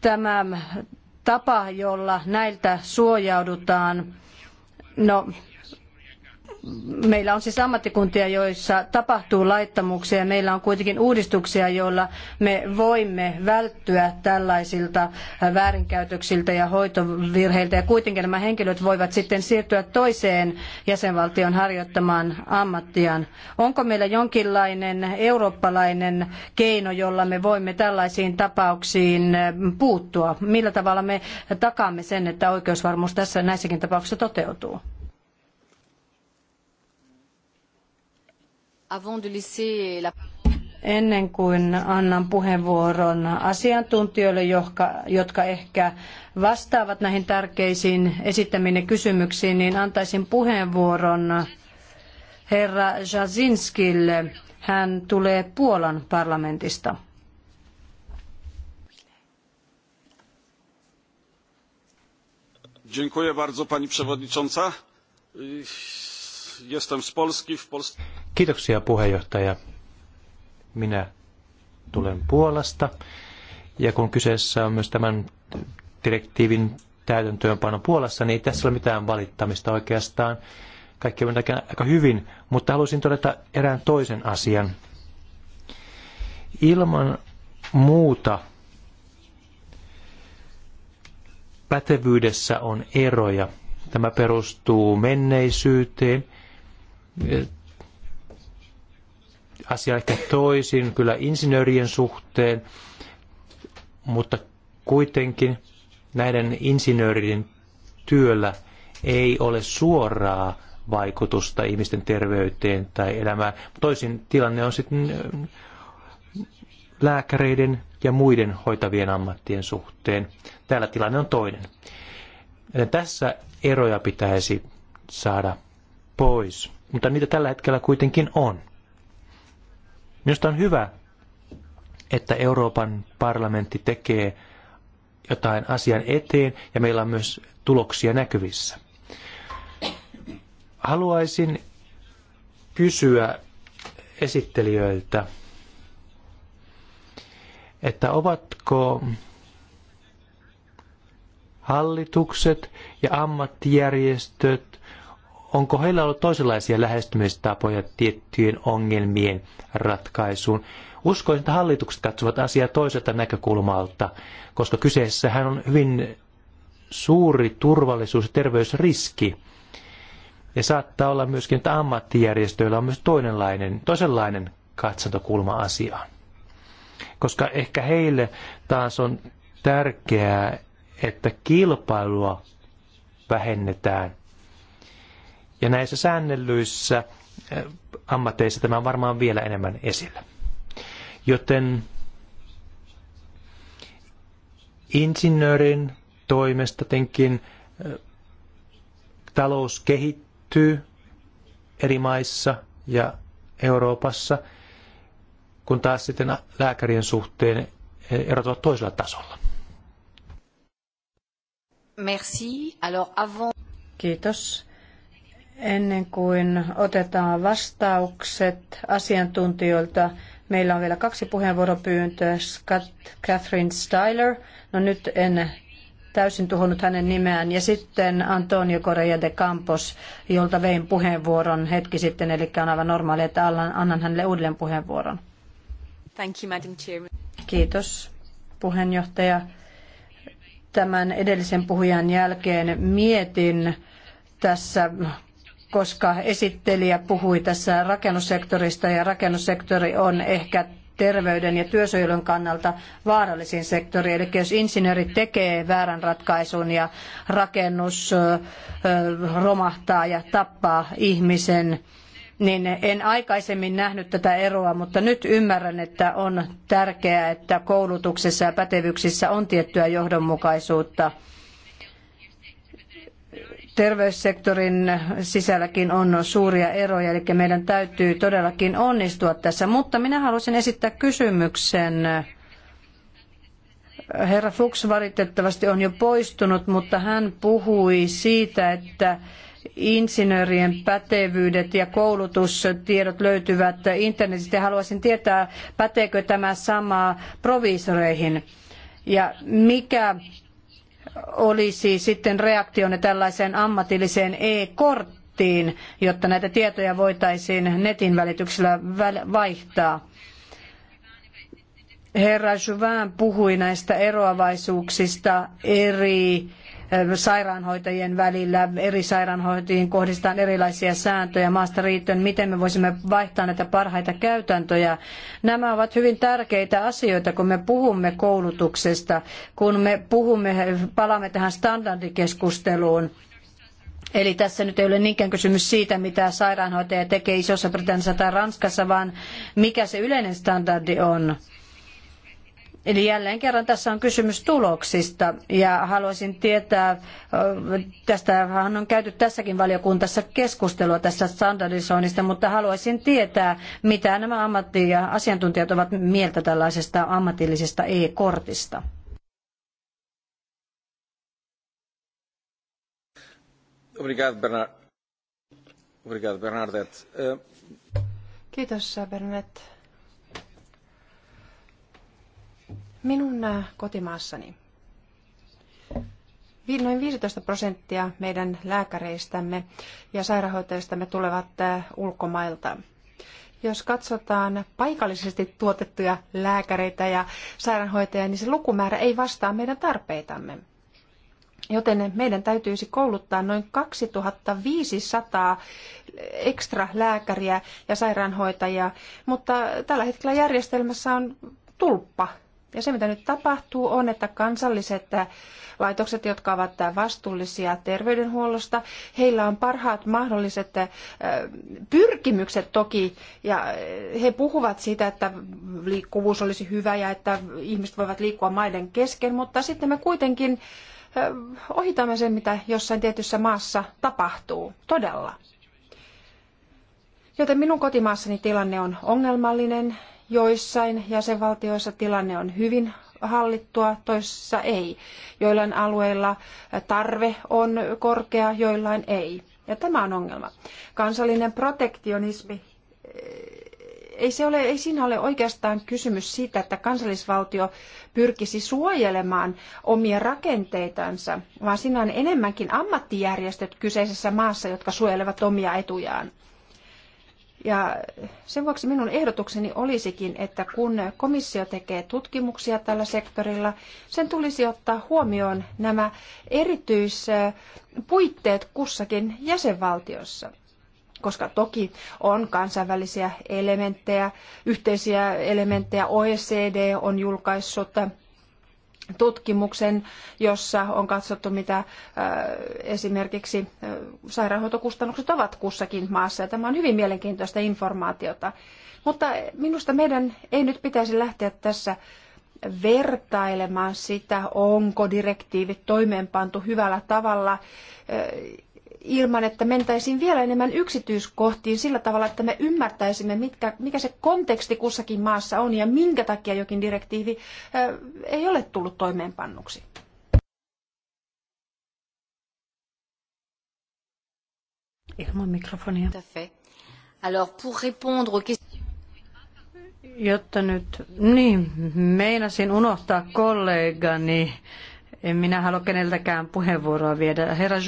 Tämä tapa, jolla näiltä suojaudutaan, no meillä on siis ammattikuntia, joissa tapahtuu laittomuuksia. Meillä on kuitenkin uudistuksia, joilla me voimme välttyä tällaisilta väärinkäytöksiltä ja hoitovirheiltä. Ja kuitenkin nämä henkilöt voivat sitten siirtyä toiseen jäsenvaltion harjoittamaan ammattiaan. Onko meillä jonkinlainen eurooppalainen keino, jolla me voimme tällaisiin tapauksiin puuttua? Millä tavalla me takaamme sen, että oikeusvarmuus tässä näissäkin tapauksissa toteutuu? Ennen kuin annan puheenvuoron asiantuntijoille, jotka, jotka ehkä vastaavat näihin tärkeisiin esittämiin kysymyksiin, niin antaisin puheenvuoron herra Jazinskille. Hän tulee Puolan parlamentista. pani przewodnicząca! jestem z polski w polsce. Kiitoksia puheenjohtaja. Minä tulen Puolasta. Ja kun kyseessä on myös tämän direktiivin täytäntöönpano Puolassa, niin ei tässä ole mitään valittamista oikeastaan. Kaikki on aika hyvin, mutta haluaisin todeta erään toisen asian. Ilman muuta pätevyydessä on eroja. Tämä perustuu menneisyyteen asia ehkä toisin kyllä insinöörien suhteen, mutta kuitenkin näiden insinöörien työllä ei ole suoraa vaikutusta ihmisten terveyteen tai elämään. Toisin tilanne on sitten äh, lääkäreiden ja muiden hoitavien ammattien suhteen. Täällä tilanne on toinen. Ja tässä eroja pitäisi saada pois, mutta niitä tällä hetkellä kuitenkin on. Minusta on hyvä, että Euroopan parlamentti tekee jotain asian eteen ja meillä on myös tuloksia näkyvissä. Haluaisin kysyä esittelijöiltä, että ovatko hallitukset ja ammattijärjestöt onko heillä ollut toisenlaisia lähestymistapoja tiettyjen ongelmien ratkaisuun. Uskoisin, että hallitukset katsovat asiaa toiselta näkökulmalta, koska kyseessähän on hyvin suuri turvallisuus- ja terveysriski. Ja saattaa olla myöskin, että ammattijärjestöillä on myös toinenlainen, toisenlainen katsantokulma asiaa, Koska ehkä heille taas on tärkeää, että kilpailua vähennetään – ja näissä säännellyissä eh, ammateissa tämä on varmaan vielä enemmän esillä. Joten insinöörin toimesta tietenkin eh, talous kehittyy eri maissa ja Euroopassa, kun taas sitten lääkärien suhteen eh, erot ovat toisella tasolla. Merci. Alors avant... Kiitos. Ennen kuin otetaan vastaukset asiantuntijoilta, meillä on vielä kaksi puheenvuoropyyntöä. Scott Catherine Styler, no nyt en täysin tuhonnut hänen nimeään, ja sitten Antonio Correa de Campos, jolta vein puheenvuoron hetki sitten, eli on aivan normaali, että annan hänelle uudelleen puheenvuoron. Thank you, Madam Chairman. Kiitos, puheenjohtaja. Tämän edellisen puhujan jälkeen mietin tässä koska esittelijä puhui tässä rakennussektorista ja rakennussektori on ehkä terveyden ja työsuojelun kannalta vaarallisin sektori. Eli jos insinööri tekee väärän ratkaisun ja rakennus romahtaa ja tappaa ihmisen, niin en aikaisemmin nähnyt tätä eroa, mutta nyt ymmärrän, että on tärkeää, että koulutuksessa ja pätevyyksissä on tiettyä johdonmukaisuutta – terveyssektorin sisälläkin on suuria eroja, eli meidän täytyy todellakin onnistua tässä. Mutta minä haluaisin esittää kysymyksen. Herra Fuchs valitettavasti on jo poistunut, mutta hän puhui siitä, että insinöörien pätevyydet ja koulutustiedot löytyvät internetistä. Haluaisin tietää, päteekö tämä sama proviisoreihin. Ja mikä olisi sitten reaktionne tällaiseen ammatilliseen e-korttiin, jotta näitä tietoja voitaisiin netin välityksellä vaihtaa. Herra Juvain puhui näistä eroavaisuuksista eri sairaanhoitajien välillä. Eri sairaanhoitajiin kohdistetaan erilaisia sääntöjä maasta riittyen, miten me voisimme vaihtaa näitä parhaita käytäntöjä. Nämä ovat hyvin tärkeitä asioita, kun me puhumme koulutuksesta, kun me puhumme, palaamme tähän standardikeskusteluun. Eli tässä nyt ei ole niinkään kysymys siitä, mitä sairaanhoitaja tekee Isossa Britanniassa tai Ranskassa, vaan mikä se yleinen standardi on. Eli jälleen kerran tässä on kysymys tuloksista ja haluaisin tietää, tästähän on käyty tässäkin valiokuntassa keskustelua tästä standardisoinnista, mutta haluaisin tietää, mitä nämä ammatti- ja asiantuntijat ovat mieltä tällaisesta ammatillisesta e-kortista. Obrigado, Bernard. Obrigado, eh, Kiitos, Bernadette. Minun kotimaassani noin 15 prosenttia meidän lääkäreistämme ja sairaanhoitajistamme tulevat ulkomailta. Jos katsotaan paikallisesti tuotettuja lääkäreitä ja sairaanhoitajia, niin se lukumäärä ei vastaa meidän tarpeitamme. Joten meidän täytyisi kouluttaa noin 2500 ekstra lääkäriä ja sairaanhoitajia, mutta tällä hetkellä järjestelmässä on tulppa ja se, mitä nyt tapahtuu, on, että kansalliset laitokset, jotka ovat vastuullisia terveydenhuollosta, heillä on parhaat mahdolliset äh, pyrkimykset toki, ja he puhuvat siitä, että liikkuvuus olisi hyvä ja että ihmiset voivat liikkua maiden kesken, mutta sitten me kuitenkin äh, ohitamme sen, mitä jossain tietyssä maassa tapahtuu, todella. Joten minun kotimaassani tilanne on ongelmallinen Joissain jäsenvaltioissa tilanne on hyvin hallittua, toisissa ei. Joillain alueilla tarve on korkea, joillain ei. Ja tämä on ongelma. Kansallinen protektionismi, eh, ei, se ole, ei siinä ole oikeastaan kysymys siitä, että kansallisvaltio pyrkisi suojelemaan omia rakenteitansa, vaan siinä on enemmänkin ammattijärjestöt kyseisessä maassa, jotka suojelevat omia etujaan. Ja sen vuoksi minun ehdotukseni olisikin, että kun komissio tekee tutkimuksia tällä sektorilla, sen tulisi ottaa huomioon nämä erityispuitteet kussakin jäsenvaltiossa. Koska toki on kansainvälisiä elementtejä, yhteisiä elementtejä, OECD on julkaissut tutkimuksen, jossa on katsottu, mitä äh, esimerkiksi äh, sairaanhoitokustannukset ovat kussakin maassa. Ja tämä on hyvin mielenkiintoista informaatiota. Mutta minusta meidän ei nyt pitäisi lähteä tässä vertailemaan sitä, onko direktiivit toimeenpantu hyvällä tavalla äh, ilman, että mentäisiin vielä enemmän yksityiskohtiin sillä tavalla, että me ymmärtäisimme, mitkä, mikä se konteksti kussakin maassa on ja minkä takia jokin direktiivi ei ole tullut toimeenpannuksi. Ilman mikrofonia. Alors pour répondre Jotta nyt, niin, meinasin unohtaa kollegani. En minä halua keneltäkään puheenvuoroa viedä. Herra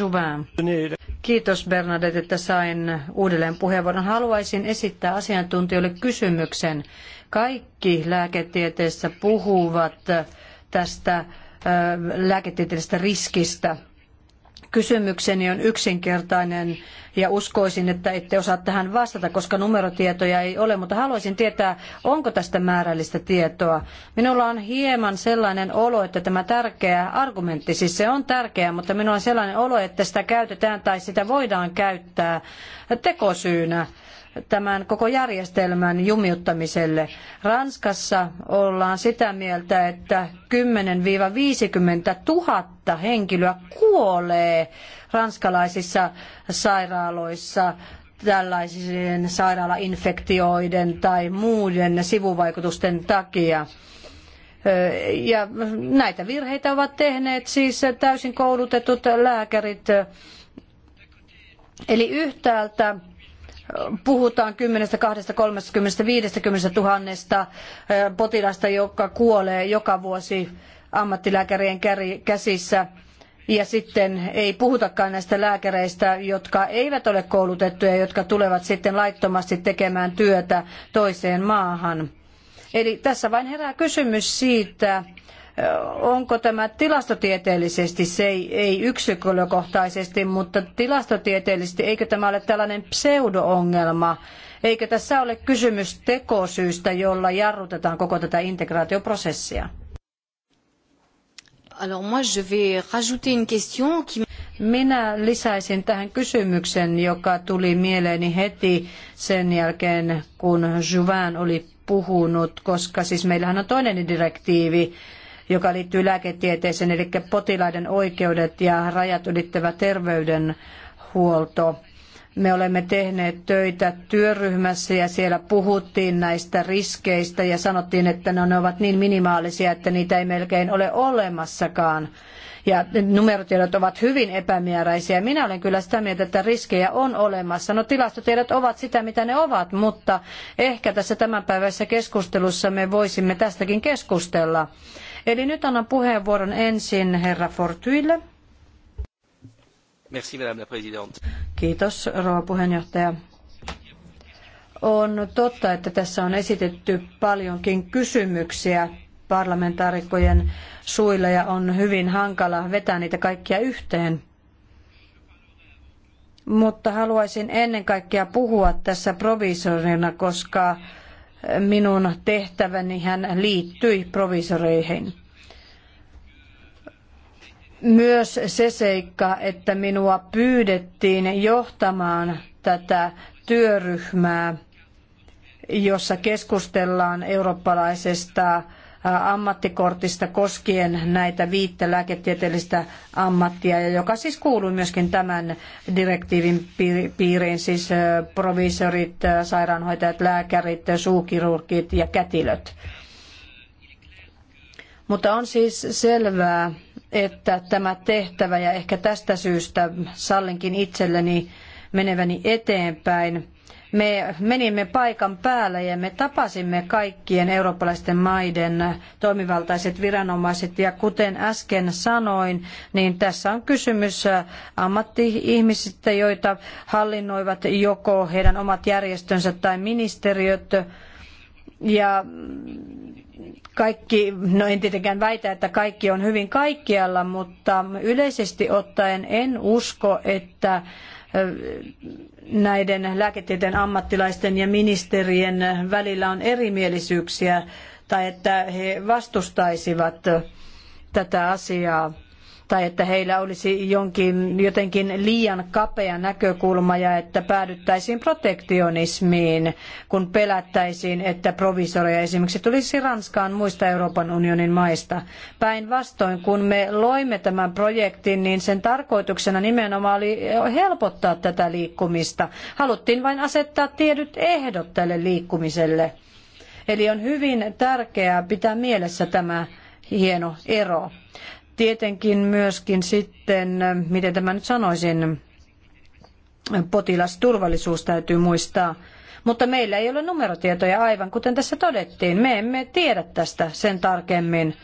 Kiitos Bernadette, että sain uudelleen puheenvuoron. Haluaisin esittää asiantuntijoille kysymyksen. Kaikki lääketieteessä puhuvat tästä lääketieteellisestä riskistä Kysymykseni on yksinkertainen ja uskoisin, että ette osaa tähän vastata, koska numerotietoja ei ole, mutta haluaisin tietää, onko tästä määrällistä tietoa. Minulla on hieman sellainen olo, että tämä tärkeä argumentti, siis se on tärkeä, mutta minulla on sellainen olo, että sitä käytetään tai sitä voidaan käyttää tekosyynä tämän koko järjestelmän jumiuttamiselle. Ranskassa ollaan sitä mieltä, että 10-50 000 henkilöä kuolee ranskalaisissa sairaaloissa tällaisien sairaalainfektioiden tai muiden sivuvaikutusten takia. Ja näitä virheitä ovat tehneet siis täysin koulutetut lääkärit. Eli yhtäältä puhutaan 10, 20, 30, 50 tuhannesta potilasta, joka kuolee joka vuosi ammattilääkärien käsissä. Ja sitten ei puhutakaan näistä lääkäreistä, jotka eivät ole koulutettuja, jotka tulevat sitten laittomasti tekemään työtä toiseen maahan. Eli tässä vain herää kysymys siitä, Onko tämä tilastotieteellisesti, se ei, ei yksilökohtaisesti, mutta tilastotieteellisesti, eikö tämä ole tällainen pseudoongelma? Eikö tässä ole kysymys tekosyystä, jolla jarrutetaan koko tätä integraatioprosessia? Minä lisäisin tähän kysymyksen, joka tuli mieleeni heti sen jälkeen, kun Juvan oli puhunut, koska siis meillähän on toinen direktiivi, joka liittyy lääketieteeseen, eli potilaiden oikeudet ja rajat ylittävä terveydenhuolto. Me olemme tehneet töitä työryhmässä ja siellä puhuttiin näistä riskeistä ja sanottiin, että ne ovat niin minimaalisia, että niitä ei melkein ole olemassakaan. Ja numerotiedot ovat hyvin epämääräisiä. Minä olen kyllä sitä mieltä, että riskejä on olemassa. No tilastotiedot ovat sitä, mitä ne ovat, mutta ehkä tässä tämänpäiväisessä keskustelussa me voisimme tästäkin keskustella Eli nyt annan puheenvuoron ensin herra Fortuille. Merci, madame la présidente. Kiitos, rouva puheenjohtaja. On totta, että tässä on esitetty paljonkin kysymyksiä parlamentaarikkojen suilla ja on hyvin hankala vetää niitä kaikkia yhteen. Mutta haluaisin ennen kaikkea puhua tässä provisorina, koska minun tehtäväni hän liittyi provisoreihin. Myös se seikka, että minua pyydettiin johtamaan tätä työryhmää, jossa keskustellaan eurooppalaisesta ammattikortista koskien näitä viittä lääketieteellistä ammattia, joka siis kuuluu myöskin tämän direktiivin piiriin, siis proviisorit, sairaanhoitajat, lääkärit, suukirurgit ja kätilöt. Mutta on siis selvää, että tämä tehtävä, ja ehkä tästä syystä sallinkin itselleni meneväni eteenpäin, me menimme paikan päälle ja me tapasimme kaikkien eurooppalaisten maiden toimivaltaiset viranomaiset. Ja kuten äsken sanoin, niin tässä on kysymys ammatti-ihmisistä, joita hallinnoivat joko heidän omat järjestönsä tai ministeriöt. Ja kaikki, no en tietenkään väitä, että kaikki on hyvin kaikkialla, mutta yleisesti ottaen en usko, että näiden lääketieteen ammattilaisten ja ministerien välillä on erimielisyyksiä tai että he vastustaisivat tätä asiaa tai että heillä olisi jonkin, jotenkin liian kapea näkökulma ja että päädyttäisiin protektionismiin, kun pelättäisiin, että provisoreja esimerkiksi tulisi Ranskaan muista Euroopan unionin maista. Päinvastoin, kun me loimme tämän projektin, niin sen tarkoituksena nimenomaan oli helpottaa tätä liikkumista. Haluttiin vain asettaa tiedyt ehdot tälle liikkumiselle. Eli on hyvin tärkeää pitää mielessä tämä hieno ero. Tietenkin myöskin sitten, miten tämä nyt sanoisin, potilasturvallisuus täytyy muistaa. Mutta meillä ei ole numerotietoja aivan kuten tässä todettiin. Me emme tiedä tästä sen tarkemmin.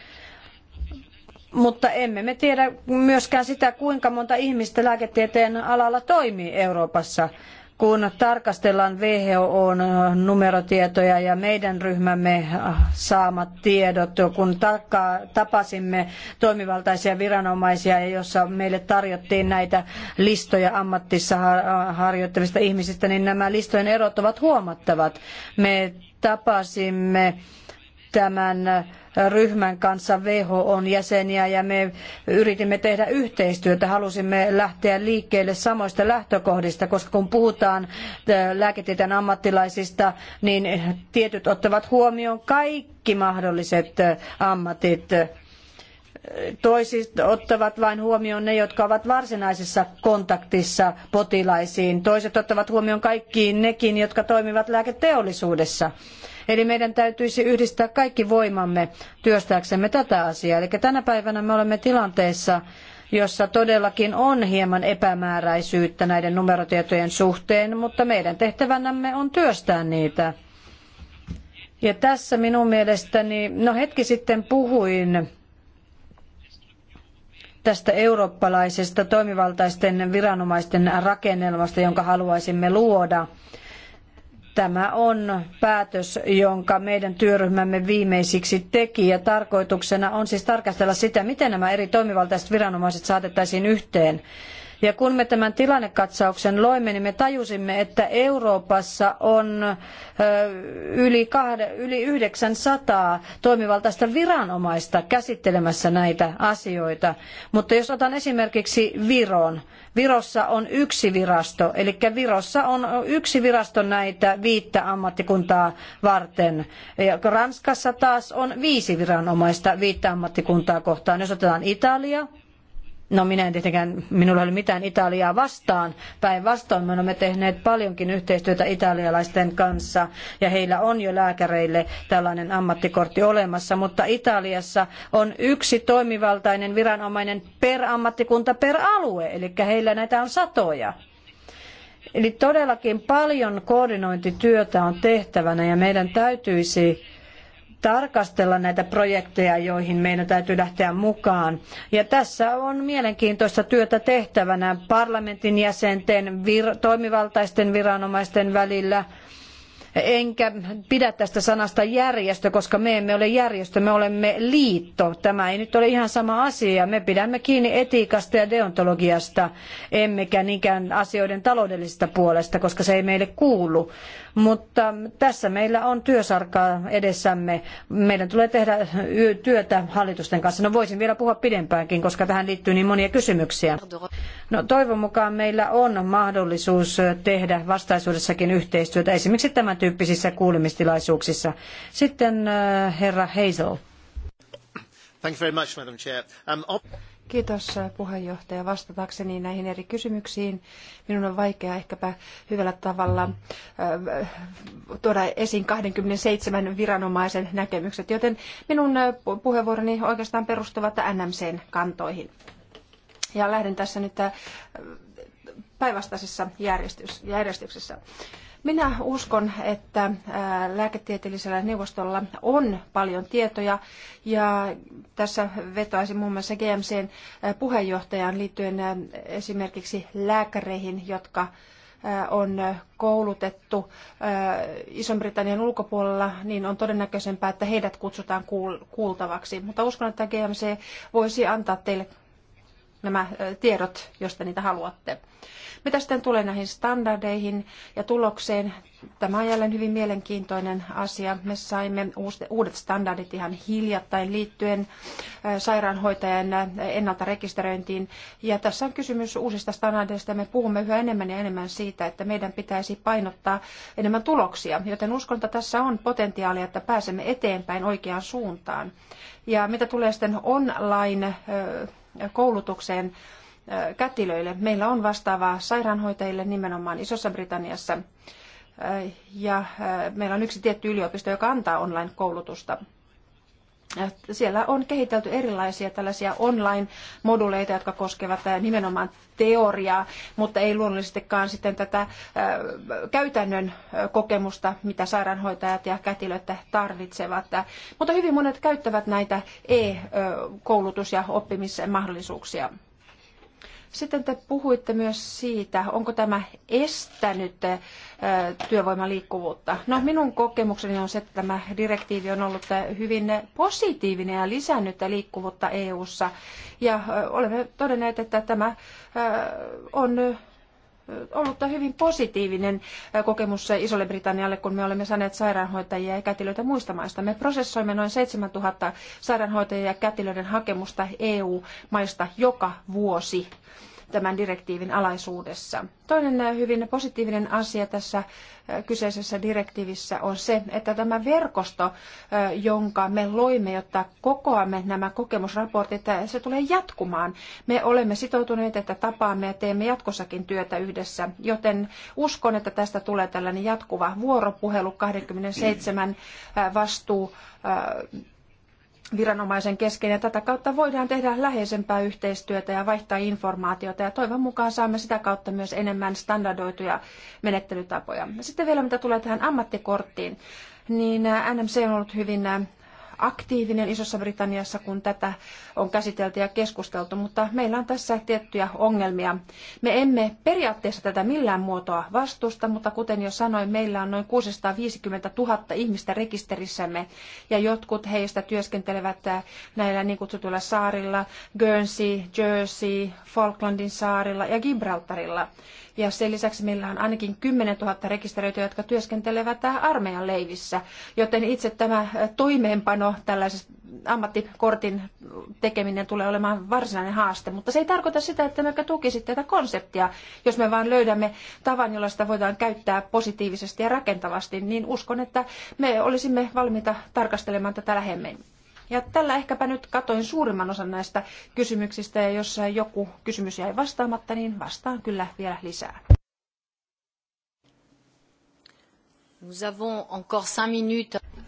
Mutta emme me tiedä myöskään sitä, kuinka monta ihmistä lääketieteen alalla toimii Euroopassa kun tarkastellaan WHOn äh, numerotietoja ja meidän ryhmämme äh, saamat tiedot, kun tapasimme toimivaltaisia viranomaisia, jossa meille tarjottiin näitä listoja ammattissa äh, harjoittavista ihmisistä, niin nämä listojen erot ovat huomattavat. Me tapasimme tämän ryhmän kanssa WHOn jäseniä ja me yritimme tehdä yhteistyötä. Halusimme lähteä liikkeelle samoista lähtökohdista, koska kun puhutaan lääketieteen ammattilaisista, niin tietyt ottavat huomioon kaikki mahdolliset ammatit toiset ottavat vain huomioon ne, jotka ovat varsinaisessa kontaktissa potilaisiin. Toiset ottavat huomioon kaikki nekin, jotka toimivat lääketeollisuudessa. Eli meidän täytyisi yhdistää kaikki voimamme työstääksemme tätä asiaa. Eli tänä päivänä me olemme tilanteessa, jossa todellakin on hieman epämääräisyyttä näiden numerotietojen suhteen, mutta meidän tehtävänämme on työstää niitä. Ja tässä minun mielestäni, no hetki sitten puhuin tästä eurooppalaisesta toimivaltaisten viranomaisten rakennelmasta, jonka haluaisimme luoda. Tämä on päätös, jonka meidän työryhmämme viimeisiksi teki ja tarkoituksena on siis tarkastella sitä, miten nämä eri toimivaltaiset viranomaiset saatettaisiin yhteen. Ja kun me tämän tilannekatsauksen loimme, niin me tajusimme, että Euroopassa on yli, 900 toimivaltaista viranomaista käsittelemässä näitä asioita. Mutta jos otan esimerkiksi Viron, Virossa on yksi virasto, eli Virossa on yksi virasto näitä viittä ammattikuntaa varten. Ja Ranskassa taas on viisi viranomaista viittä ammattikuntaa kohtaan. Jos otetaan Italia, No minä en tietenkään, minulla ei ole mitään Italiaa vastaan. Päinvastoin me olemme tehneet paljonkin yhteistyötä italialaisten kanssa ja heillä on jo lääkäreille tällainen ammattikortti olemassa, mutta Italiassa on yksi toimivaltainen viranomainen per ammattikunta per alue, eli heillä näitä on satoja. Eli todellakin paljon koordinointityötä on tehtävänä ja meidän täytyisi tarkastella näitä projekteja, joihin meidän täytyy lähteä mukaan. Ja tässä on mielenkiintoista työtä tehtävänä parlamentin jäsenten, vir- toimivaltaisten viranomaisten välillä. Enkä pidä tästä sanasta järjestö, koska me emme ole järjestö, me olemme liitto. Tämä ei nyt ole ihan sama asia. Me pidämme kiinni etiikasta ja deontologiasta, emmekä niinkään asioiden taloudellisesta puolesta, koska se ei meille kuulu. Mutta tässä meillä on työsarkaa edessämme. Meidän tulee tehdä työtä hallitusten kanssa. No voisin vielä puhua pidempäänkin, koska tähän liittyy niin monia kysymyksiä. No toivon mukaan meillä on mahdollisuus tehdä vastaisuudessakin yhteistyötä, esimerkiksi tämän tyyppisissä kuulemistilaisuuksissa. Sitten äh, herra Hazel. Thank you very much, Madam Chair. Um, Kiitos äh, puheenjohtaja. Vastatakseni näihin eri kysymyksiin, minun on vaikea ehkäpä hyvällä tavalla äh, tuoda esiin 27 viranomaisen näkemykset, joten minun äh, puheenvuoroni oikeastaan perustuvat NMCn kantoihin. Ja lähden tässä nyt päinvastaisessa järjestyksessä. Minä uskon, että lääketieteellisellä neuvostolla on paljon tietoja ja tässä vetoaisin muun muassa GMCn puheenjohtajaan liittyen esimerkiksi lääkäreihin, jotka on koulutettu Ison-Britannian ulkopuolella, niin on todennäköisempää, että heidät kutsutaan kuultavaksi. Mutta uskon, että GMC voisi antaa teille nämä tiedot, jos te niitä haluatte. Mitä sitten tulee näihin standardeihin ja tulokseen? Tämä on jälleen hyvin mielenkiintoinen asia. Me saimme uudet standardit ihan hiljattain liittyen sairaanhoitajan rekisteröintiin. Ja tässä on kysymys uusista standardeista. Me puhumme yhä enemmän ja enemmän siitä, että meidän pitäisi painottaa enemmän tuloksia. Joten uskon, että tässä on potentiaalia, että pääsemme eteenpäin oikeaan suuntaan. Ja mitä tulee sitten online-koulutukseen, kätilöille. Meillä on vastaavaa sairaanhoitajille nimenomaan Isossa Britanniassa. Ja meillä on yksi tietty yliopisto, joka antaa online-koulutusta. Siellä on kehitelty erilaisia tällaisia online-moduleita, jotka koskevat nimenomaan teoriaa, mutta ei luonnollisestikaan sitten tätä käytännön kokemusta, mitä sairaanhoitajat ja kätilöt tarvitsevat. Mutta hyvin monet käyttävät näitä e-koulutus- ja oppimismahdollisuuksia. Sitten te puhuitte myös siitä, onko tämä estänyt työvoiman liikkuvuutta. No minun kokemukseni on se, että tämä direktiivi on ollut hyvin positiivinen ja lisännyt liikkuvuutta EU:ssa ja olemme todenneet, että tämä on ollut hyvin positiivinen kokemus Isolle Britannialle, kun me olemme saaneet sairaanhoitajia ja kätilöitä muista maista. Me prosessoimme noin 7000 sairaanhoitajia ja kätilöiden hakemusta EU-maista joka vuosi tämän direktiivin alaisuudessa. Toinen äh, hyvin positiivinen asia tässä äh, kyseisessä direktiivissä on se, että tämä verkosto, äh, jonka me loimme, jotta kokoamme nämä kokemusraportit, se tulee jatkumaan. Me olemme sitoutuneet, että tapaamme ja teemme jatkossakin työtä yhdessä, joten uskon, että tästä tulee tällainen jatkuva vuoropuhelu 27 vastuu viranomaisen kesken ja tätä kautta voidaan tehdä läheisempää yhteistyötä ja vaihtaa informaatiota ja toivon mukaan saamme sitä kautta myös enemmän standardoituja menettelytapoja. Sitten vielä mitä tulee tähän ammattikorttiin, niin NMC on ollut hyvin aktiivinen Isossa Britanniassa, kun tätä on käsitelty ja keskusteltu, mutta meillä on tässä tiettyjä ongelmia. Me emme periaatteessa tätä millään muotoa vastusta, mutta kuten jo sanoin, meillä on noin 650 000 ihmistä rekisterissämme ja jotkut heistä työskentelevät näillä niin kutsutuilla saarilla, Guernsey, Jersey, Falklandin saarilla ja Gibraltarilla. Ja sen lisäksi meillä on ainakin 10 000 rekisteröityä, jotka työskentelevät armeijan leivissä. Joten itse tämä toimeenpano tällaisessa ammattikortin tekeminen tulee olemaan varsinainen haaste. Mutta se ei tarkoita sitä, että me tukisi tätä konseptia. Jos me vain löydämme tavan, jolla sitä voidaan käyttää positiivisesti ja rakentavasti, niin uskon, että me olisimme valmiita tarkastelemaan tätä lähemmin. Ja tällä ehkäpä nyt katoin suurimman osan näistä kysymyksistä ja jos joku kysymys jäi vastaamatta, niin vastaan kyllä vielä lisää.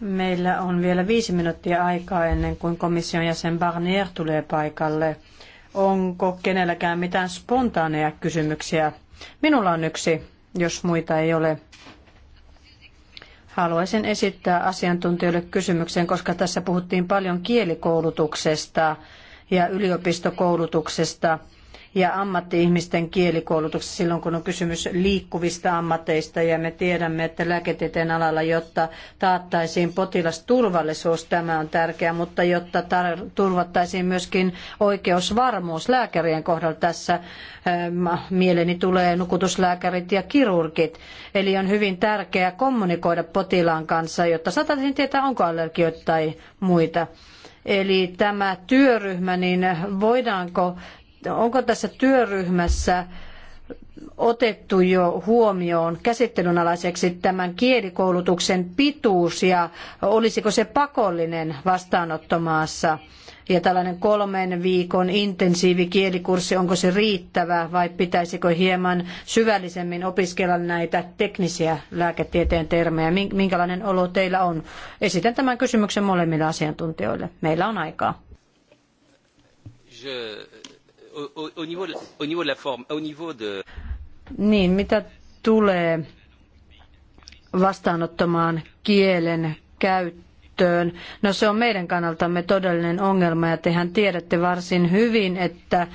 Meillä on vielä viisi minuuttia aikaa ennen kuin komission jäsen Barnier tulee paikalle. Onko kenelläkään mitään spontaaneja kysymyksiä? Minulla on yksi, jos muita ei ole. Haluaisin esittää asiantuntijoille kysymyksen, koska tässä puhuttiin paljon kielikoulutuksesta ja yliopistokoulutuksesta ja ammattiihmisten kielikoulutuksessa silloin, kun on kysymys liikkuvista ammateista. Ja me tiedämme, että lääketieteen alalla, jotta taattaisiin potilasturvallisuus, tämä on tärkeää, mutta jotta turvattaisiin myöskin oikeusvarmuus lääkärien kohdalla tässä mieleeni tulee nukutuslääkärit ja kirurgit. Eli on hyvin tärkeää kommunikoida potilaan kanssa, jotta saataisiin tietää, onko allergioita tai muita. Eli tämä työryhmä, niin voidaanko Onko tässä työryhmässä otettu jo huomioon käsittelynalaiseksi tämän kielikoulutuksen pituus ja olisiko se pakollinen vastaanottomaassa? Ja tällainen kolmen viikon intensiivikielikurssi, onko se riittävä vai pitäisikö hieman syvällisemmin opiskella näitä teknisiä lääketieteen termejä? Minkälainen olo teillä on? Esitän tämän kysymyksen molemmille asiantuntijoille. Meillä on aikaa. Je au, au, niveau, au niveau de la forme, au niveau de... Niin, mitä tulee vastaanottamaan kielen käyttöön. No se on meidän kannaltamme todellinen ongelma ja tehän tiedätte varsin hyvin, että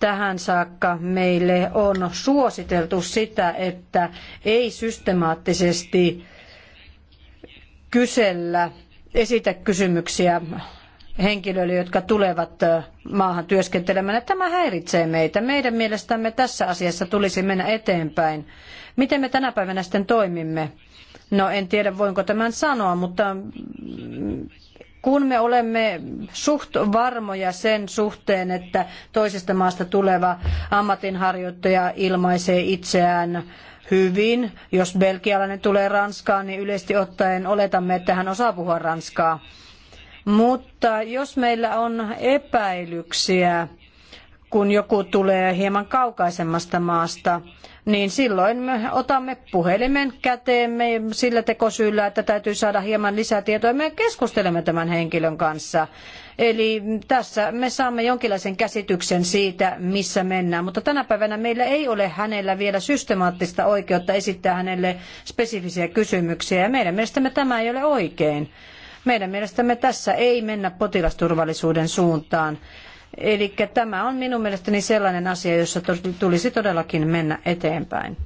tähän saakka meille on suositeltu sitä, että ei systemaattisesti kysellä, esitä kysymyksiä henkilöille, jotka tulevat maahan työskentelemään. Tämä häiritsee meitä. Meidän mielestämme tässä asiassa tulisi mennä eteenpäin. Miten me tänä päivänä sitten toimimme? No en tiedä voinko tämän sanoa, mutta mm, kun me olemme suht varmoja sen suhteen, että toisesta maasta tuleva ammatinharjoittaja ilmaisee itseään hyvin, jos belgialainen tulee Ranskaan, niin yleisesti ottaen oletamme, että hän osaa puhua ranskaa mutta jos meillä on epäilyksiä, kun joku tulee hieman kaukaisemmasta maasta, niin silloin me otamme puhelimen käteemme sillä tekosyyllä, että täytyy saada hieman lisätietoa. Me keskustelemme tämän henkilön kanssa. Eli tässä me saamme jonkinlaisen käsityksen siitä, missä mennään. Mutta tänä päivänä meillä ei ole hänellä vielä systemaattista oikeutta esittää hänelle spesifisiä kysymyksiä. Ja meidän mielestämme tämä ei ole oikein. Meidän mielestämme tässä ei mennä potilasturvallisuuden suuntaan. Eli tämä on minun mielestäni sellainen asia, jossa tulisi todellakin mennä eteenpäin.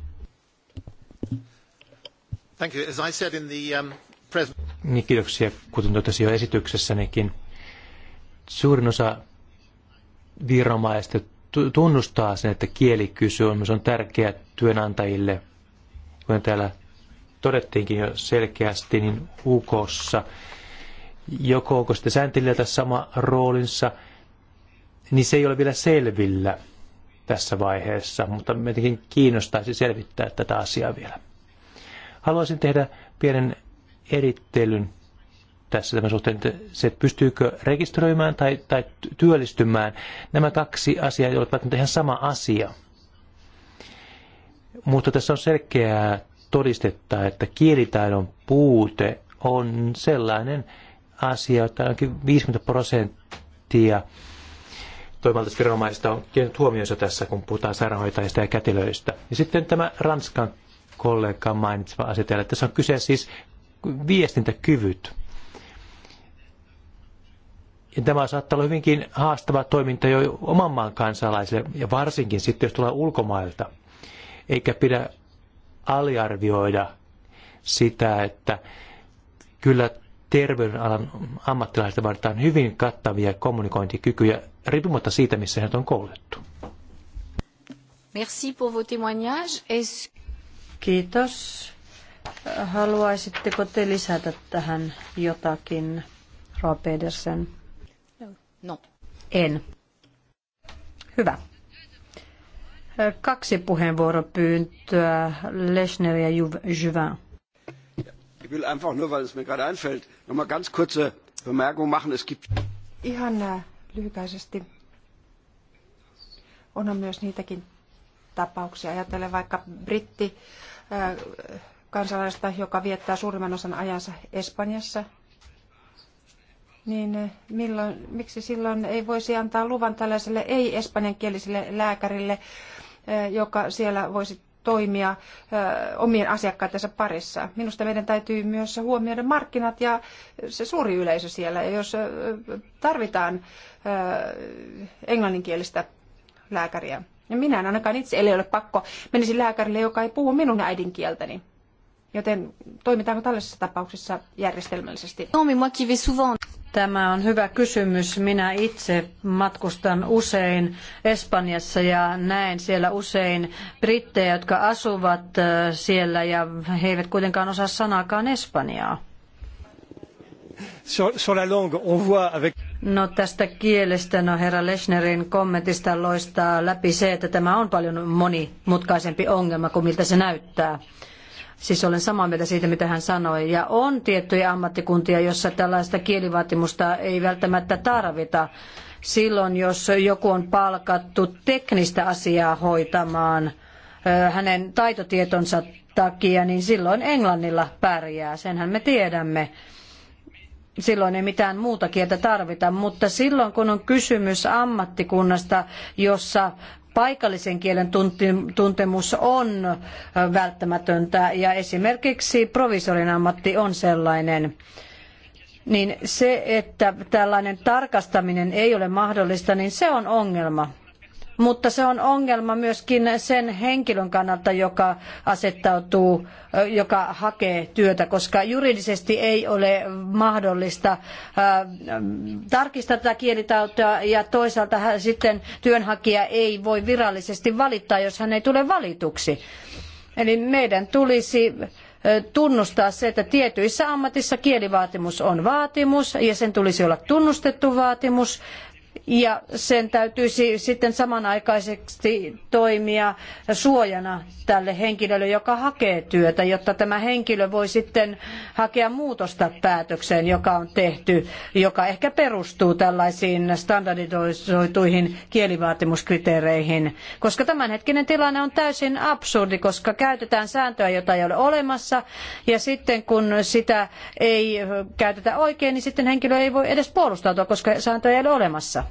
Thank you. As I said in the, um, pres- niin, kiitoksia, kuten totesin jo esityksessänikin. Suurin osa viranomaista tunnustaa sen, että kielikysymys on tärkeä työnantajille. Kuten täällä todettiinkin jo selkeästi, niin UKssa joko onko sitten sääntelijältä sama roolinsa, niin se ei ole vielä selvillä tässä vaiheessa, mutta meitäkin kiinnostaisi selvittää tätä asiaa vielä. Haluaisin tehdä pienen erittelyn tässä tämän suhteen, että se, että pystyykö rekisteröimään tai, tai työllistymään. Nämä kaksi asiaa ovat välttämättä ihan sama asia. Mutta tässä on selkeää todistetta, että kielitaidon puute on sellainen asioita, että ainakin 50 prosenttia toimivaltaisviranomaisista on kiinnittänyt huomionsa tässä, kun puhutaan sairaanhoitajista ja kätilöistä. Ja sitten tämä Ranskan kollega mainitsema asia täällä. Tässä on kyse siis viestintäkyvyt. Ja tämä saattaa olla hyvinkin haastava toiminta jo oman maan kansalaisille, ja varsinkin sitten, jos tulee ulkomailta. Eikä pidä aliarvioida sitä, että kyllä terveydenalan ammattilaisilta vaaditaan hyvin kattavia kommunikointikykyjä, riippumatta siitä, missä heidät on koulutettu. Merci pour vos témoignages. Kiitos. Haluaisitteko te lisätä tähän jotakin, Roa Pedersen? No. En. Hyvä. Kaksi puheenvuoropyyntöä, Lechner ja Juvin. Ich will einfach nur, weil es mir gerade einfällt, noch mal ganz kurze Bemerkung machen. Es gibt Ihan äh, lyhykäisesti myös niitäkin tapauksia. Ajattelen vaikka britti äh, kansalaista, joka viettää suurimman osan ajansa Espanjassa, niin äh, milloin, miksi silloin ei voisi antaa luvan tällaiselle ei-espanjankieliselle lääkärille, joka siellä voisi toimia omien asiakkaidensa parissa. Minusta meidän täytyy myös huomioida markkinat ja se suuri yleisö siellä. Ja jos tarvitaan englanninkielistä lääkäriä, ja minä en ainakaan itse, eli ole pakko, menisin lääkärille, joka ei puhu minun äidinkieltäni. Joten toimitaanko tällaisissa tapauksissa järjestelmällisesti? Tämä on hyvä kysymys. Minä itse matkustan usein Espanjassa ja näen siellä usein brittejä, jotka asuvat äh, siellä ja he eivät kuitenkaan osaa sanaakaan espanjaa. No tästä kielestä, no herra Lechnerin kommentista loistaa läpi se, että tämä on paljon monimutkaisempi ongelma kuin miltä se näyttää. Siis olen samaa mieltä siitä, mitä hän sanoi. Ja on tiettyjä ammattikuntia, jossa tällaista kielivaatimusta ei välttämättä tarvita. Silloin, jos joku on palkattu teknistä asiaa hoitamaan hänen taitotietonsa takia, niin silloin englannilla pärjää. Senhän me tiedämme silloin ei mitään muuta kieltä tarvita, mutta silloin kun on kysymys ammattikunnasta, jossa paikallisen kielen tuntemus on välttämätöntä ja esimerkiksi provisorin ammatti on sellainen niin se, että tällainen tarkastaminen ei ole mahdollista, niin se on ongelma mutta se on ongelma myöskin sen henkilön kannalta, joka asettautuu, joka hakee työtä, koska juridisesti ei ole mahdollista tarkistaa tätä kielitaitoa ja toisaalta sitten työnhakija ei voi virallisesti valittaa, jos hän ei tule valituksi. Eli meidän tulisi tunnustaa se, että tietyissä ammatissa kielivaatimus on vaatimus ja sen tulisi olla tunnustettu vaatimus ja sen täytyisi sitten samanaikaisesti toimia suojana tälle henkilölle, joka hakee työtä, jotta tämä henkilö voi sitten hakea muutosta päätökseen, joka on tehty, joka ehkä perustuu tällaisiin standardisoituihin kielivaatimuskriteereihin. Koska tämänhetkinen tilanne on täysin absurdi, koska käytetään sääntöä, jota ei ole olemassa, ja sitten kun sitä ei käytetä oikein, niin sitten henkilö ei voi edes puolustautua, koska sääntöä ei ole olemassa.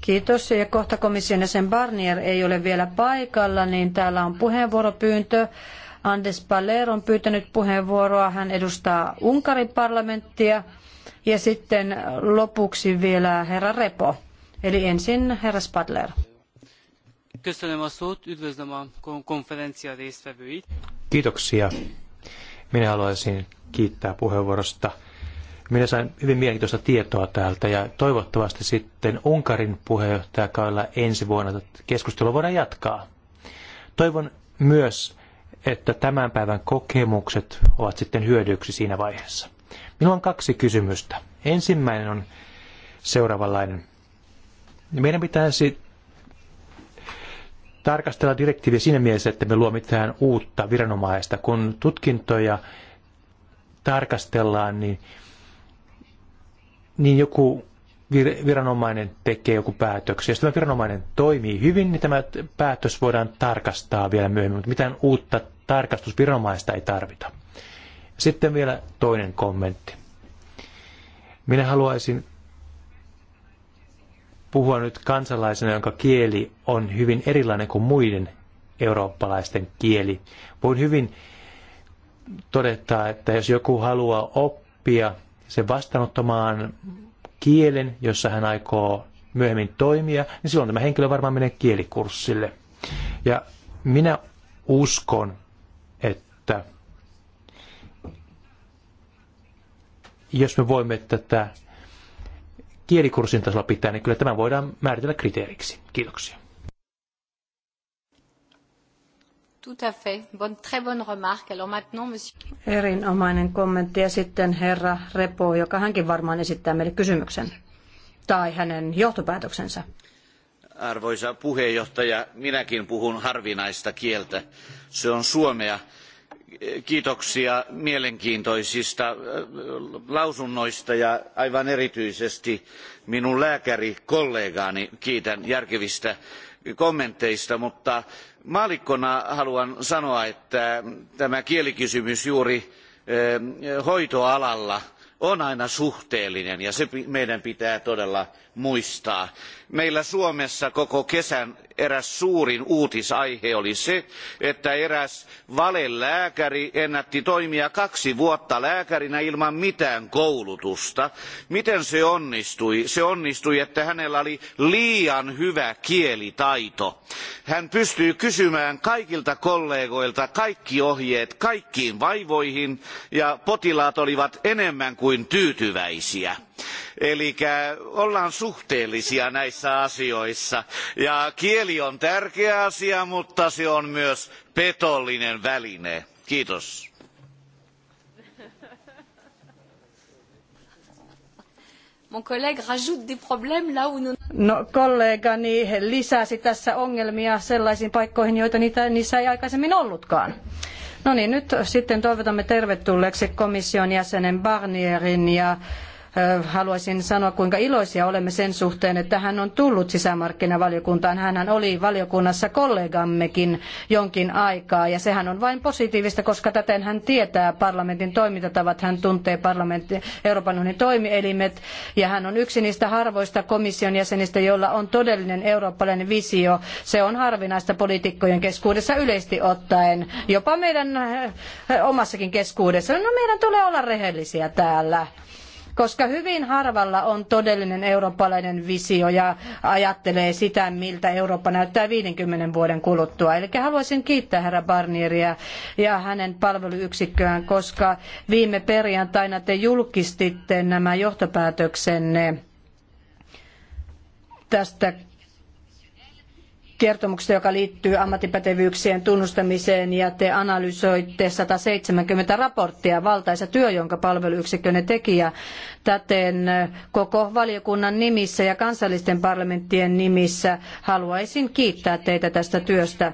Kiitos. Ja kohta komission jäsen Barnier ei ole vielä paikalla, niin täällä on puheenvuoropyyntö. Andes Paler on pyytänyt puheenvuoroa. Hän edustaa Unkarin parlamenttia. Ja sitten lopuksi vielä herra Repo. Eli ensin herra Spadler. Kiitoksia. Minä haluaisin kiittää puheenvuorosta minä sain hyvin mielenkiintoista tietoa täältä ja toivottavasti sitten Unkarin puheenjohtajakaudella ensi vuonna keskustelua voidaan jatkaa. Toivon myös, että tämän päivän kokemukset ovat sitten hyödyksi siinä vaiheessa. Minulla on kaksi kysymystä. Ensimmäinen on seuraavanlainen. Meidän pitäisi tarkastella direktiiviä siinä mielessä, että me luo tähän uutta viranomaista. Kun tutkintoja tarkastellaan, niin niin joku viranomainen tekee joku päätöksen. Jos tämä viranomainen toimii hyvin, niin tämä päätös voidaan tarkastaa vielä myöhemmin, mutta mitään uutta tarkastusviranomaista ei tarvita. Sitten vielä toinen kommentti. Minä haluaisin puhua nyt kansalaisena, jonka kieli on hyvin erilainen kuin muiden eurooppalaisten kieli. Voin hyvin todeta, että jos joku haluaa oppia sen vastaanottamaan kielen, jossa hän aikoo myöhemmin toimia, niin silloin tämä henkilö varmaan menee kielikurssille. Ja minä uskon, että jos me voimme tätä kielikurssin tasolla pitää, niin kyllä tämä voidaan määritellä kriteeriksi. Kiitoksia. Tout à fait. Bon, très bonne remarque. Alors maintenant, monsieur... Erinomainen kommentti ja sitten herra Repo, joka hänkin varmaan esittää meille kysymyksen tai hänen johtopäätöksensä. Arvoisa puheenjohtaja, minäkin puhun harvinaista kieltä. Se on suomea. Kiitoksia mielenkiintoisista äh, lausunnoista ja aivan erityisesti minun lääkärikollegaani kiitän järkevistä kommenteista, mutta maallikkona haluan sanoa, että tämä kielikysymys juuri eh, hoitoalalla on aina suhteellinen ja se meidän pitää todella muistaa. meillä suomessa koko kesän eräs suurin uutisaihe oli se että eräs valelääkäri ennätti toimia kaksi vuotta lääkärinä ilman mitään koulutusta. miten se onnistui? se onnistui että hänellä oli liian hyvä kielitaito. hän pystyi kysymään kaikilta kollegoilta kaikki ohjeet kaikkiin vaivoihin ja potilaat olivat enemmän kuin tyytyväisiä Eli ollaan suhteellisia näissä asioissa. Ja kieli on tärkeä asia, mutta se on myös petollinen väline. Kiitos. No kollegani lisäsi tässä ongelmia sellaisiin paikkoihin, joita niitä, niissä ei aikaisemmin ollutkaan. No niin, nyt sitten toivotamme tervetulleeksi komission jäsenen Barnierin ja haluaisin sanoa, kuinka iloisia olemme sen suhteen, että hän on tullut sisämarkkinavaliokuntaan. Hänhän oli valiokunnassa kollegammekin jonkin aikaa ja sehän on vain positiivista, koska täten hän tietää parlamentin toimintatavat, hän tuntee parlamentti, Euroopan unionin toimielimet ja hän on yksi niistä harvoista komission jäsenistä, joilla on todellinen eurooppalainen visio. Se on harvinaista poliitikkojen keskuudessa yleisesti ottaen, jopa meidän omassakin keskuudessa. No meidän tulee olla rehellisiä täällä koska hyvin harvalla on todellinen eurooppalainen visio ja ajattelee sitä, miltä Eurooppa näyttää 50 vuoden kuluttua. Eli haluaisin kiittää herra Barnieria ja hänen palveluyksikköään, koska viime perjantaina te julkistitte nämä johtopäätöksenne tästä kertomuksesta, joka liittyy ammattipätevyyksien tunnustamiseen ja te analysoitte 170 raporttia, valtaisa työ, jonka palveluyksikkönne teki ja täten koko valiokunnan nimissä ja kansallisten parlamenttien nimissä haluaisin kiittää teitä tästä työstä.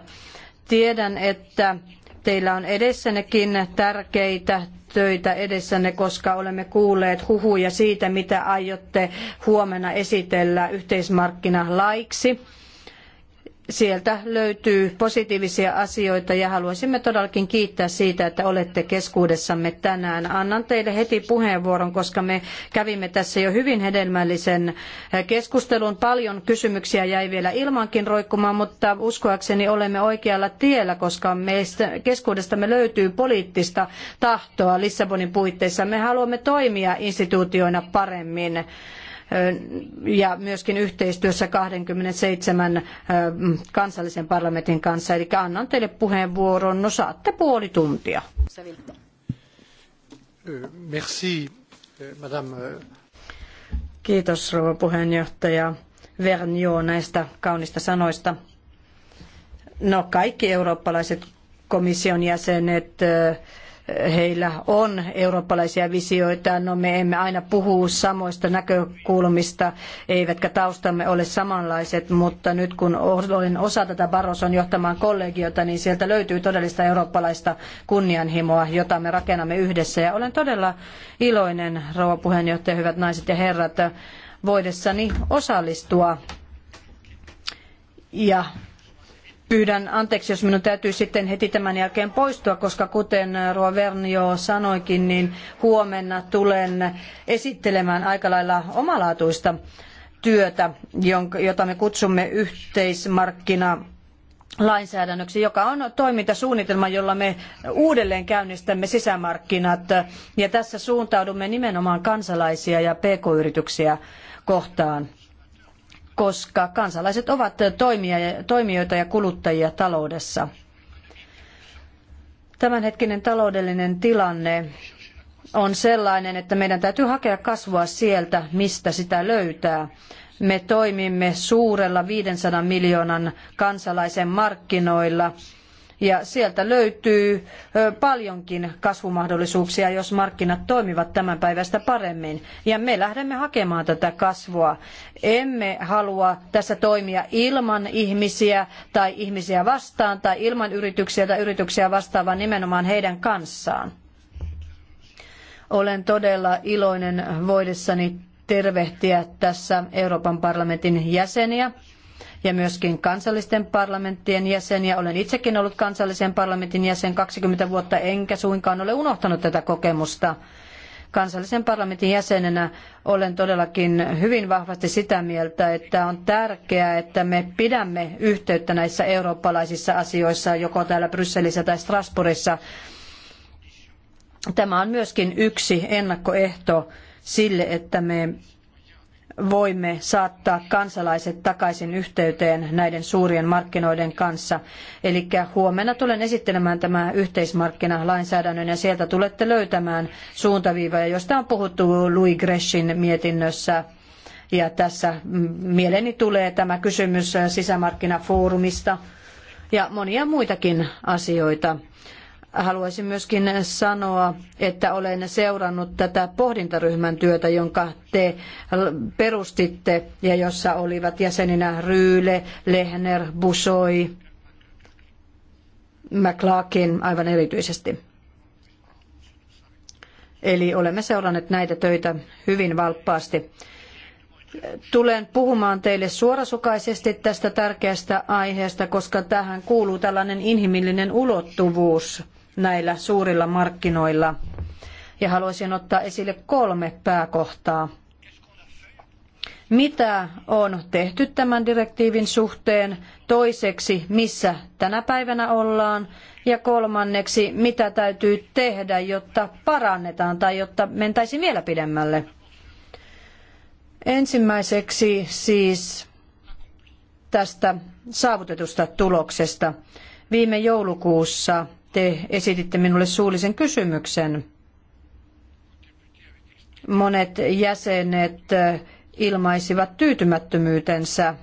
Tiedän, että teillä on edessännekin tärkeitä töitä edessänne, koska olemme kuulleet huhuja siitä, mitä aiotte huomenna esitellä yhteismarkkinalaiksi. laiksi sieltä löytyy positiivisia asioita ja haluaisimme todellakin kiittää siitä, että olette keskuudessamme tänään. Annan teille heti puheenvuoron, koska me kävimme tässä jo hyvin hedelmällisen eh, keskustelun. Paljon kysymyksiä jäi vielä ilmankin roikkumaan, mutta uskoakseni olemme oikealla tiellä, koska meistä keskuudestamme löytyy poliittista tahtoa Lissabonin puitteissa. Me haluamme toimia instituutioina paremmin ja myöskin yhteistyössä 27 kansallisen parlamentin kanssa. Eli annan teille puheenvuoron, no saatte puoli tuntia. Merci, madame. Kiitos rouva puheenjohtaja Vernio näistä kaunista sanoista. No kaikki eurooppalaiset komission jäsenet äh, heillä on eurooppalaisia visioita. No me emme aina puhu samoista näkökulmista, eivätkä taustamme ole samanlaiset, mutta nyt kun olen osa tätä Barroson johtamaan kollegiota, niin sieltä löytyy todellista eurooppalaista kunnianhimoa, jota me rakennamme yhdessä. Ja olen todella iloinen, rouva puheenjohtaja, hyvät naiset ja herrat, voidessani osallistua ja Pyydän anteeksi, jos minun täytyy sitten heti tämän jälkeen poistua, koska kuten Ruo Vernio sanoikin, niin huomenna tulen esittelemään aika lailla omalaatuista työtä, jota me kutsumme yhteismarkkina lainsäädännöksi, joka on toimintasuunnitelma, jolla me uudelleen käynnistämme sisämarkkinat. Ja tässä suuntaudumme nimenomaan kansalaisia ja pk-yrityksiä kohtaan koska kansalaiset ovat toimijoita ja kuluttajia taloudessa. Tämänhetkinen taloudellinen tilanne on sellainen, että meidän täytyy hakea kasvua sieltä, mistä sitä löytää. Me toimimme suurella 500 miljoonan kansalaisen markkinoilla ja sieltä löytyy paljonkin kasvumahdollisuuksia, jos markkinat toimivat tämän päivästä paremmin. Ja me lähdemme hakemaan tätä kasvua. Emme halua tässä toimia ilman ihmisiä tai ihmisiä vastaan tai ilman yrityksiä tai yrityksiä vastaan, vaan nimenomaan heidän kanssaan. Olen todella iloinen voidessani tervehtiä tässä Euroopan parlamentin jäseniä ja myöskin kansallisten parlamenttien jäsen. Ja olen itsekin ollut kansallisen parlamentin jäsen 20 vuotta, enkä suinkaan ole unohtanut tätä kokemusta kansallisen parlamentin jäsenenä olen todellakin hyvin vahvasti sitä mieltä, että on tärkeää, että me pidämme yhteyttä näissä eurooppalaisissa asioissa, joko täällä Brysselissä tai Strasbourgissa. Tämä on myöskin yksi ennakkoehto sille, että me voimme saattaa kansalaiset takaisin yhteyteen näiden suurien markkinoiden kanssa. Eli huomenna tulen esittelemään tämä yhteismarkkinalainsäädännön ja sieltä tulette löytämään suuntaviivoja, josta on puhuttu Louis Greshin mietinnössä. Ja tässä mieleeni tulee tämä kysymys sisämarkkinafoorumista ja monia muitakin asioita. Haluaisin myöskin sanoa, että olen seurannut tätä pohdintaryhmän työtä, jonka te perustitte ja jossa olivat jäseninä Ryyle, Lehner, Busoi, McLaakin aivan erityisesti. Eli olemme seuranneet näitä töitä hyvin valppaasti. Tulen puhumaan teille suorasukaisesti tästä tärkeästä aiheesta, koska tähän kuuluu tällainen inhimillinen ulottuvuus – näillä suurilla markkinoilla. Ja haluaisin ottaa esille kolme pääkohtaa. Mitä on tehty tämän direktiivin suhteen? Toiseksi, missä tänä päivänä ollaan? Ja kolmanneksi, mitä täytyy tehdä, jotta parannetaan tai jotta mentäisiin vielä pidemmälle? Ensimmäiseksi siis tästä saavutetusta tuloksesta. Viime joulukuussa te esititte minulle suullisen kysymyksen. Monet jäsenet äh, ilmaisivat tyytymättömyytensä.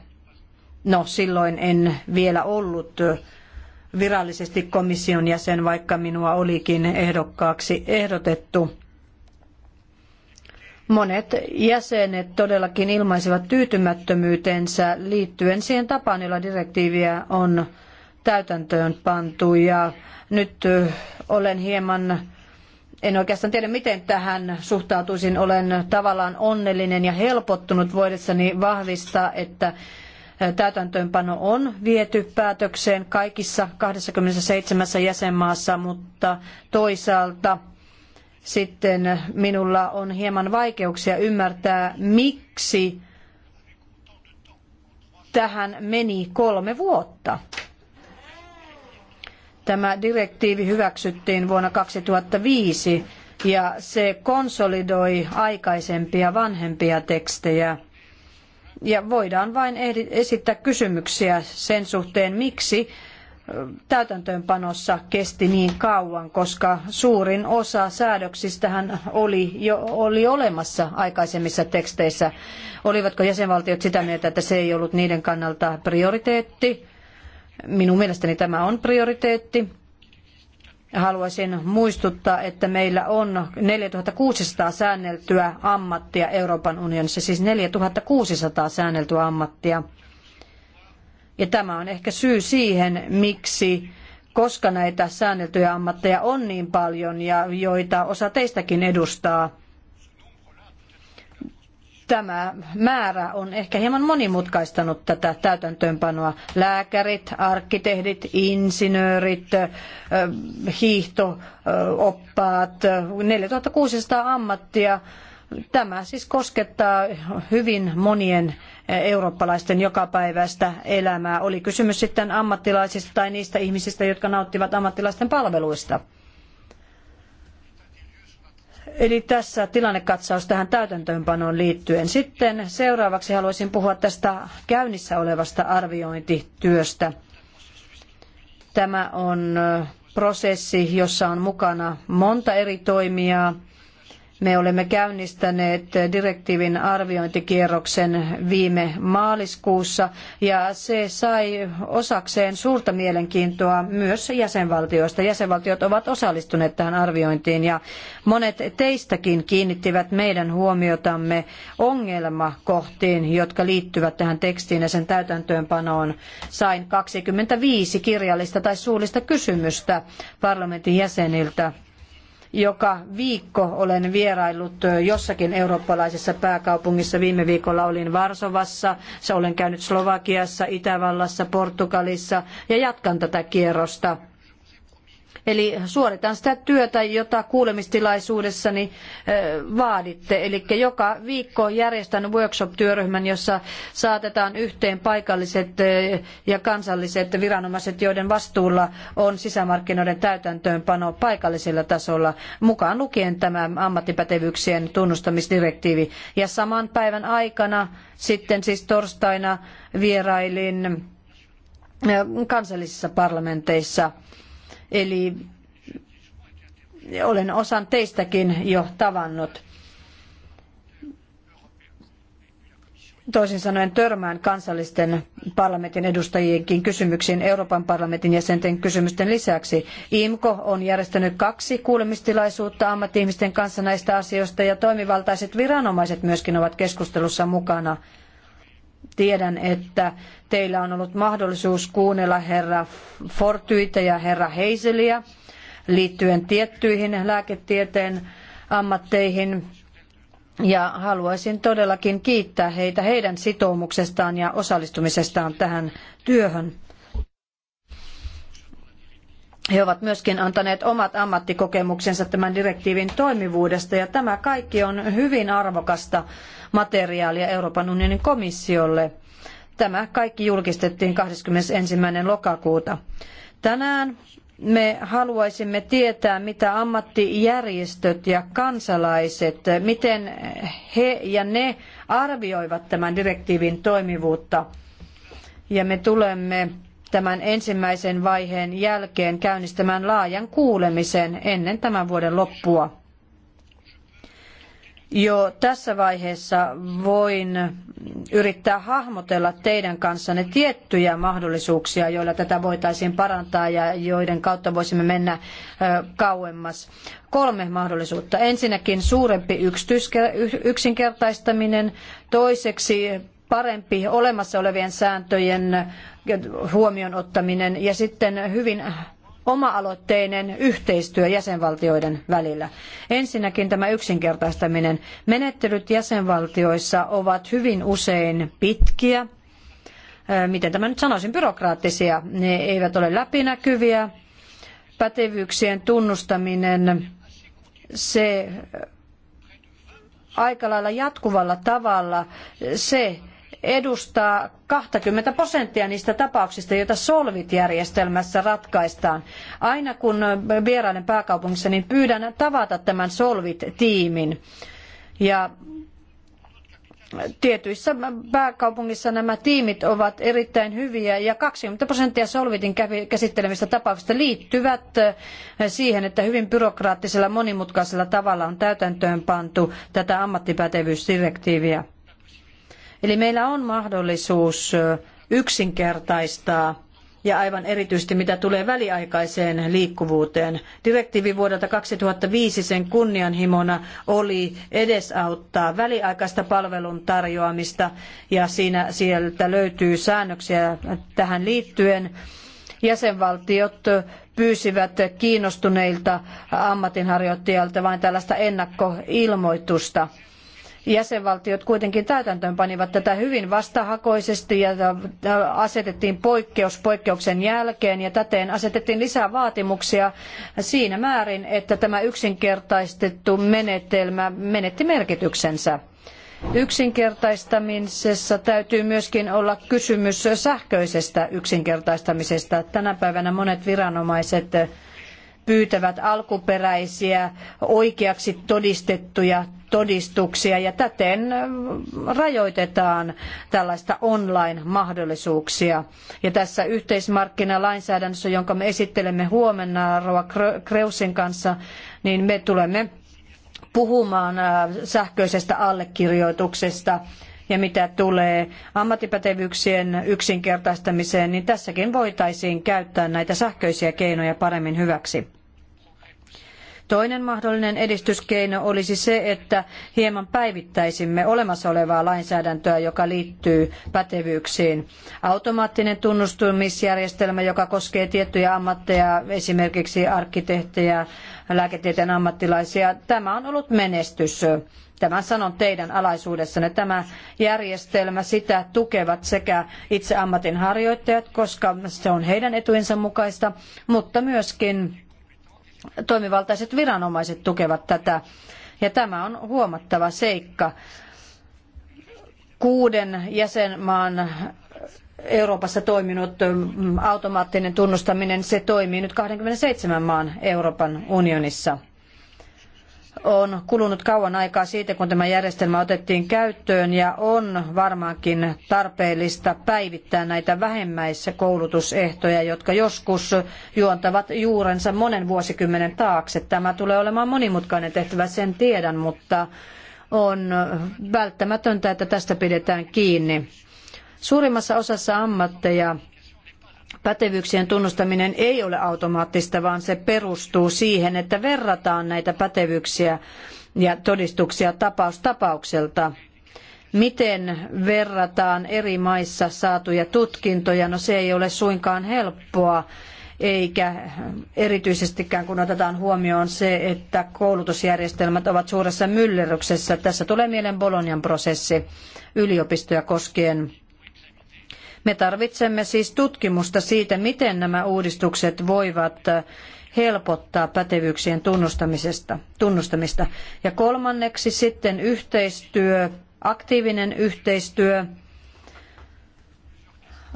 No silloin en vielä ollut äh, virallisesti komission jäsen, vaikka minua olikin ehdokkaaksi ehdotettu. Monet jäsenet todellakin ilmaisivat tyytymättömyytensä liittyen siihen tapaan, jolla direktiiviä on täytäntöön pantu ja nyt olen hieman en oikeastaan tiedä, miten tähän suhtautuisin. Olen tavallaan onnellinen ja helpottunut voidessani vahvistaa, että täytäntöönpano on viety päätökseen kaikissa 27 jäsenmaassa, mutta toisaalta sitten minulla on hieman vaikeuksia ymmärtää, miksi tähän meni kolme vuotta. Tämä direktiivi hyväksyttiin vuonna 2005 ja se konsolidoi aikaisempia vanhempia tekstejä. Ja voidaan vain esittää kysymyksiä sen suhteen, miksi täytäntöönpanossa kesti niin kauan, koska suurin osa säädöksistähän oli jo oli olemassa aikaisemmissa teksteissä. Olivatko jäsenvaltiot sitä mieltä, että se ei ollut niiden kannalta prioriteetti? Minun mielestäni tämä on prioriteetti. Haluaisin muistuttaa, että meillä on 4600 säänneltyä ammattia Euroopan unionissa, siis 4600 säänneltyä ammattia. Ja tämä on ehkä syy siihen, miksi koska näitä säänneltyjä ammatteja on niin paljon ja joita osa teistäkin edustaa, tämä määrä on ehkä hieman monimutkaistanut tätä täytäntöönpanoa. Lääkärit, arkkitehdit, insinöörit, hiihtooppaat, 4600 ammattia. Tämä siis koskettaa hyvin monien eurooppalaisten jokapäiväistä elämää. Oli kysymys sitten ammattilaisista tai niistä ihmisistä, jotka nauttivat ammattilaisten palveluista. Eli tässä tilannekatsaus tähän täytäntöönpanoon liittyen. Sitten seuraavaksi haluaisin puhua tästä käynnissä olevasta arviointityöstä. Tämä on prosessi, jossa on mukana monta eri toimijaa me olemme käynnistäneet direktiivin arviointikierroksen viime maaliskuussa ja se sai osakseen suurta mielenkiintoa myös jäsenvaltioista. Jäsenvaltiot ovat osallistuneet tähän arviointiin ja monet teistäkin kiinnittivät meidän huomiotamme ongelmakohtiin, jotka liittyvät tähän tekstiin ja sen täytäntöönpanoon. Sain 25 kirjallista tai suullista kysymystä parlamentin jäseniltä joka viikko olen vierailut jossakin eurooppalaisessa pääkaupungissa. Viime viikolla olin Varsovassa, olen käynyt Slovakiassa, Itävallassa, Portugalissa ja jatkan tätä kierrosta Eli suoritan sitä työtä, jota kuulemistilaisuudessani eh, vaaditte. Eli joka viikko järjestän workshop-työryhmän, jossa saatetaan yhteen paikalliset eh, ja kansalliset viranomaiset, joiden vastuulla on sisämarkkinoiden täytäntöönpano paikallisella tasolla, mukaan lukien tämä ammattipätevyyksien tunnustamisdirektiivi. Ja saman päivän aikana sitten siis torstaina vierailin eh, kansallisissa parlamenteissa Eli olen osan teistäkin jo tavannut. toisin sanoen törmään kansallisten parlamentin edustajienkin kysymyksiin Euroopan parlamentin jäsenten kysymysten lisäksi. IMKO on järjestänyt kaksi kuulemistilaisuutta ammatti-ihmisten kanssa näistä asioista ja toimivaltaiset viranomaiset myöskin ovat keskustelussa mukana. Tiedän, että teillä on ollut mahdollisuus kuunnella herra Fortyitä ja herra Heiseliä liittyen tiettyihin lääketieteen ammatteihin. Ja haluaisin todellakin kiittää heitä heidän sitoumuksestaan ja osallistumisestaan tähän työhön he ovat myöskin antaneet omat ammattikokemuksensa tämän direktiivin toimivuudesta ja tämä kaikki on hyvin arvokasta materiaalia Euroopan unionin komissiolle. Tämä kaikki julkistettiin 21. lokakuuta. Tänään me haluaisimme tietää, mitä ammattijärjestöt ja kansalaiset, miten he ja ne arvioivat tämän direktiivin toimivuutta. Ja me tulemme tämän ensimmäisen vaiheen jälkeen käynnistämään laajan kuulemisen ennen tämän vuoden loppua. Jo tässä vaiheessa voin yrittää hahmotella teidän kanssanne tiettyjä mahdollisuuksia, joilla tätä voitaisiin parantaa ja joiden kautta voisimme mennä kauemmas. Kolme mahdollisuutta. Ensinnäkin suurempi yksinkertaistaminen, toiseksi parempi olemassa olevien sääntöjen huomioon ottaminen ja sitten hyvin oma-aloitteinen yhteistyö jäsenvaltioiden välillä. Ensinnäkin tämä yksinkertaistaminen. Menettelyt jäsenvaltioissa ovat hyvin usein pitkiä, miten tämä nyt sanoisin, byrokraattisia. Ne eivät ole läpinäkyviä. Pätevyyksien tunnustaminen, se aika lailla jatkuvalla tavalla, se edustaa 20 prosenttia niistä tapauksista, joita Solvit-järjestelmässä ratkaistaan. Aina kun vierailen pääkaupungissa, niin pyydän tavata tämän Solvit-tiimin. Ja tietyissä pääkaupungissa nämä tiimit ovat erittäin hyviä ja 20 prosenttia Solvitin käsittelemistä tapauksista liittyvät eh, siihen, että hyvin byrokraattisella monimutkaisella tavalla on täytäntöön pantu tätä ammattipätevyysdirektiiviä. Eli meillä on mahdollisuus yksinkertaistaa ja aivan erityisesti mitä tulee väliaikaiseen liikkuvuuteen. Direktiivi vuodelta 2005 sen kunnianhimona oli edesauttaa väliaikaista palvelun tarjoamista ja siinä sieltä löytyy säännöksiä tähän liittyen. Jäsenvaltiot pyysivät kiinnostuneilta ammatinharjoittajilta vain tällaista ennakkoilmoitusta jäsenvaltiot kuitenkin täytäntöönpanivat tätä hyvin vastahakoisesti ja asetettiin poikkeus poikkeuksen jälkeen ja täten asetettiin lisää vaatimuksia siinä määrin, että tämä yksinkertaistettu menetelmä menetti merkityksensä. Yksinkertaistamisessa täytyy myöskin olla kysymys sähköisestä yksinkertaistamisesta. Tänä päivänä monet viranomaiset pyytävät alkuperäisiä oikeaksi todistettuja todistuksia ja täten rajoitetaan tällaista online-mahdollisuuksia. Ja tässä yhteismarkkinalainsäädännössä, jonka me esittelemme huomenna Roa Kreusin kanssa, niin me tulemme puhumaan sähköisestä allekirjoituksesta ja mitä tulee ammattipätevyyksien yksinkertaistamiseen, niin tässäkin voitaisiin käyttää näitä sähköisiä keinoja paremmin hyväksi. Toinen mahdollinen edistyskeino olisi se, että hieman päivittäisimme olemassa olevaa lainsäädäntöä, joka liittyy pätevyyksiin. Automaattinen tunnustumisjärjestelmä, joka koskee tiettyjä ammatteja, esimerkiksi arkkitehtejä, lääketieteen ammattilaisia, tämä on ollut menestys. Tämän sanon teidän alaisuudessanne. Tämä järjestelmä, sitä tukevat sekä itse ammatin harjoittajat, koska se on heidän etuinsa mukaista, mutta myöskin toimivaltaiset viranomaiset tukevat tätä. Ja tämä on huomattava seikka. Kuuden jäsenmaan Euroopassa toiminut mm, automaattinen tunnustaminen, se toimii nyt 27 maan Euroopan unionissa. On kulunut kauan aikaa siitä, kun tämä järjestelmä otettiin käyttöön ja on varmaankin tarpeellista päivittää näitä vähemmäiskoulutusehtoja, jotka joskus juontavat juurensa monen vuosikymmenen taakse. Tämä tulee olemaan monimutkainen tehtävä, sen tiedän, mutta on välttämätöntä, että tästä pidetään kiinni. Suurimmassa osassa ammatteja pätevyyksien tunnustaminen ei ole automaattista, vaan se perustuu siihen, että verrataan näitä pätevyyksiä ja todistuksia tapaus tapaukselta miten verrataan eri maissa saatuja tutkintoja. No se ei ole suinkaan helppoa, eikä erityisestikään kun otetaan huomioon se, että koulutusjärjestelmät ovat suuressa myllerryksessä. Tässä tulee mieleen Bolonian prosessi yliopistoja koskien. Me tarvitsemme siis tutkimusta siitä, miten nämä uudistukset voivat helpottaa pätevyyksien tunnustamisesta, tunnustamista. Ja kolmanneksi sitten yhteistyö, aktiivinen yhteistyö.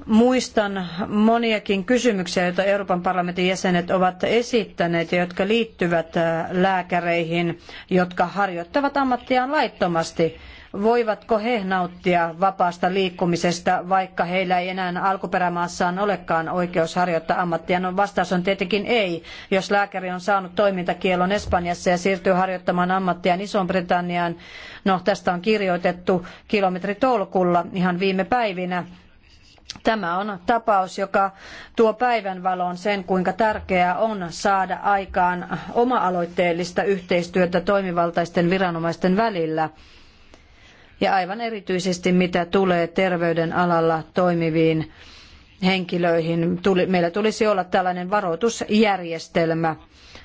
Muistan moniakin kysymyksiä, joita Euroopan parlamentin jäsenet ovat esittäneet ja jotka liittyvät lääkäreihin, jotka harjoittavat ammattiaan laittomasti voivatko he nauttia vapaasta liikkumisesta, vaikka heillä ei enää alkuperämaassaan olekaan oikeus harjoittaa ammattia? No vastaus on tietenkin ei. Jos lääkäri on saanut toimintakielon Espanjassa ja siirtyy harjoittamaan ammattiaan Iso-Britanniaan, no tästä on kirjoitettu kilometritolkulla ihan viime päivinä. Tämä on tapaus, joka tuo päivänvaloon sen, kuinka tärkeää on saada aikaan oma-aloitteellista yhteistyötä toimivaltaisten viranomaisten välillä ja aivan erityisesti mitä tulee terveyden alalla toimiviin henkilöihin. meillä tulisi olla tällainen varoitusjärjestelmä.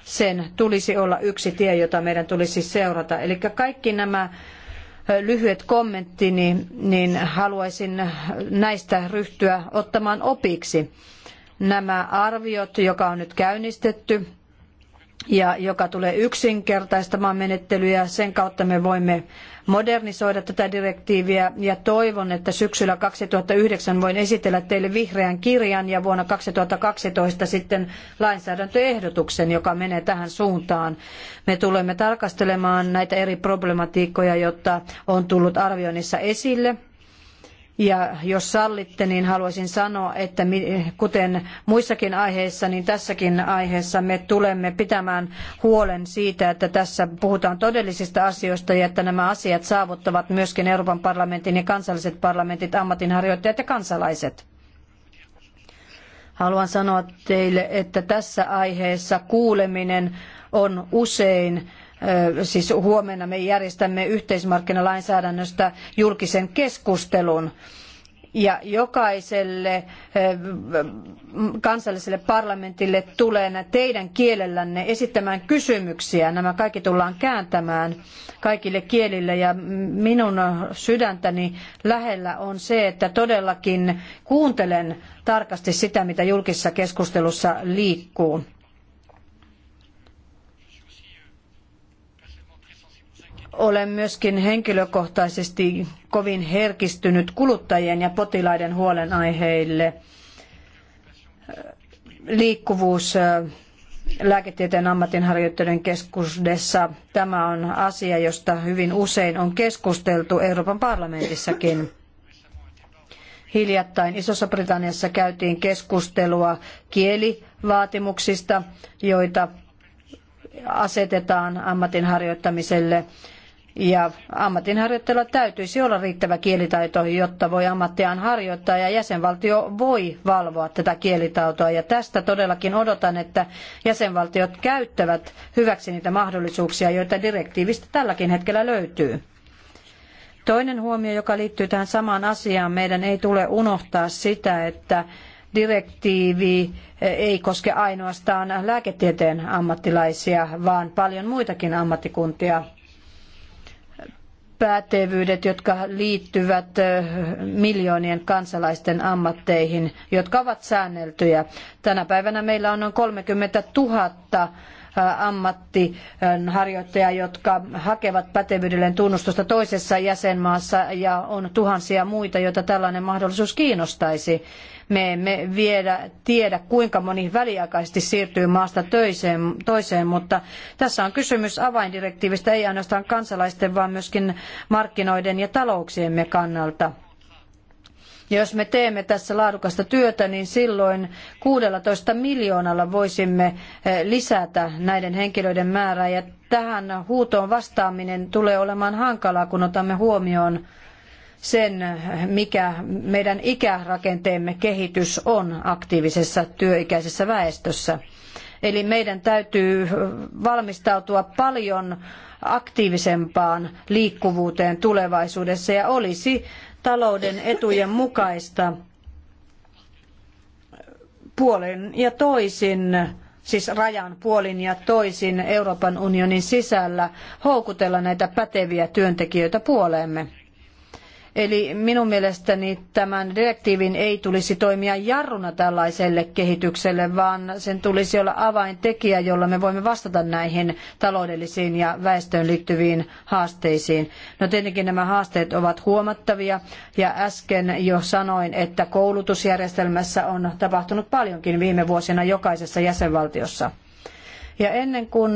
Sen tulisi olla yksi tie, jota meidän tulisi seurata. Eli kaikki nämä lyhyet kommenttini, niin haluaisin näistä ryhtyä ottamaan opiksi. Nämä arviot, joka on nyt käynnistetty, ja joka tulee yksinkertaistamaan menettelyjä. Sen kautta me voimme modernisoida tätä direktiiviä ja toivon, että syksyllä 2009 voin esitellä teille vihreän kirjan ja vuonna 2012 sitten lainsäädäntöehdotuksen, joka menee tähän suuntaan. Me tulemme tarkastelemaan näitä eri problematiikkoja, jotta on tullut arvioinnissa esille – ja jos sallitte, niin haluaisin sanoa, että kuten muissakin aiheissa, niin tässäkin aiheessa me tulemme pitämään huolen siitä, että tässä puhutaan todellisista asioista ja että nämä asiat saavuttavat myöskin Euroopan parlamentin ja kansalliset parlamentit, ammatinharjoittajat ja kansalaiset. Haluan sanoa teille, että tässä aiheessa kuuleminen on usein siis huomenna me järjestämme yhteismarkkinalainsäädännöstä julkisen keskustelun ja jokaiselle kansalliselle parlamentille tulee teidän kielellänne esittämään kysymyksiä. Nämä kaikki tullaan kääntämään kaikille kielille ja minun sydäntäni lähellä on se, että todellakin kuuntelen tarkasti sitä, mitä julkisessa keskustelussa liikkuu. Olen myöskin henkilökohtaisesti kovin herkistynyt kuluttajien ja potilaiden huolenaiheille. Liikkuvuus lääketieteen ammatinharjoittajien keskuudessa. Tämä on asia, josta hyvin usein on keskusteltu Euroopan parlamentissakin. Hiljattain Isossa Britanniassa käytiin keskustelua kielivaatimuksista, joita asetetaan ammatinharjoittamiselle. harjoittamiselle. Ja ammatinharjoittajalla täytyisi olla riittävä kielitaito, jotta voi ammattiaan harjoittaa ja jäsenvaltio voi valvoa tätä kielitaitoa. Ja tästä todellakin odotan, että jäsenvaltiot käyttävät hyväksi niitä mahdollisuuksia, joita direktiivistä tälläkin hetkellä löytyy. Toinen huomio, joka liittyy tähän samaan asiaan, meidän ei tule unohtaa sitä, että direktiivi ei koske ainoastaan lääketieteen ammattilaisia, vaan paljon muitakin ammattikuntia pätevyydet, jotka liittyvät miljoonien kansalaisten ammatteihin, jotka ovat säänneltyjä. Tänä päivänä meillä on noin 30 000 ammattiharjoittajia, jotka hakevat pätevyydelleen tunnustusta toisessa jäsenmaassa ja on tuhansia muita, joita tällainen mahdollisuus kiinnostaisi. Me emme vielä tiedä, kuinka moni väliaikaisesti siirtyy maasta toiseen, mutta tässä on kysymys avaindirektiivistä ei ainoastaan kansalaisten, vaan myöskin markkinoiden ja talouksiemme kannalta. Ja jos me teemme tässä laadukasta työtä, niin silloin 16 miljoonalla voisimme eh, lisätä näiden henkilöiden määrää. Ja tähän huutoon vastaaminen tulee olemaan hankalaa, kun otamme huomioon sen, mikä meidän ikärakenteemme kehitys on aktiivisessa työikäisessä väestössä. Eli meidän täytyy valmistautua paljon aktiivisempaan liikkuvuuteen tulevaisuudessa ja olisi talouden etujen mukaista puolin ja toisin, siis rajan puolin ja toisin Euroopan unionin sisällä houkutella näitä päteviä työntekijöitä puoleemme. Eli minun mielestäni tämän direktiivin ei tulisi toimia jarruna tällaiselle kehitykselle, vaan sen tulisi olla avaintekijä, jolla me voimme vastata näihin taloudellisiin ja väestöön liittyviin haasteisiin. No tietenkin nämä haasteet ovat huomattavia ja äsken jo sanoin, että koulutusjärjestelmässä on tapahtunut paljonkin viime vuosina jokaisessa jäsenvaltiossa. Ja ennen kuin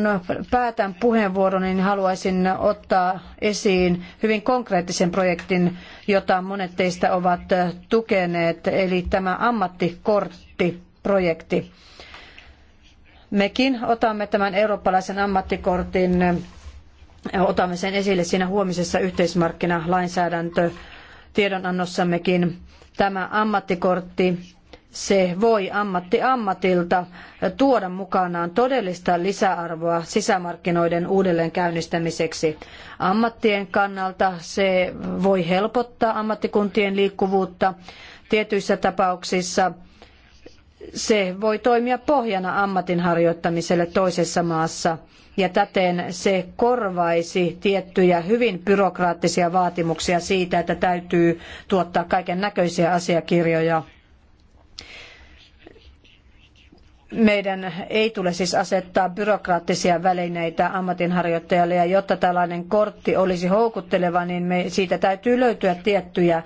päätän puheenvuoron, niin haluaisin ottaa esiin hyvin konkreettisen projektin, jota monet teistä ovat tukeneet, eli tämä ammattikorttiprojekti. Mekin otamme tämän eurooppalaisen ammattikortin, otamme sen esille siinä huomisessa yhteismarkkinalainsäädäntö tiedonannossammekin. Tämä ammattikortti se voi ammatti ammatilta tuoda mukanaan todellista lisäarvoa sisämarkkinoiden uudelleenkäynnistämiseksi. Ammattien kannalta se voi helpottaa ammattikuntien liikkuvuutta tietyissä tapauksissa se voi toimia pohjana ammatin harjoittamiselle toisessa maassa ja täten se korvaisi tiettyjä hyvin byrokraattisia vaatimuksia siitä, että täytyy tuottaa kaiken näköisiä asiakirjoja Meidän ei tule siis asettaa byrokraattisia välineitä ammatinharjoittajalle ja jotta tällainen kortti olisi houkutteleva, niin me, siitä täytyy löytyä tiettyjä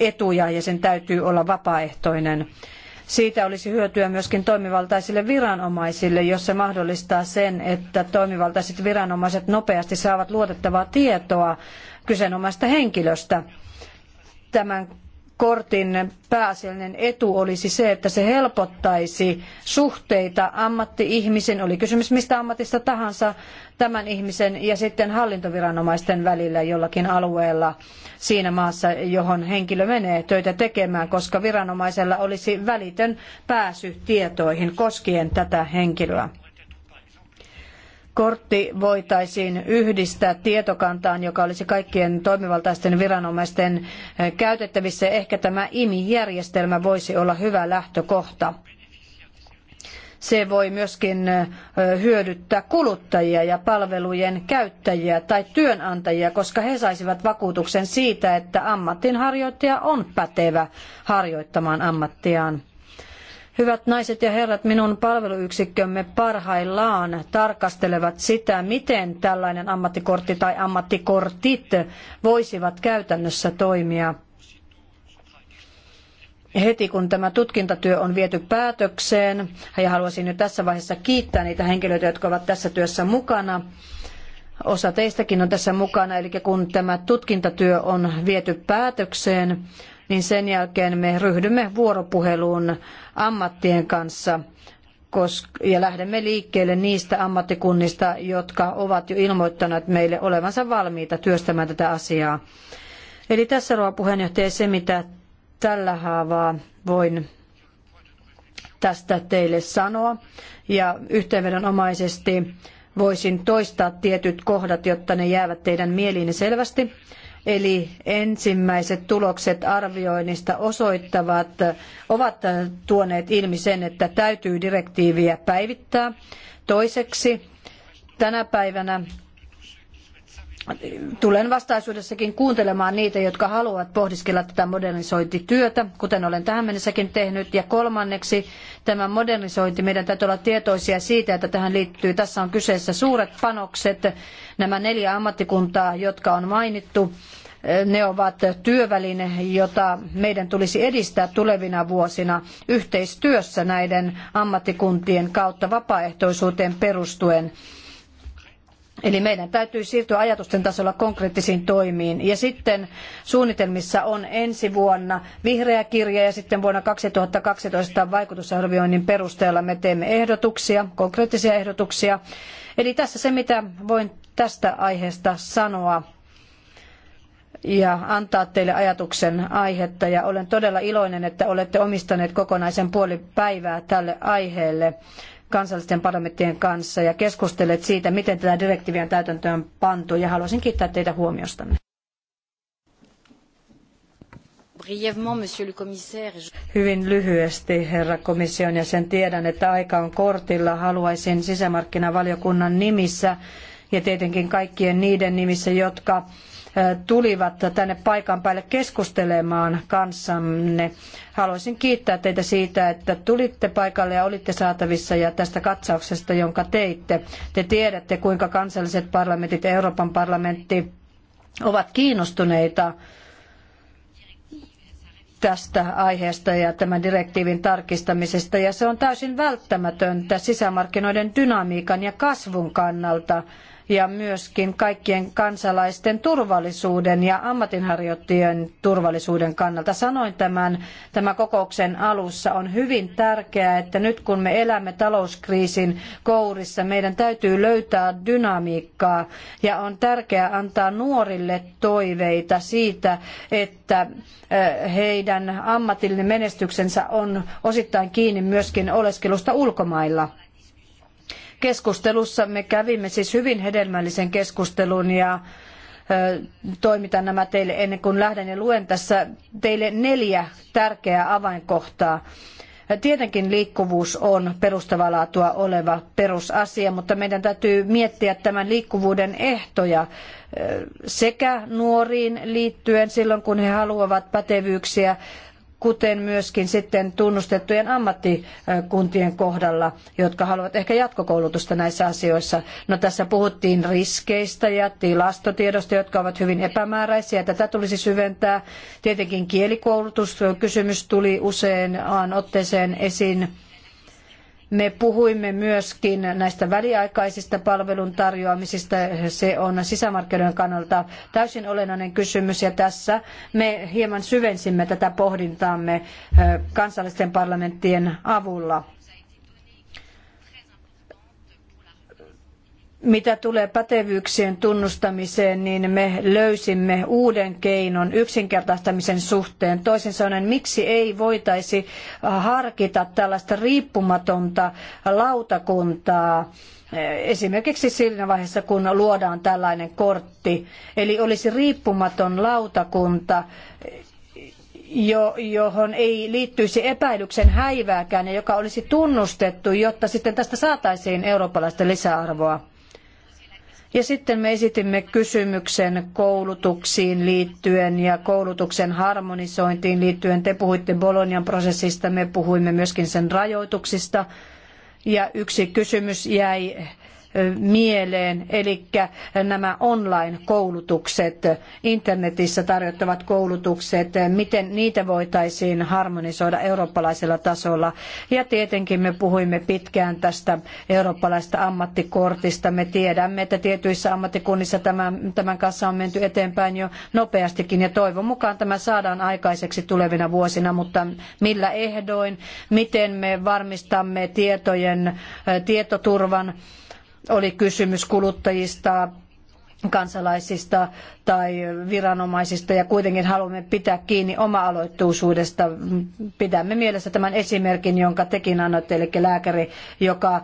etuja ja sen täytyy olla vapaaehtoinen. Siitä olisi hyötyä myöskin toimivaltaisille viranomaisille, jos se mahdollistaa sen, että toimivaltaiset viranomaiset nopeasti saavat luotettavaa tietoa kyseenomaista henkilöstä. Tämän kortin pääasiallinen etu olisi se, että se helpottaisi suhteita ammatti-ihmisen, oli kysymys mistä ammatista tahansa, tämän ihmisen ja sitten hallintoviranomaisten välillä jollakin alueella siinä maassa, johon henkilö menee töitä tekemään, koska viranomaisella olisi välitön pääsy tietoihin koskien tätä henkilöä kortti voitaisiin yhdistää tietokantaan, joka olisi kaikkien toimivaltaisten viranomaisten eh, käytettävissä. Ehkä tämä IMI-järjestelmä voisi olla hyvä lähtökohta. Se voi myöskin eh, hyödyttää kuluttajia ja palvelujen käyttäjiä tai työnantajia, koska he saisivat vakuutuksen siitä, että ammatinharjoittaja on pätevä harjoittamaan ammattiaan. Hyvät naiset ja herrat, minun palveluyksikkömme parhaillaan tarkastelevat sitä, miten tällainen ammattikortti tai ammattikortit voisivat käytännössä toimia heti kun tämä tutkintatyö on viety päätökseen, ja haluaisin jo tässä vaiheessa kiittää niitä henkilöitä, jotka ovat tässä työssä mukana. Osa teistäkin on tässä mukana, eli kun tämä tutkintatyö on viety päätökseen, niin sen jälkeen me ryhdymme vuoropuheluun ammattien kanssa ja lähdemme liikkeelle niistä ammattikunnista, jotka ovat jo ilmoittaneet meille olevansa valmiita työstämään tätä asiaa. Eli tässä rouva puheenjohtaja se, mitä tällä haavaa voin tästä teille sanoa. Ja yhteenvedonomaisesti voisin toistaa tietyt kohdat, jotta ne jäävät teidän mieliinne selvästi. Eli ensimmäiset tulokset arvioinnista osoittavat, ovat tuoneet ilmi sen, että täytyy direktiiviä päivittää. Toiseksi tänä päivänä Tulen vastaisuudessakin kuuntelemaan niitä, jotka haluavat pohdiskella tätä modernisointityötä, kuten olen tähän mennessäkin tehnyt. Ja kolmanneksi tämä modernisointi, meidän täytyy olla tietoisia siitä, että tähän liittyy, tässä on kyseessä suuret panokset, nämä neljä ammattikuntaa, jotka on mainittu. Ne ovat työväline, jota meidän tulisi edistää tulevina vuosina yhteistyössä näiden ammattikuntien kautta vapaaehtoisuuteen perustuen Eli meidän täytyy siirtyä ajatusten tasolla konkreettisiin toimiin. Ja sitten suunnitelmissa on ensi vuonna vihreä kirja ja sitten vuonna 2012 vaikutusarvioinnin perusteella me teemme ehdotuksia, konkreettisia ehdotuksia. Eli tässä se, mitä voin tästä aiheesta sanoa ja antaa teille ajatuksen aihetta. Ja olen todella iloinen, että olette omistaneet kokonaisen puoli päivää tälle aiheelle kansallisten parlamenttien kanssa ja keskustelleet siitä, miten tätä direktiiviä on täytäntöön pantu ja haluaisin kiittää teitä huomiostanne. Hyvin lyhyesti, herra komission, ja sen tiedän, että aika on kortilla. Haluaisin sisämarkkinavaliokunnan nimissä ja tietenkin kaikkien niiden nimissä, jotka tulivat tänne paikan päälle keskustelemaan kanssamme. Haluaisin kiittää teitä siitä, että tulitte paikalle ja olitte saatavissa ja tästä katsauksesta, jonka teitte. Te tiedätte, kuinka kansalliset parlamentit ja Euroopan parlamentti ovat kiinnostuneita tästä aiheesta ja tämän direktiivin tarkistamisesta ja se on täysin välttämätöntä sisämarkkinoiden dynamiikan ja kasvun kannalta ja myöskin kaikkien kansalaisten turvallisuuden ja ammatinharjoittajien turvallisuuden kannalta. Sanoin tämän, tämän kokouksen alussa. On hyvin tärkeää, että nyt kun me elämme talouskriisin kourissa, meidän täytyy löytää dynamiikkaa ja on tärkeää antaa nuorille toiveita siitä, että eh, heidän ammatillinen menestyksensä on osittain kiinni myöskin oleskelusta ulkomailla keskustelussa. Me kävimme siis hyvin hedelmällisen keskustelun ja toimitan nämä teille ennen kuin lähden ja luen tässä teille neljä tärkeää avainkohtaa. Tietenkin liikkuvuus on perustavaa laatua oleva perusasia, mutta meidän täytyy miettiä tämän liikkuvuuden ehtoja sekä nuoriin liittyen silloin, kun he haluavat pätevyyksiä kuten myöskin sitten tunnustettujen ammattikuntien kohdalla, jotka haluavat ehkä jatkokoulutusta näissä asioissa. No tässä puhuttiin riskeistä ja tilastotiedosta, jotka ovat hyvin epämääräisiä. Tätä tulisi syventää. Tietenkin kielikoulutuskysymys tuli usein otteeseen esiin me puhuimme myöskin näistä väliaikaisista palvelun tarjoamisista. Se on sisämarkkinoiden kannalta täysin olennainen kysymys ja tässä me hieman syvensimme tätä pohdintaamme kansallisten parlamenttien avulla. Mitä tulee pätevyyksien tunnustamiseen, niin me löysimme uuden keinon yksinkertaistamisen suhteen. Toisin sanoen, miksi ei voitaisi harkita tällaista riippumatonta lautakuntaa, esimerkiksi siinä vaiheessa, kun luodaan tällainen kortti. Eli olisi riippumaton lautakunta, jo, johon ei liittyisi epäilyksen häivääkään ja joka olisi tunnustettu, jotta sitten tästä saataisiin eurooppalaista lisäarvoa. Ja sitten me esitimme kysymyksen koulutuksiin liittyen ja koulutuksen harmonisointiin liittyen. Te puhuitte Bolonian prosessista, me puhuimme myöskin sen rajoituksista. Ja yksi kysymys jäi mieleen, eli nämä online-koulutukset, internetissä tarjottavat koulutukset, miten niitä voitaisiin harmonisoida eurooppalaisella tasolla. Ja tietenkin me puhuimme pitkään tästä eurooppalaista ammattikortista. Me tiedämme, että tietyissä ammattikunnissa tämän, tämän kanssa on menty eteenpäin jo nopeastikin ja toivon mukaan tämä saadaan aikaiseksi tulevina vuosina, mutta millä ehdoin, miten me varmistamme tietojen, tietoturvan, oli kysymys kuluttajista, kansalaisista tai viranomaisista ja kuitenkin haluamme pitää kiinni oma-aloittuisuudesta. Pidämme mielessä tämän esimerkin, jonka tekin annoitte, eli lääkäri, joka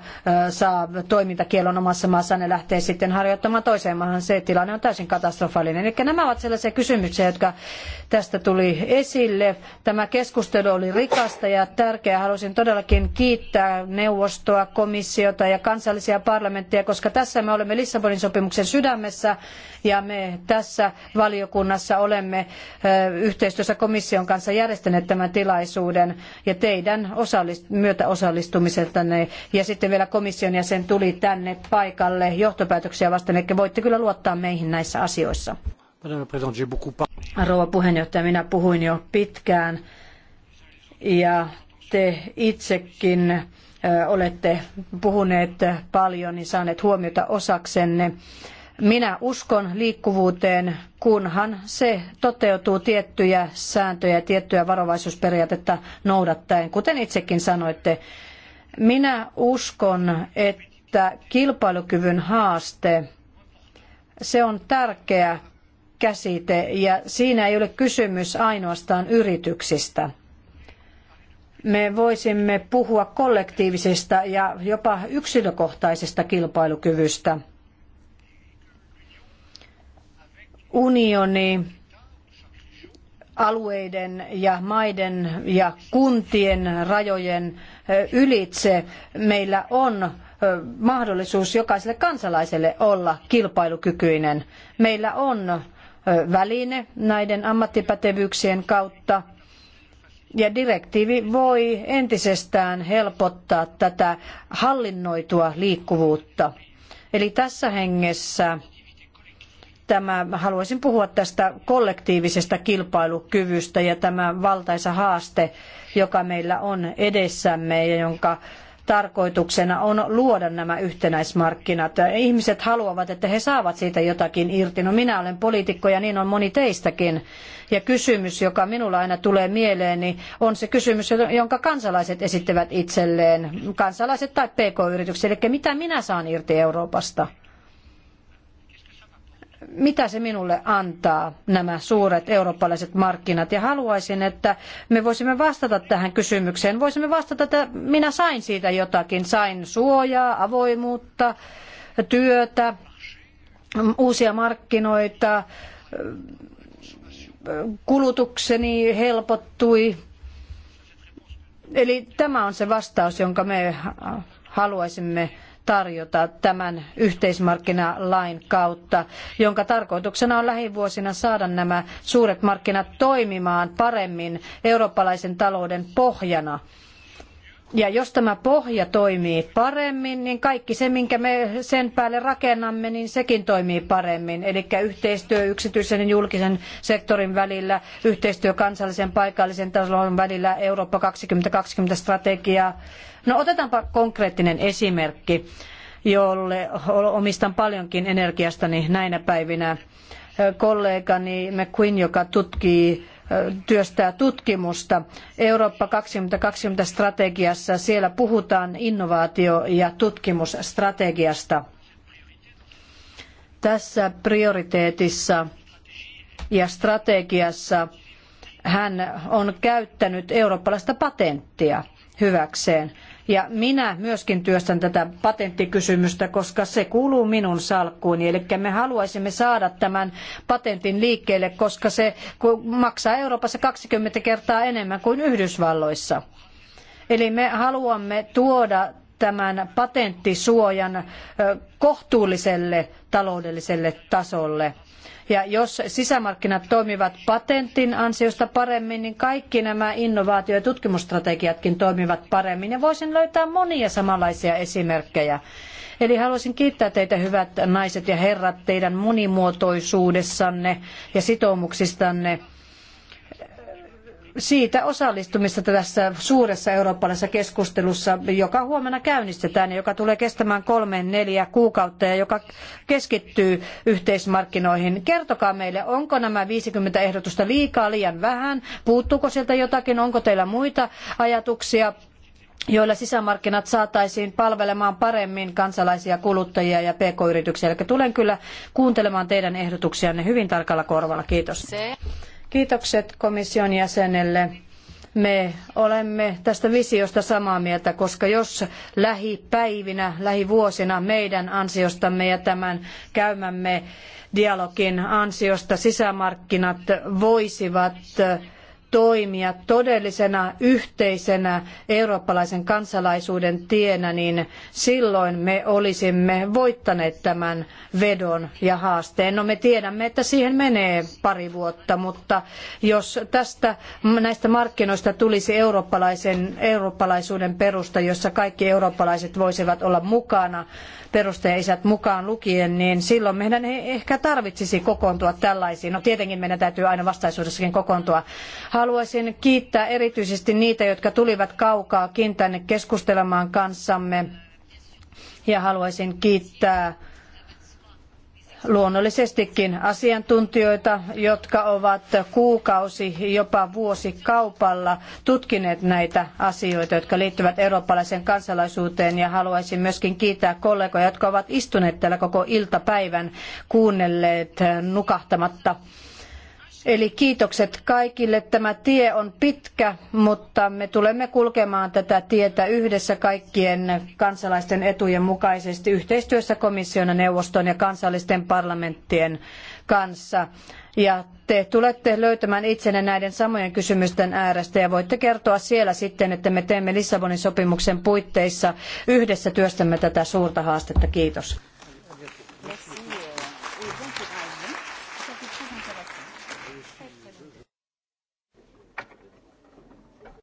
saa toimintakielon omassa maassaan ja lähtee sitten harjoittamaan toiseen maahan. Se tilanne on täysin katastrofaalinen. Eli nämä ovat sellaisia kysymyksiä, jotka tästä tuli esille. Tämä keskustelu oli rikasta ja tärkeää. Haluaisin todellakin kiittää neuvostoa, komissiota ja kansallisia parlamentteja, koska tässä me olemme Lissabonin sopimuksen sydämessä ja me tässä tässä valiokunnassa olemme yhteistyössä komission kanssa järjestäneet tämän tilaisuuden ja teidän osallist- myötäosallistumiseltanne ja sitten vielä komission jäsen tuli tänne paikalle johtopäätöksiä vasten, eli voitte kyllä luottaa meihin näissä asioissa. Rouva puheenjohtaja, minä puhuin jo pitkään ja te itsekin olette puhuneet paljon ja saaneet huomiota osaksenne. Minä uskon liikkuvuuteen, kunhan se toteutuu tiettyjä sääntöjä, tiettyä varovaisuusperiaatetta noudattaen, kuten itsekin sanoitte. Minä uskon, että kilpailukyvyn haaste, se on tärkeä käsite ja siinä ei ole kysymys ainoastaan yrityksistä me voisimme puhua kollektiivisesta ja jopa yksilökohtaisesta kilpailukyvystä. unioni alueiden ja maiden ja kuntien rajojen ylitse meillä on mahdollisuus jokaiselle kansalaiselle olla kilpailukykyinen. Meillä on väline näiden ammattipätevyyksien kautta ja direktiivi voi entisestään helpottaa tätä hallinnoitua liikkuvuutta. Eli tässä hengessä tämä, haluaisin puhua tästä kollektiivisesta kilpailukyvystä ja tämä valtaisa haaste, joka meillä on edessämme ja jonka tarkoituksena on luoda nämä yhtenäismarkkinat. Ihmiset haluavat, että he saavat siitä jotakin irti. No minä olen poliitikko ja niin on moni teistäkin. Ja kysymys, joka minulla aina tulee mieleeni, niin on se kysymys, jonka kansalaiset esittävät itselleen, kansalaiset tai pk-yritykset. Eli mitä minä saan irti Euroopasta? mitä se minulle antaa, nämä suuret eurooppalaiset markkinat. Ja haluaisin, että me voisimme vastata tähän kysymykseen. Voisimme vastata, että minä sain siitä jotakin. Sain suojaa, avoimuutta, työtä, uusia markkinoita, kulutukseni helpottui. Eli tämä on se vastaus, jonka me haluaisimme tarjota tämän yhteismarkkinalain kautta, jonka tarkoituksena on lähivuosina saada nämä suuret markkinat toimimaan paremmin eurooppalaisen talouden pohjana. Ja jos tämä pohja toimii paremmin, niin kaikki se, minkä me sen päälle rakennamme, niin sekin toimii paremmin. Eli yhteistyö yksityisen ja julkisen sektorin välillä, yhteistyö kansallisen paikallisen tason välillä, Eurooppa 2020 strategia. No otetaanpa konkreettinen esimerkki, jolle omistan paljonkin energiastani näinä päivinä. Kollegani McQueen, joka tutkii työstää tutkimusta. Eurooppa 2020 strategiassa siellä puhutaan innovaatio- ja tutkimusstrategiasta. Tässä prioriteetissa ja strategiassa hän on käyttänyt eurooppalaista patenttia hyväkseen. Ja minä myöskin työstän tätä patenttikysymystä, koska se kuuluu minun salkkuuni. Eli me haluaisimme saada tämän patentin liikkeelle, koska se maksaa Euroopassa 20 kertaa enemmän kuin Yhdysvalloissa. Eli me haluamme tuoda tämän patenttisuojan kohtuulliselle taloudelliselle tasolle. Ja jos sisämarkkinat toimivat patentin ansiosta paremmin, niin kaikki nämä innovaatio- ja tutkimusstrategiatkin toimivat paremmin. Ja voisin löytää monia samanlaisia esimerkkejä. Eli haluaisin kiittää teitä hyvät naiset ja herrat teidän monimuotoisuudessanne ja sitoumuksistanne siitä osallistumista tässä suuressa eurooppalaisessa keskustelussa, joka huomenna käynnistetään ja joka tulee kestämään kolme neljä kuukautta ja joka keskittyy yhteismarkkinoihin. Kertokaa meille, onko nämä 50 ehdotusta liikaa, liian vähän, puuttuuko sieltä jotakin, onko teillä muita ajatuksia, joilla sisämarkkinat saataisiin palvelemaan paremmin kansalaisia, kuluttajia ja pk-yrityksiä. Eli tulen kyllä kuuntelemaan teidän ehdotuksianne hyvin tarkalla korvalla. Kiitos. Kiitokset komission jäsenelle. Me olemme tästä visiosta samaa mieltä, koska jos lähipäivinä, lähivuosina meidän ansiostamme ja tämän käymämme dialogin ansiosta sisämarkkinat voisivat toimia todellisena yhteisenä eurooppalaisen kansalaisuuden tienä, niin silloin me olisimme voittaneet tämän vedon ja haasteen. No me tiedämme, että siihen menee pari vuotta, mutta jos tästä näistä markkinoista tulisi eurooppalaisen, eurooppalaisuuden perusta, jossa kaikki eurooppalaiset voisivat olla mukana, perustajaisät mukaan lukien, niin silloin meidän ei ehkä tarvitsisi kokoontua tällaisiin. No tietenkin meidän täytyy aina vastaisuudessakin kokoontua. Haluaisin kiittää erityisesti niitä, jotka tulivat kaukaakin tänne keskustelemaan kanssamme. Ja haluaisin kiittää luonnollisestikin asiantuntijoita, jotka ovat kuukausi, jopa vuosikaupalla tutkineet näitä asioita, jotka liittyvät eurooppalaiseen kansalaisuuteen. Ja haluaisin myöskin kiittää kollegoja, jotka ovat istuneet täällä koko iltapäivän kuunnelleet nukahtamatta Eli kiitokset kaikille. Tämä tie on pitkä, mutta me tulemme kulkemaan tätä tietä yhdessä kaikkien kansalaisten etujen mukaisesti yhteistyössä komission ja neuvoston ja kansallisten parlamenttien kanssa. Ja te tulette löytämään itsenne näiden samojen kysymysten äärestä ja voitte kertoa siellä sitten, että me teemme Lissabonin sopimuksen puitteissa yhdessä työstämme tätä suurta haastetta. Kiitos.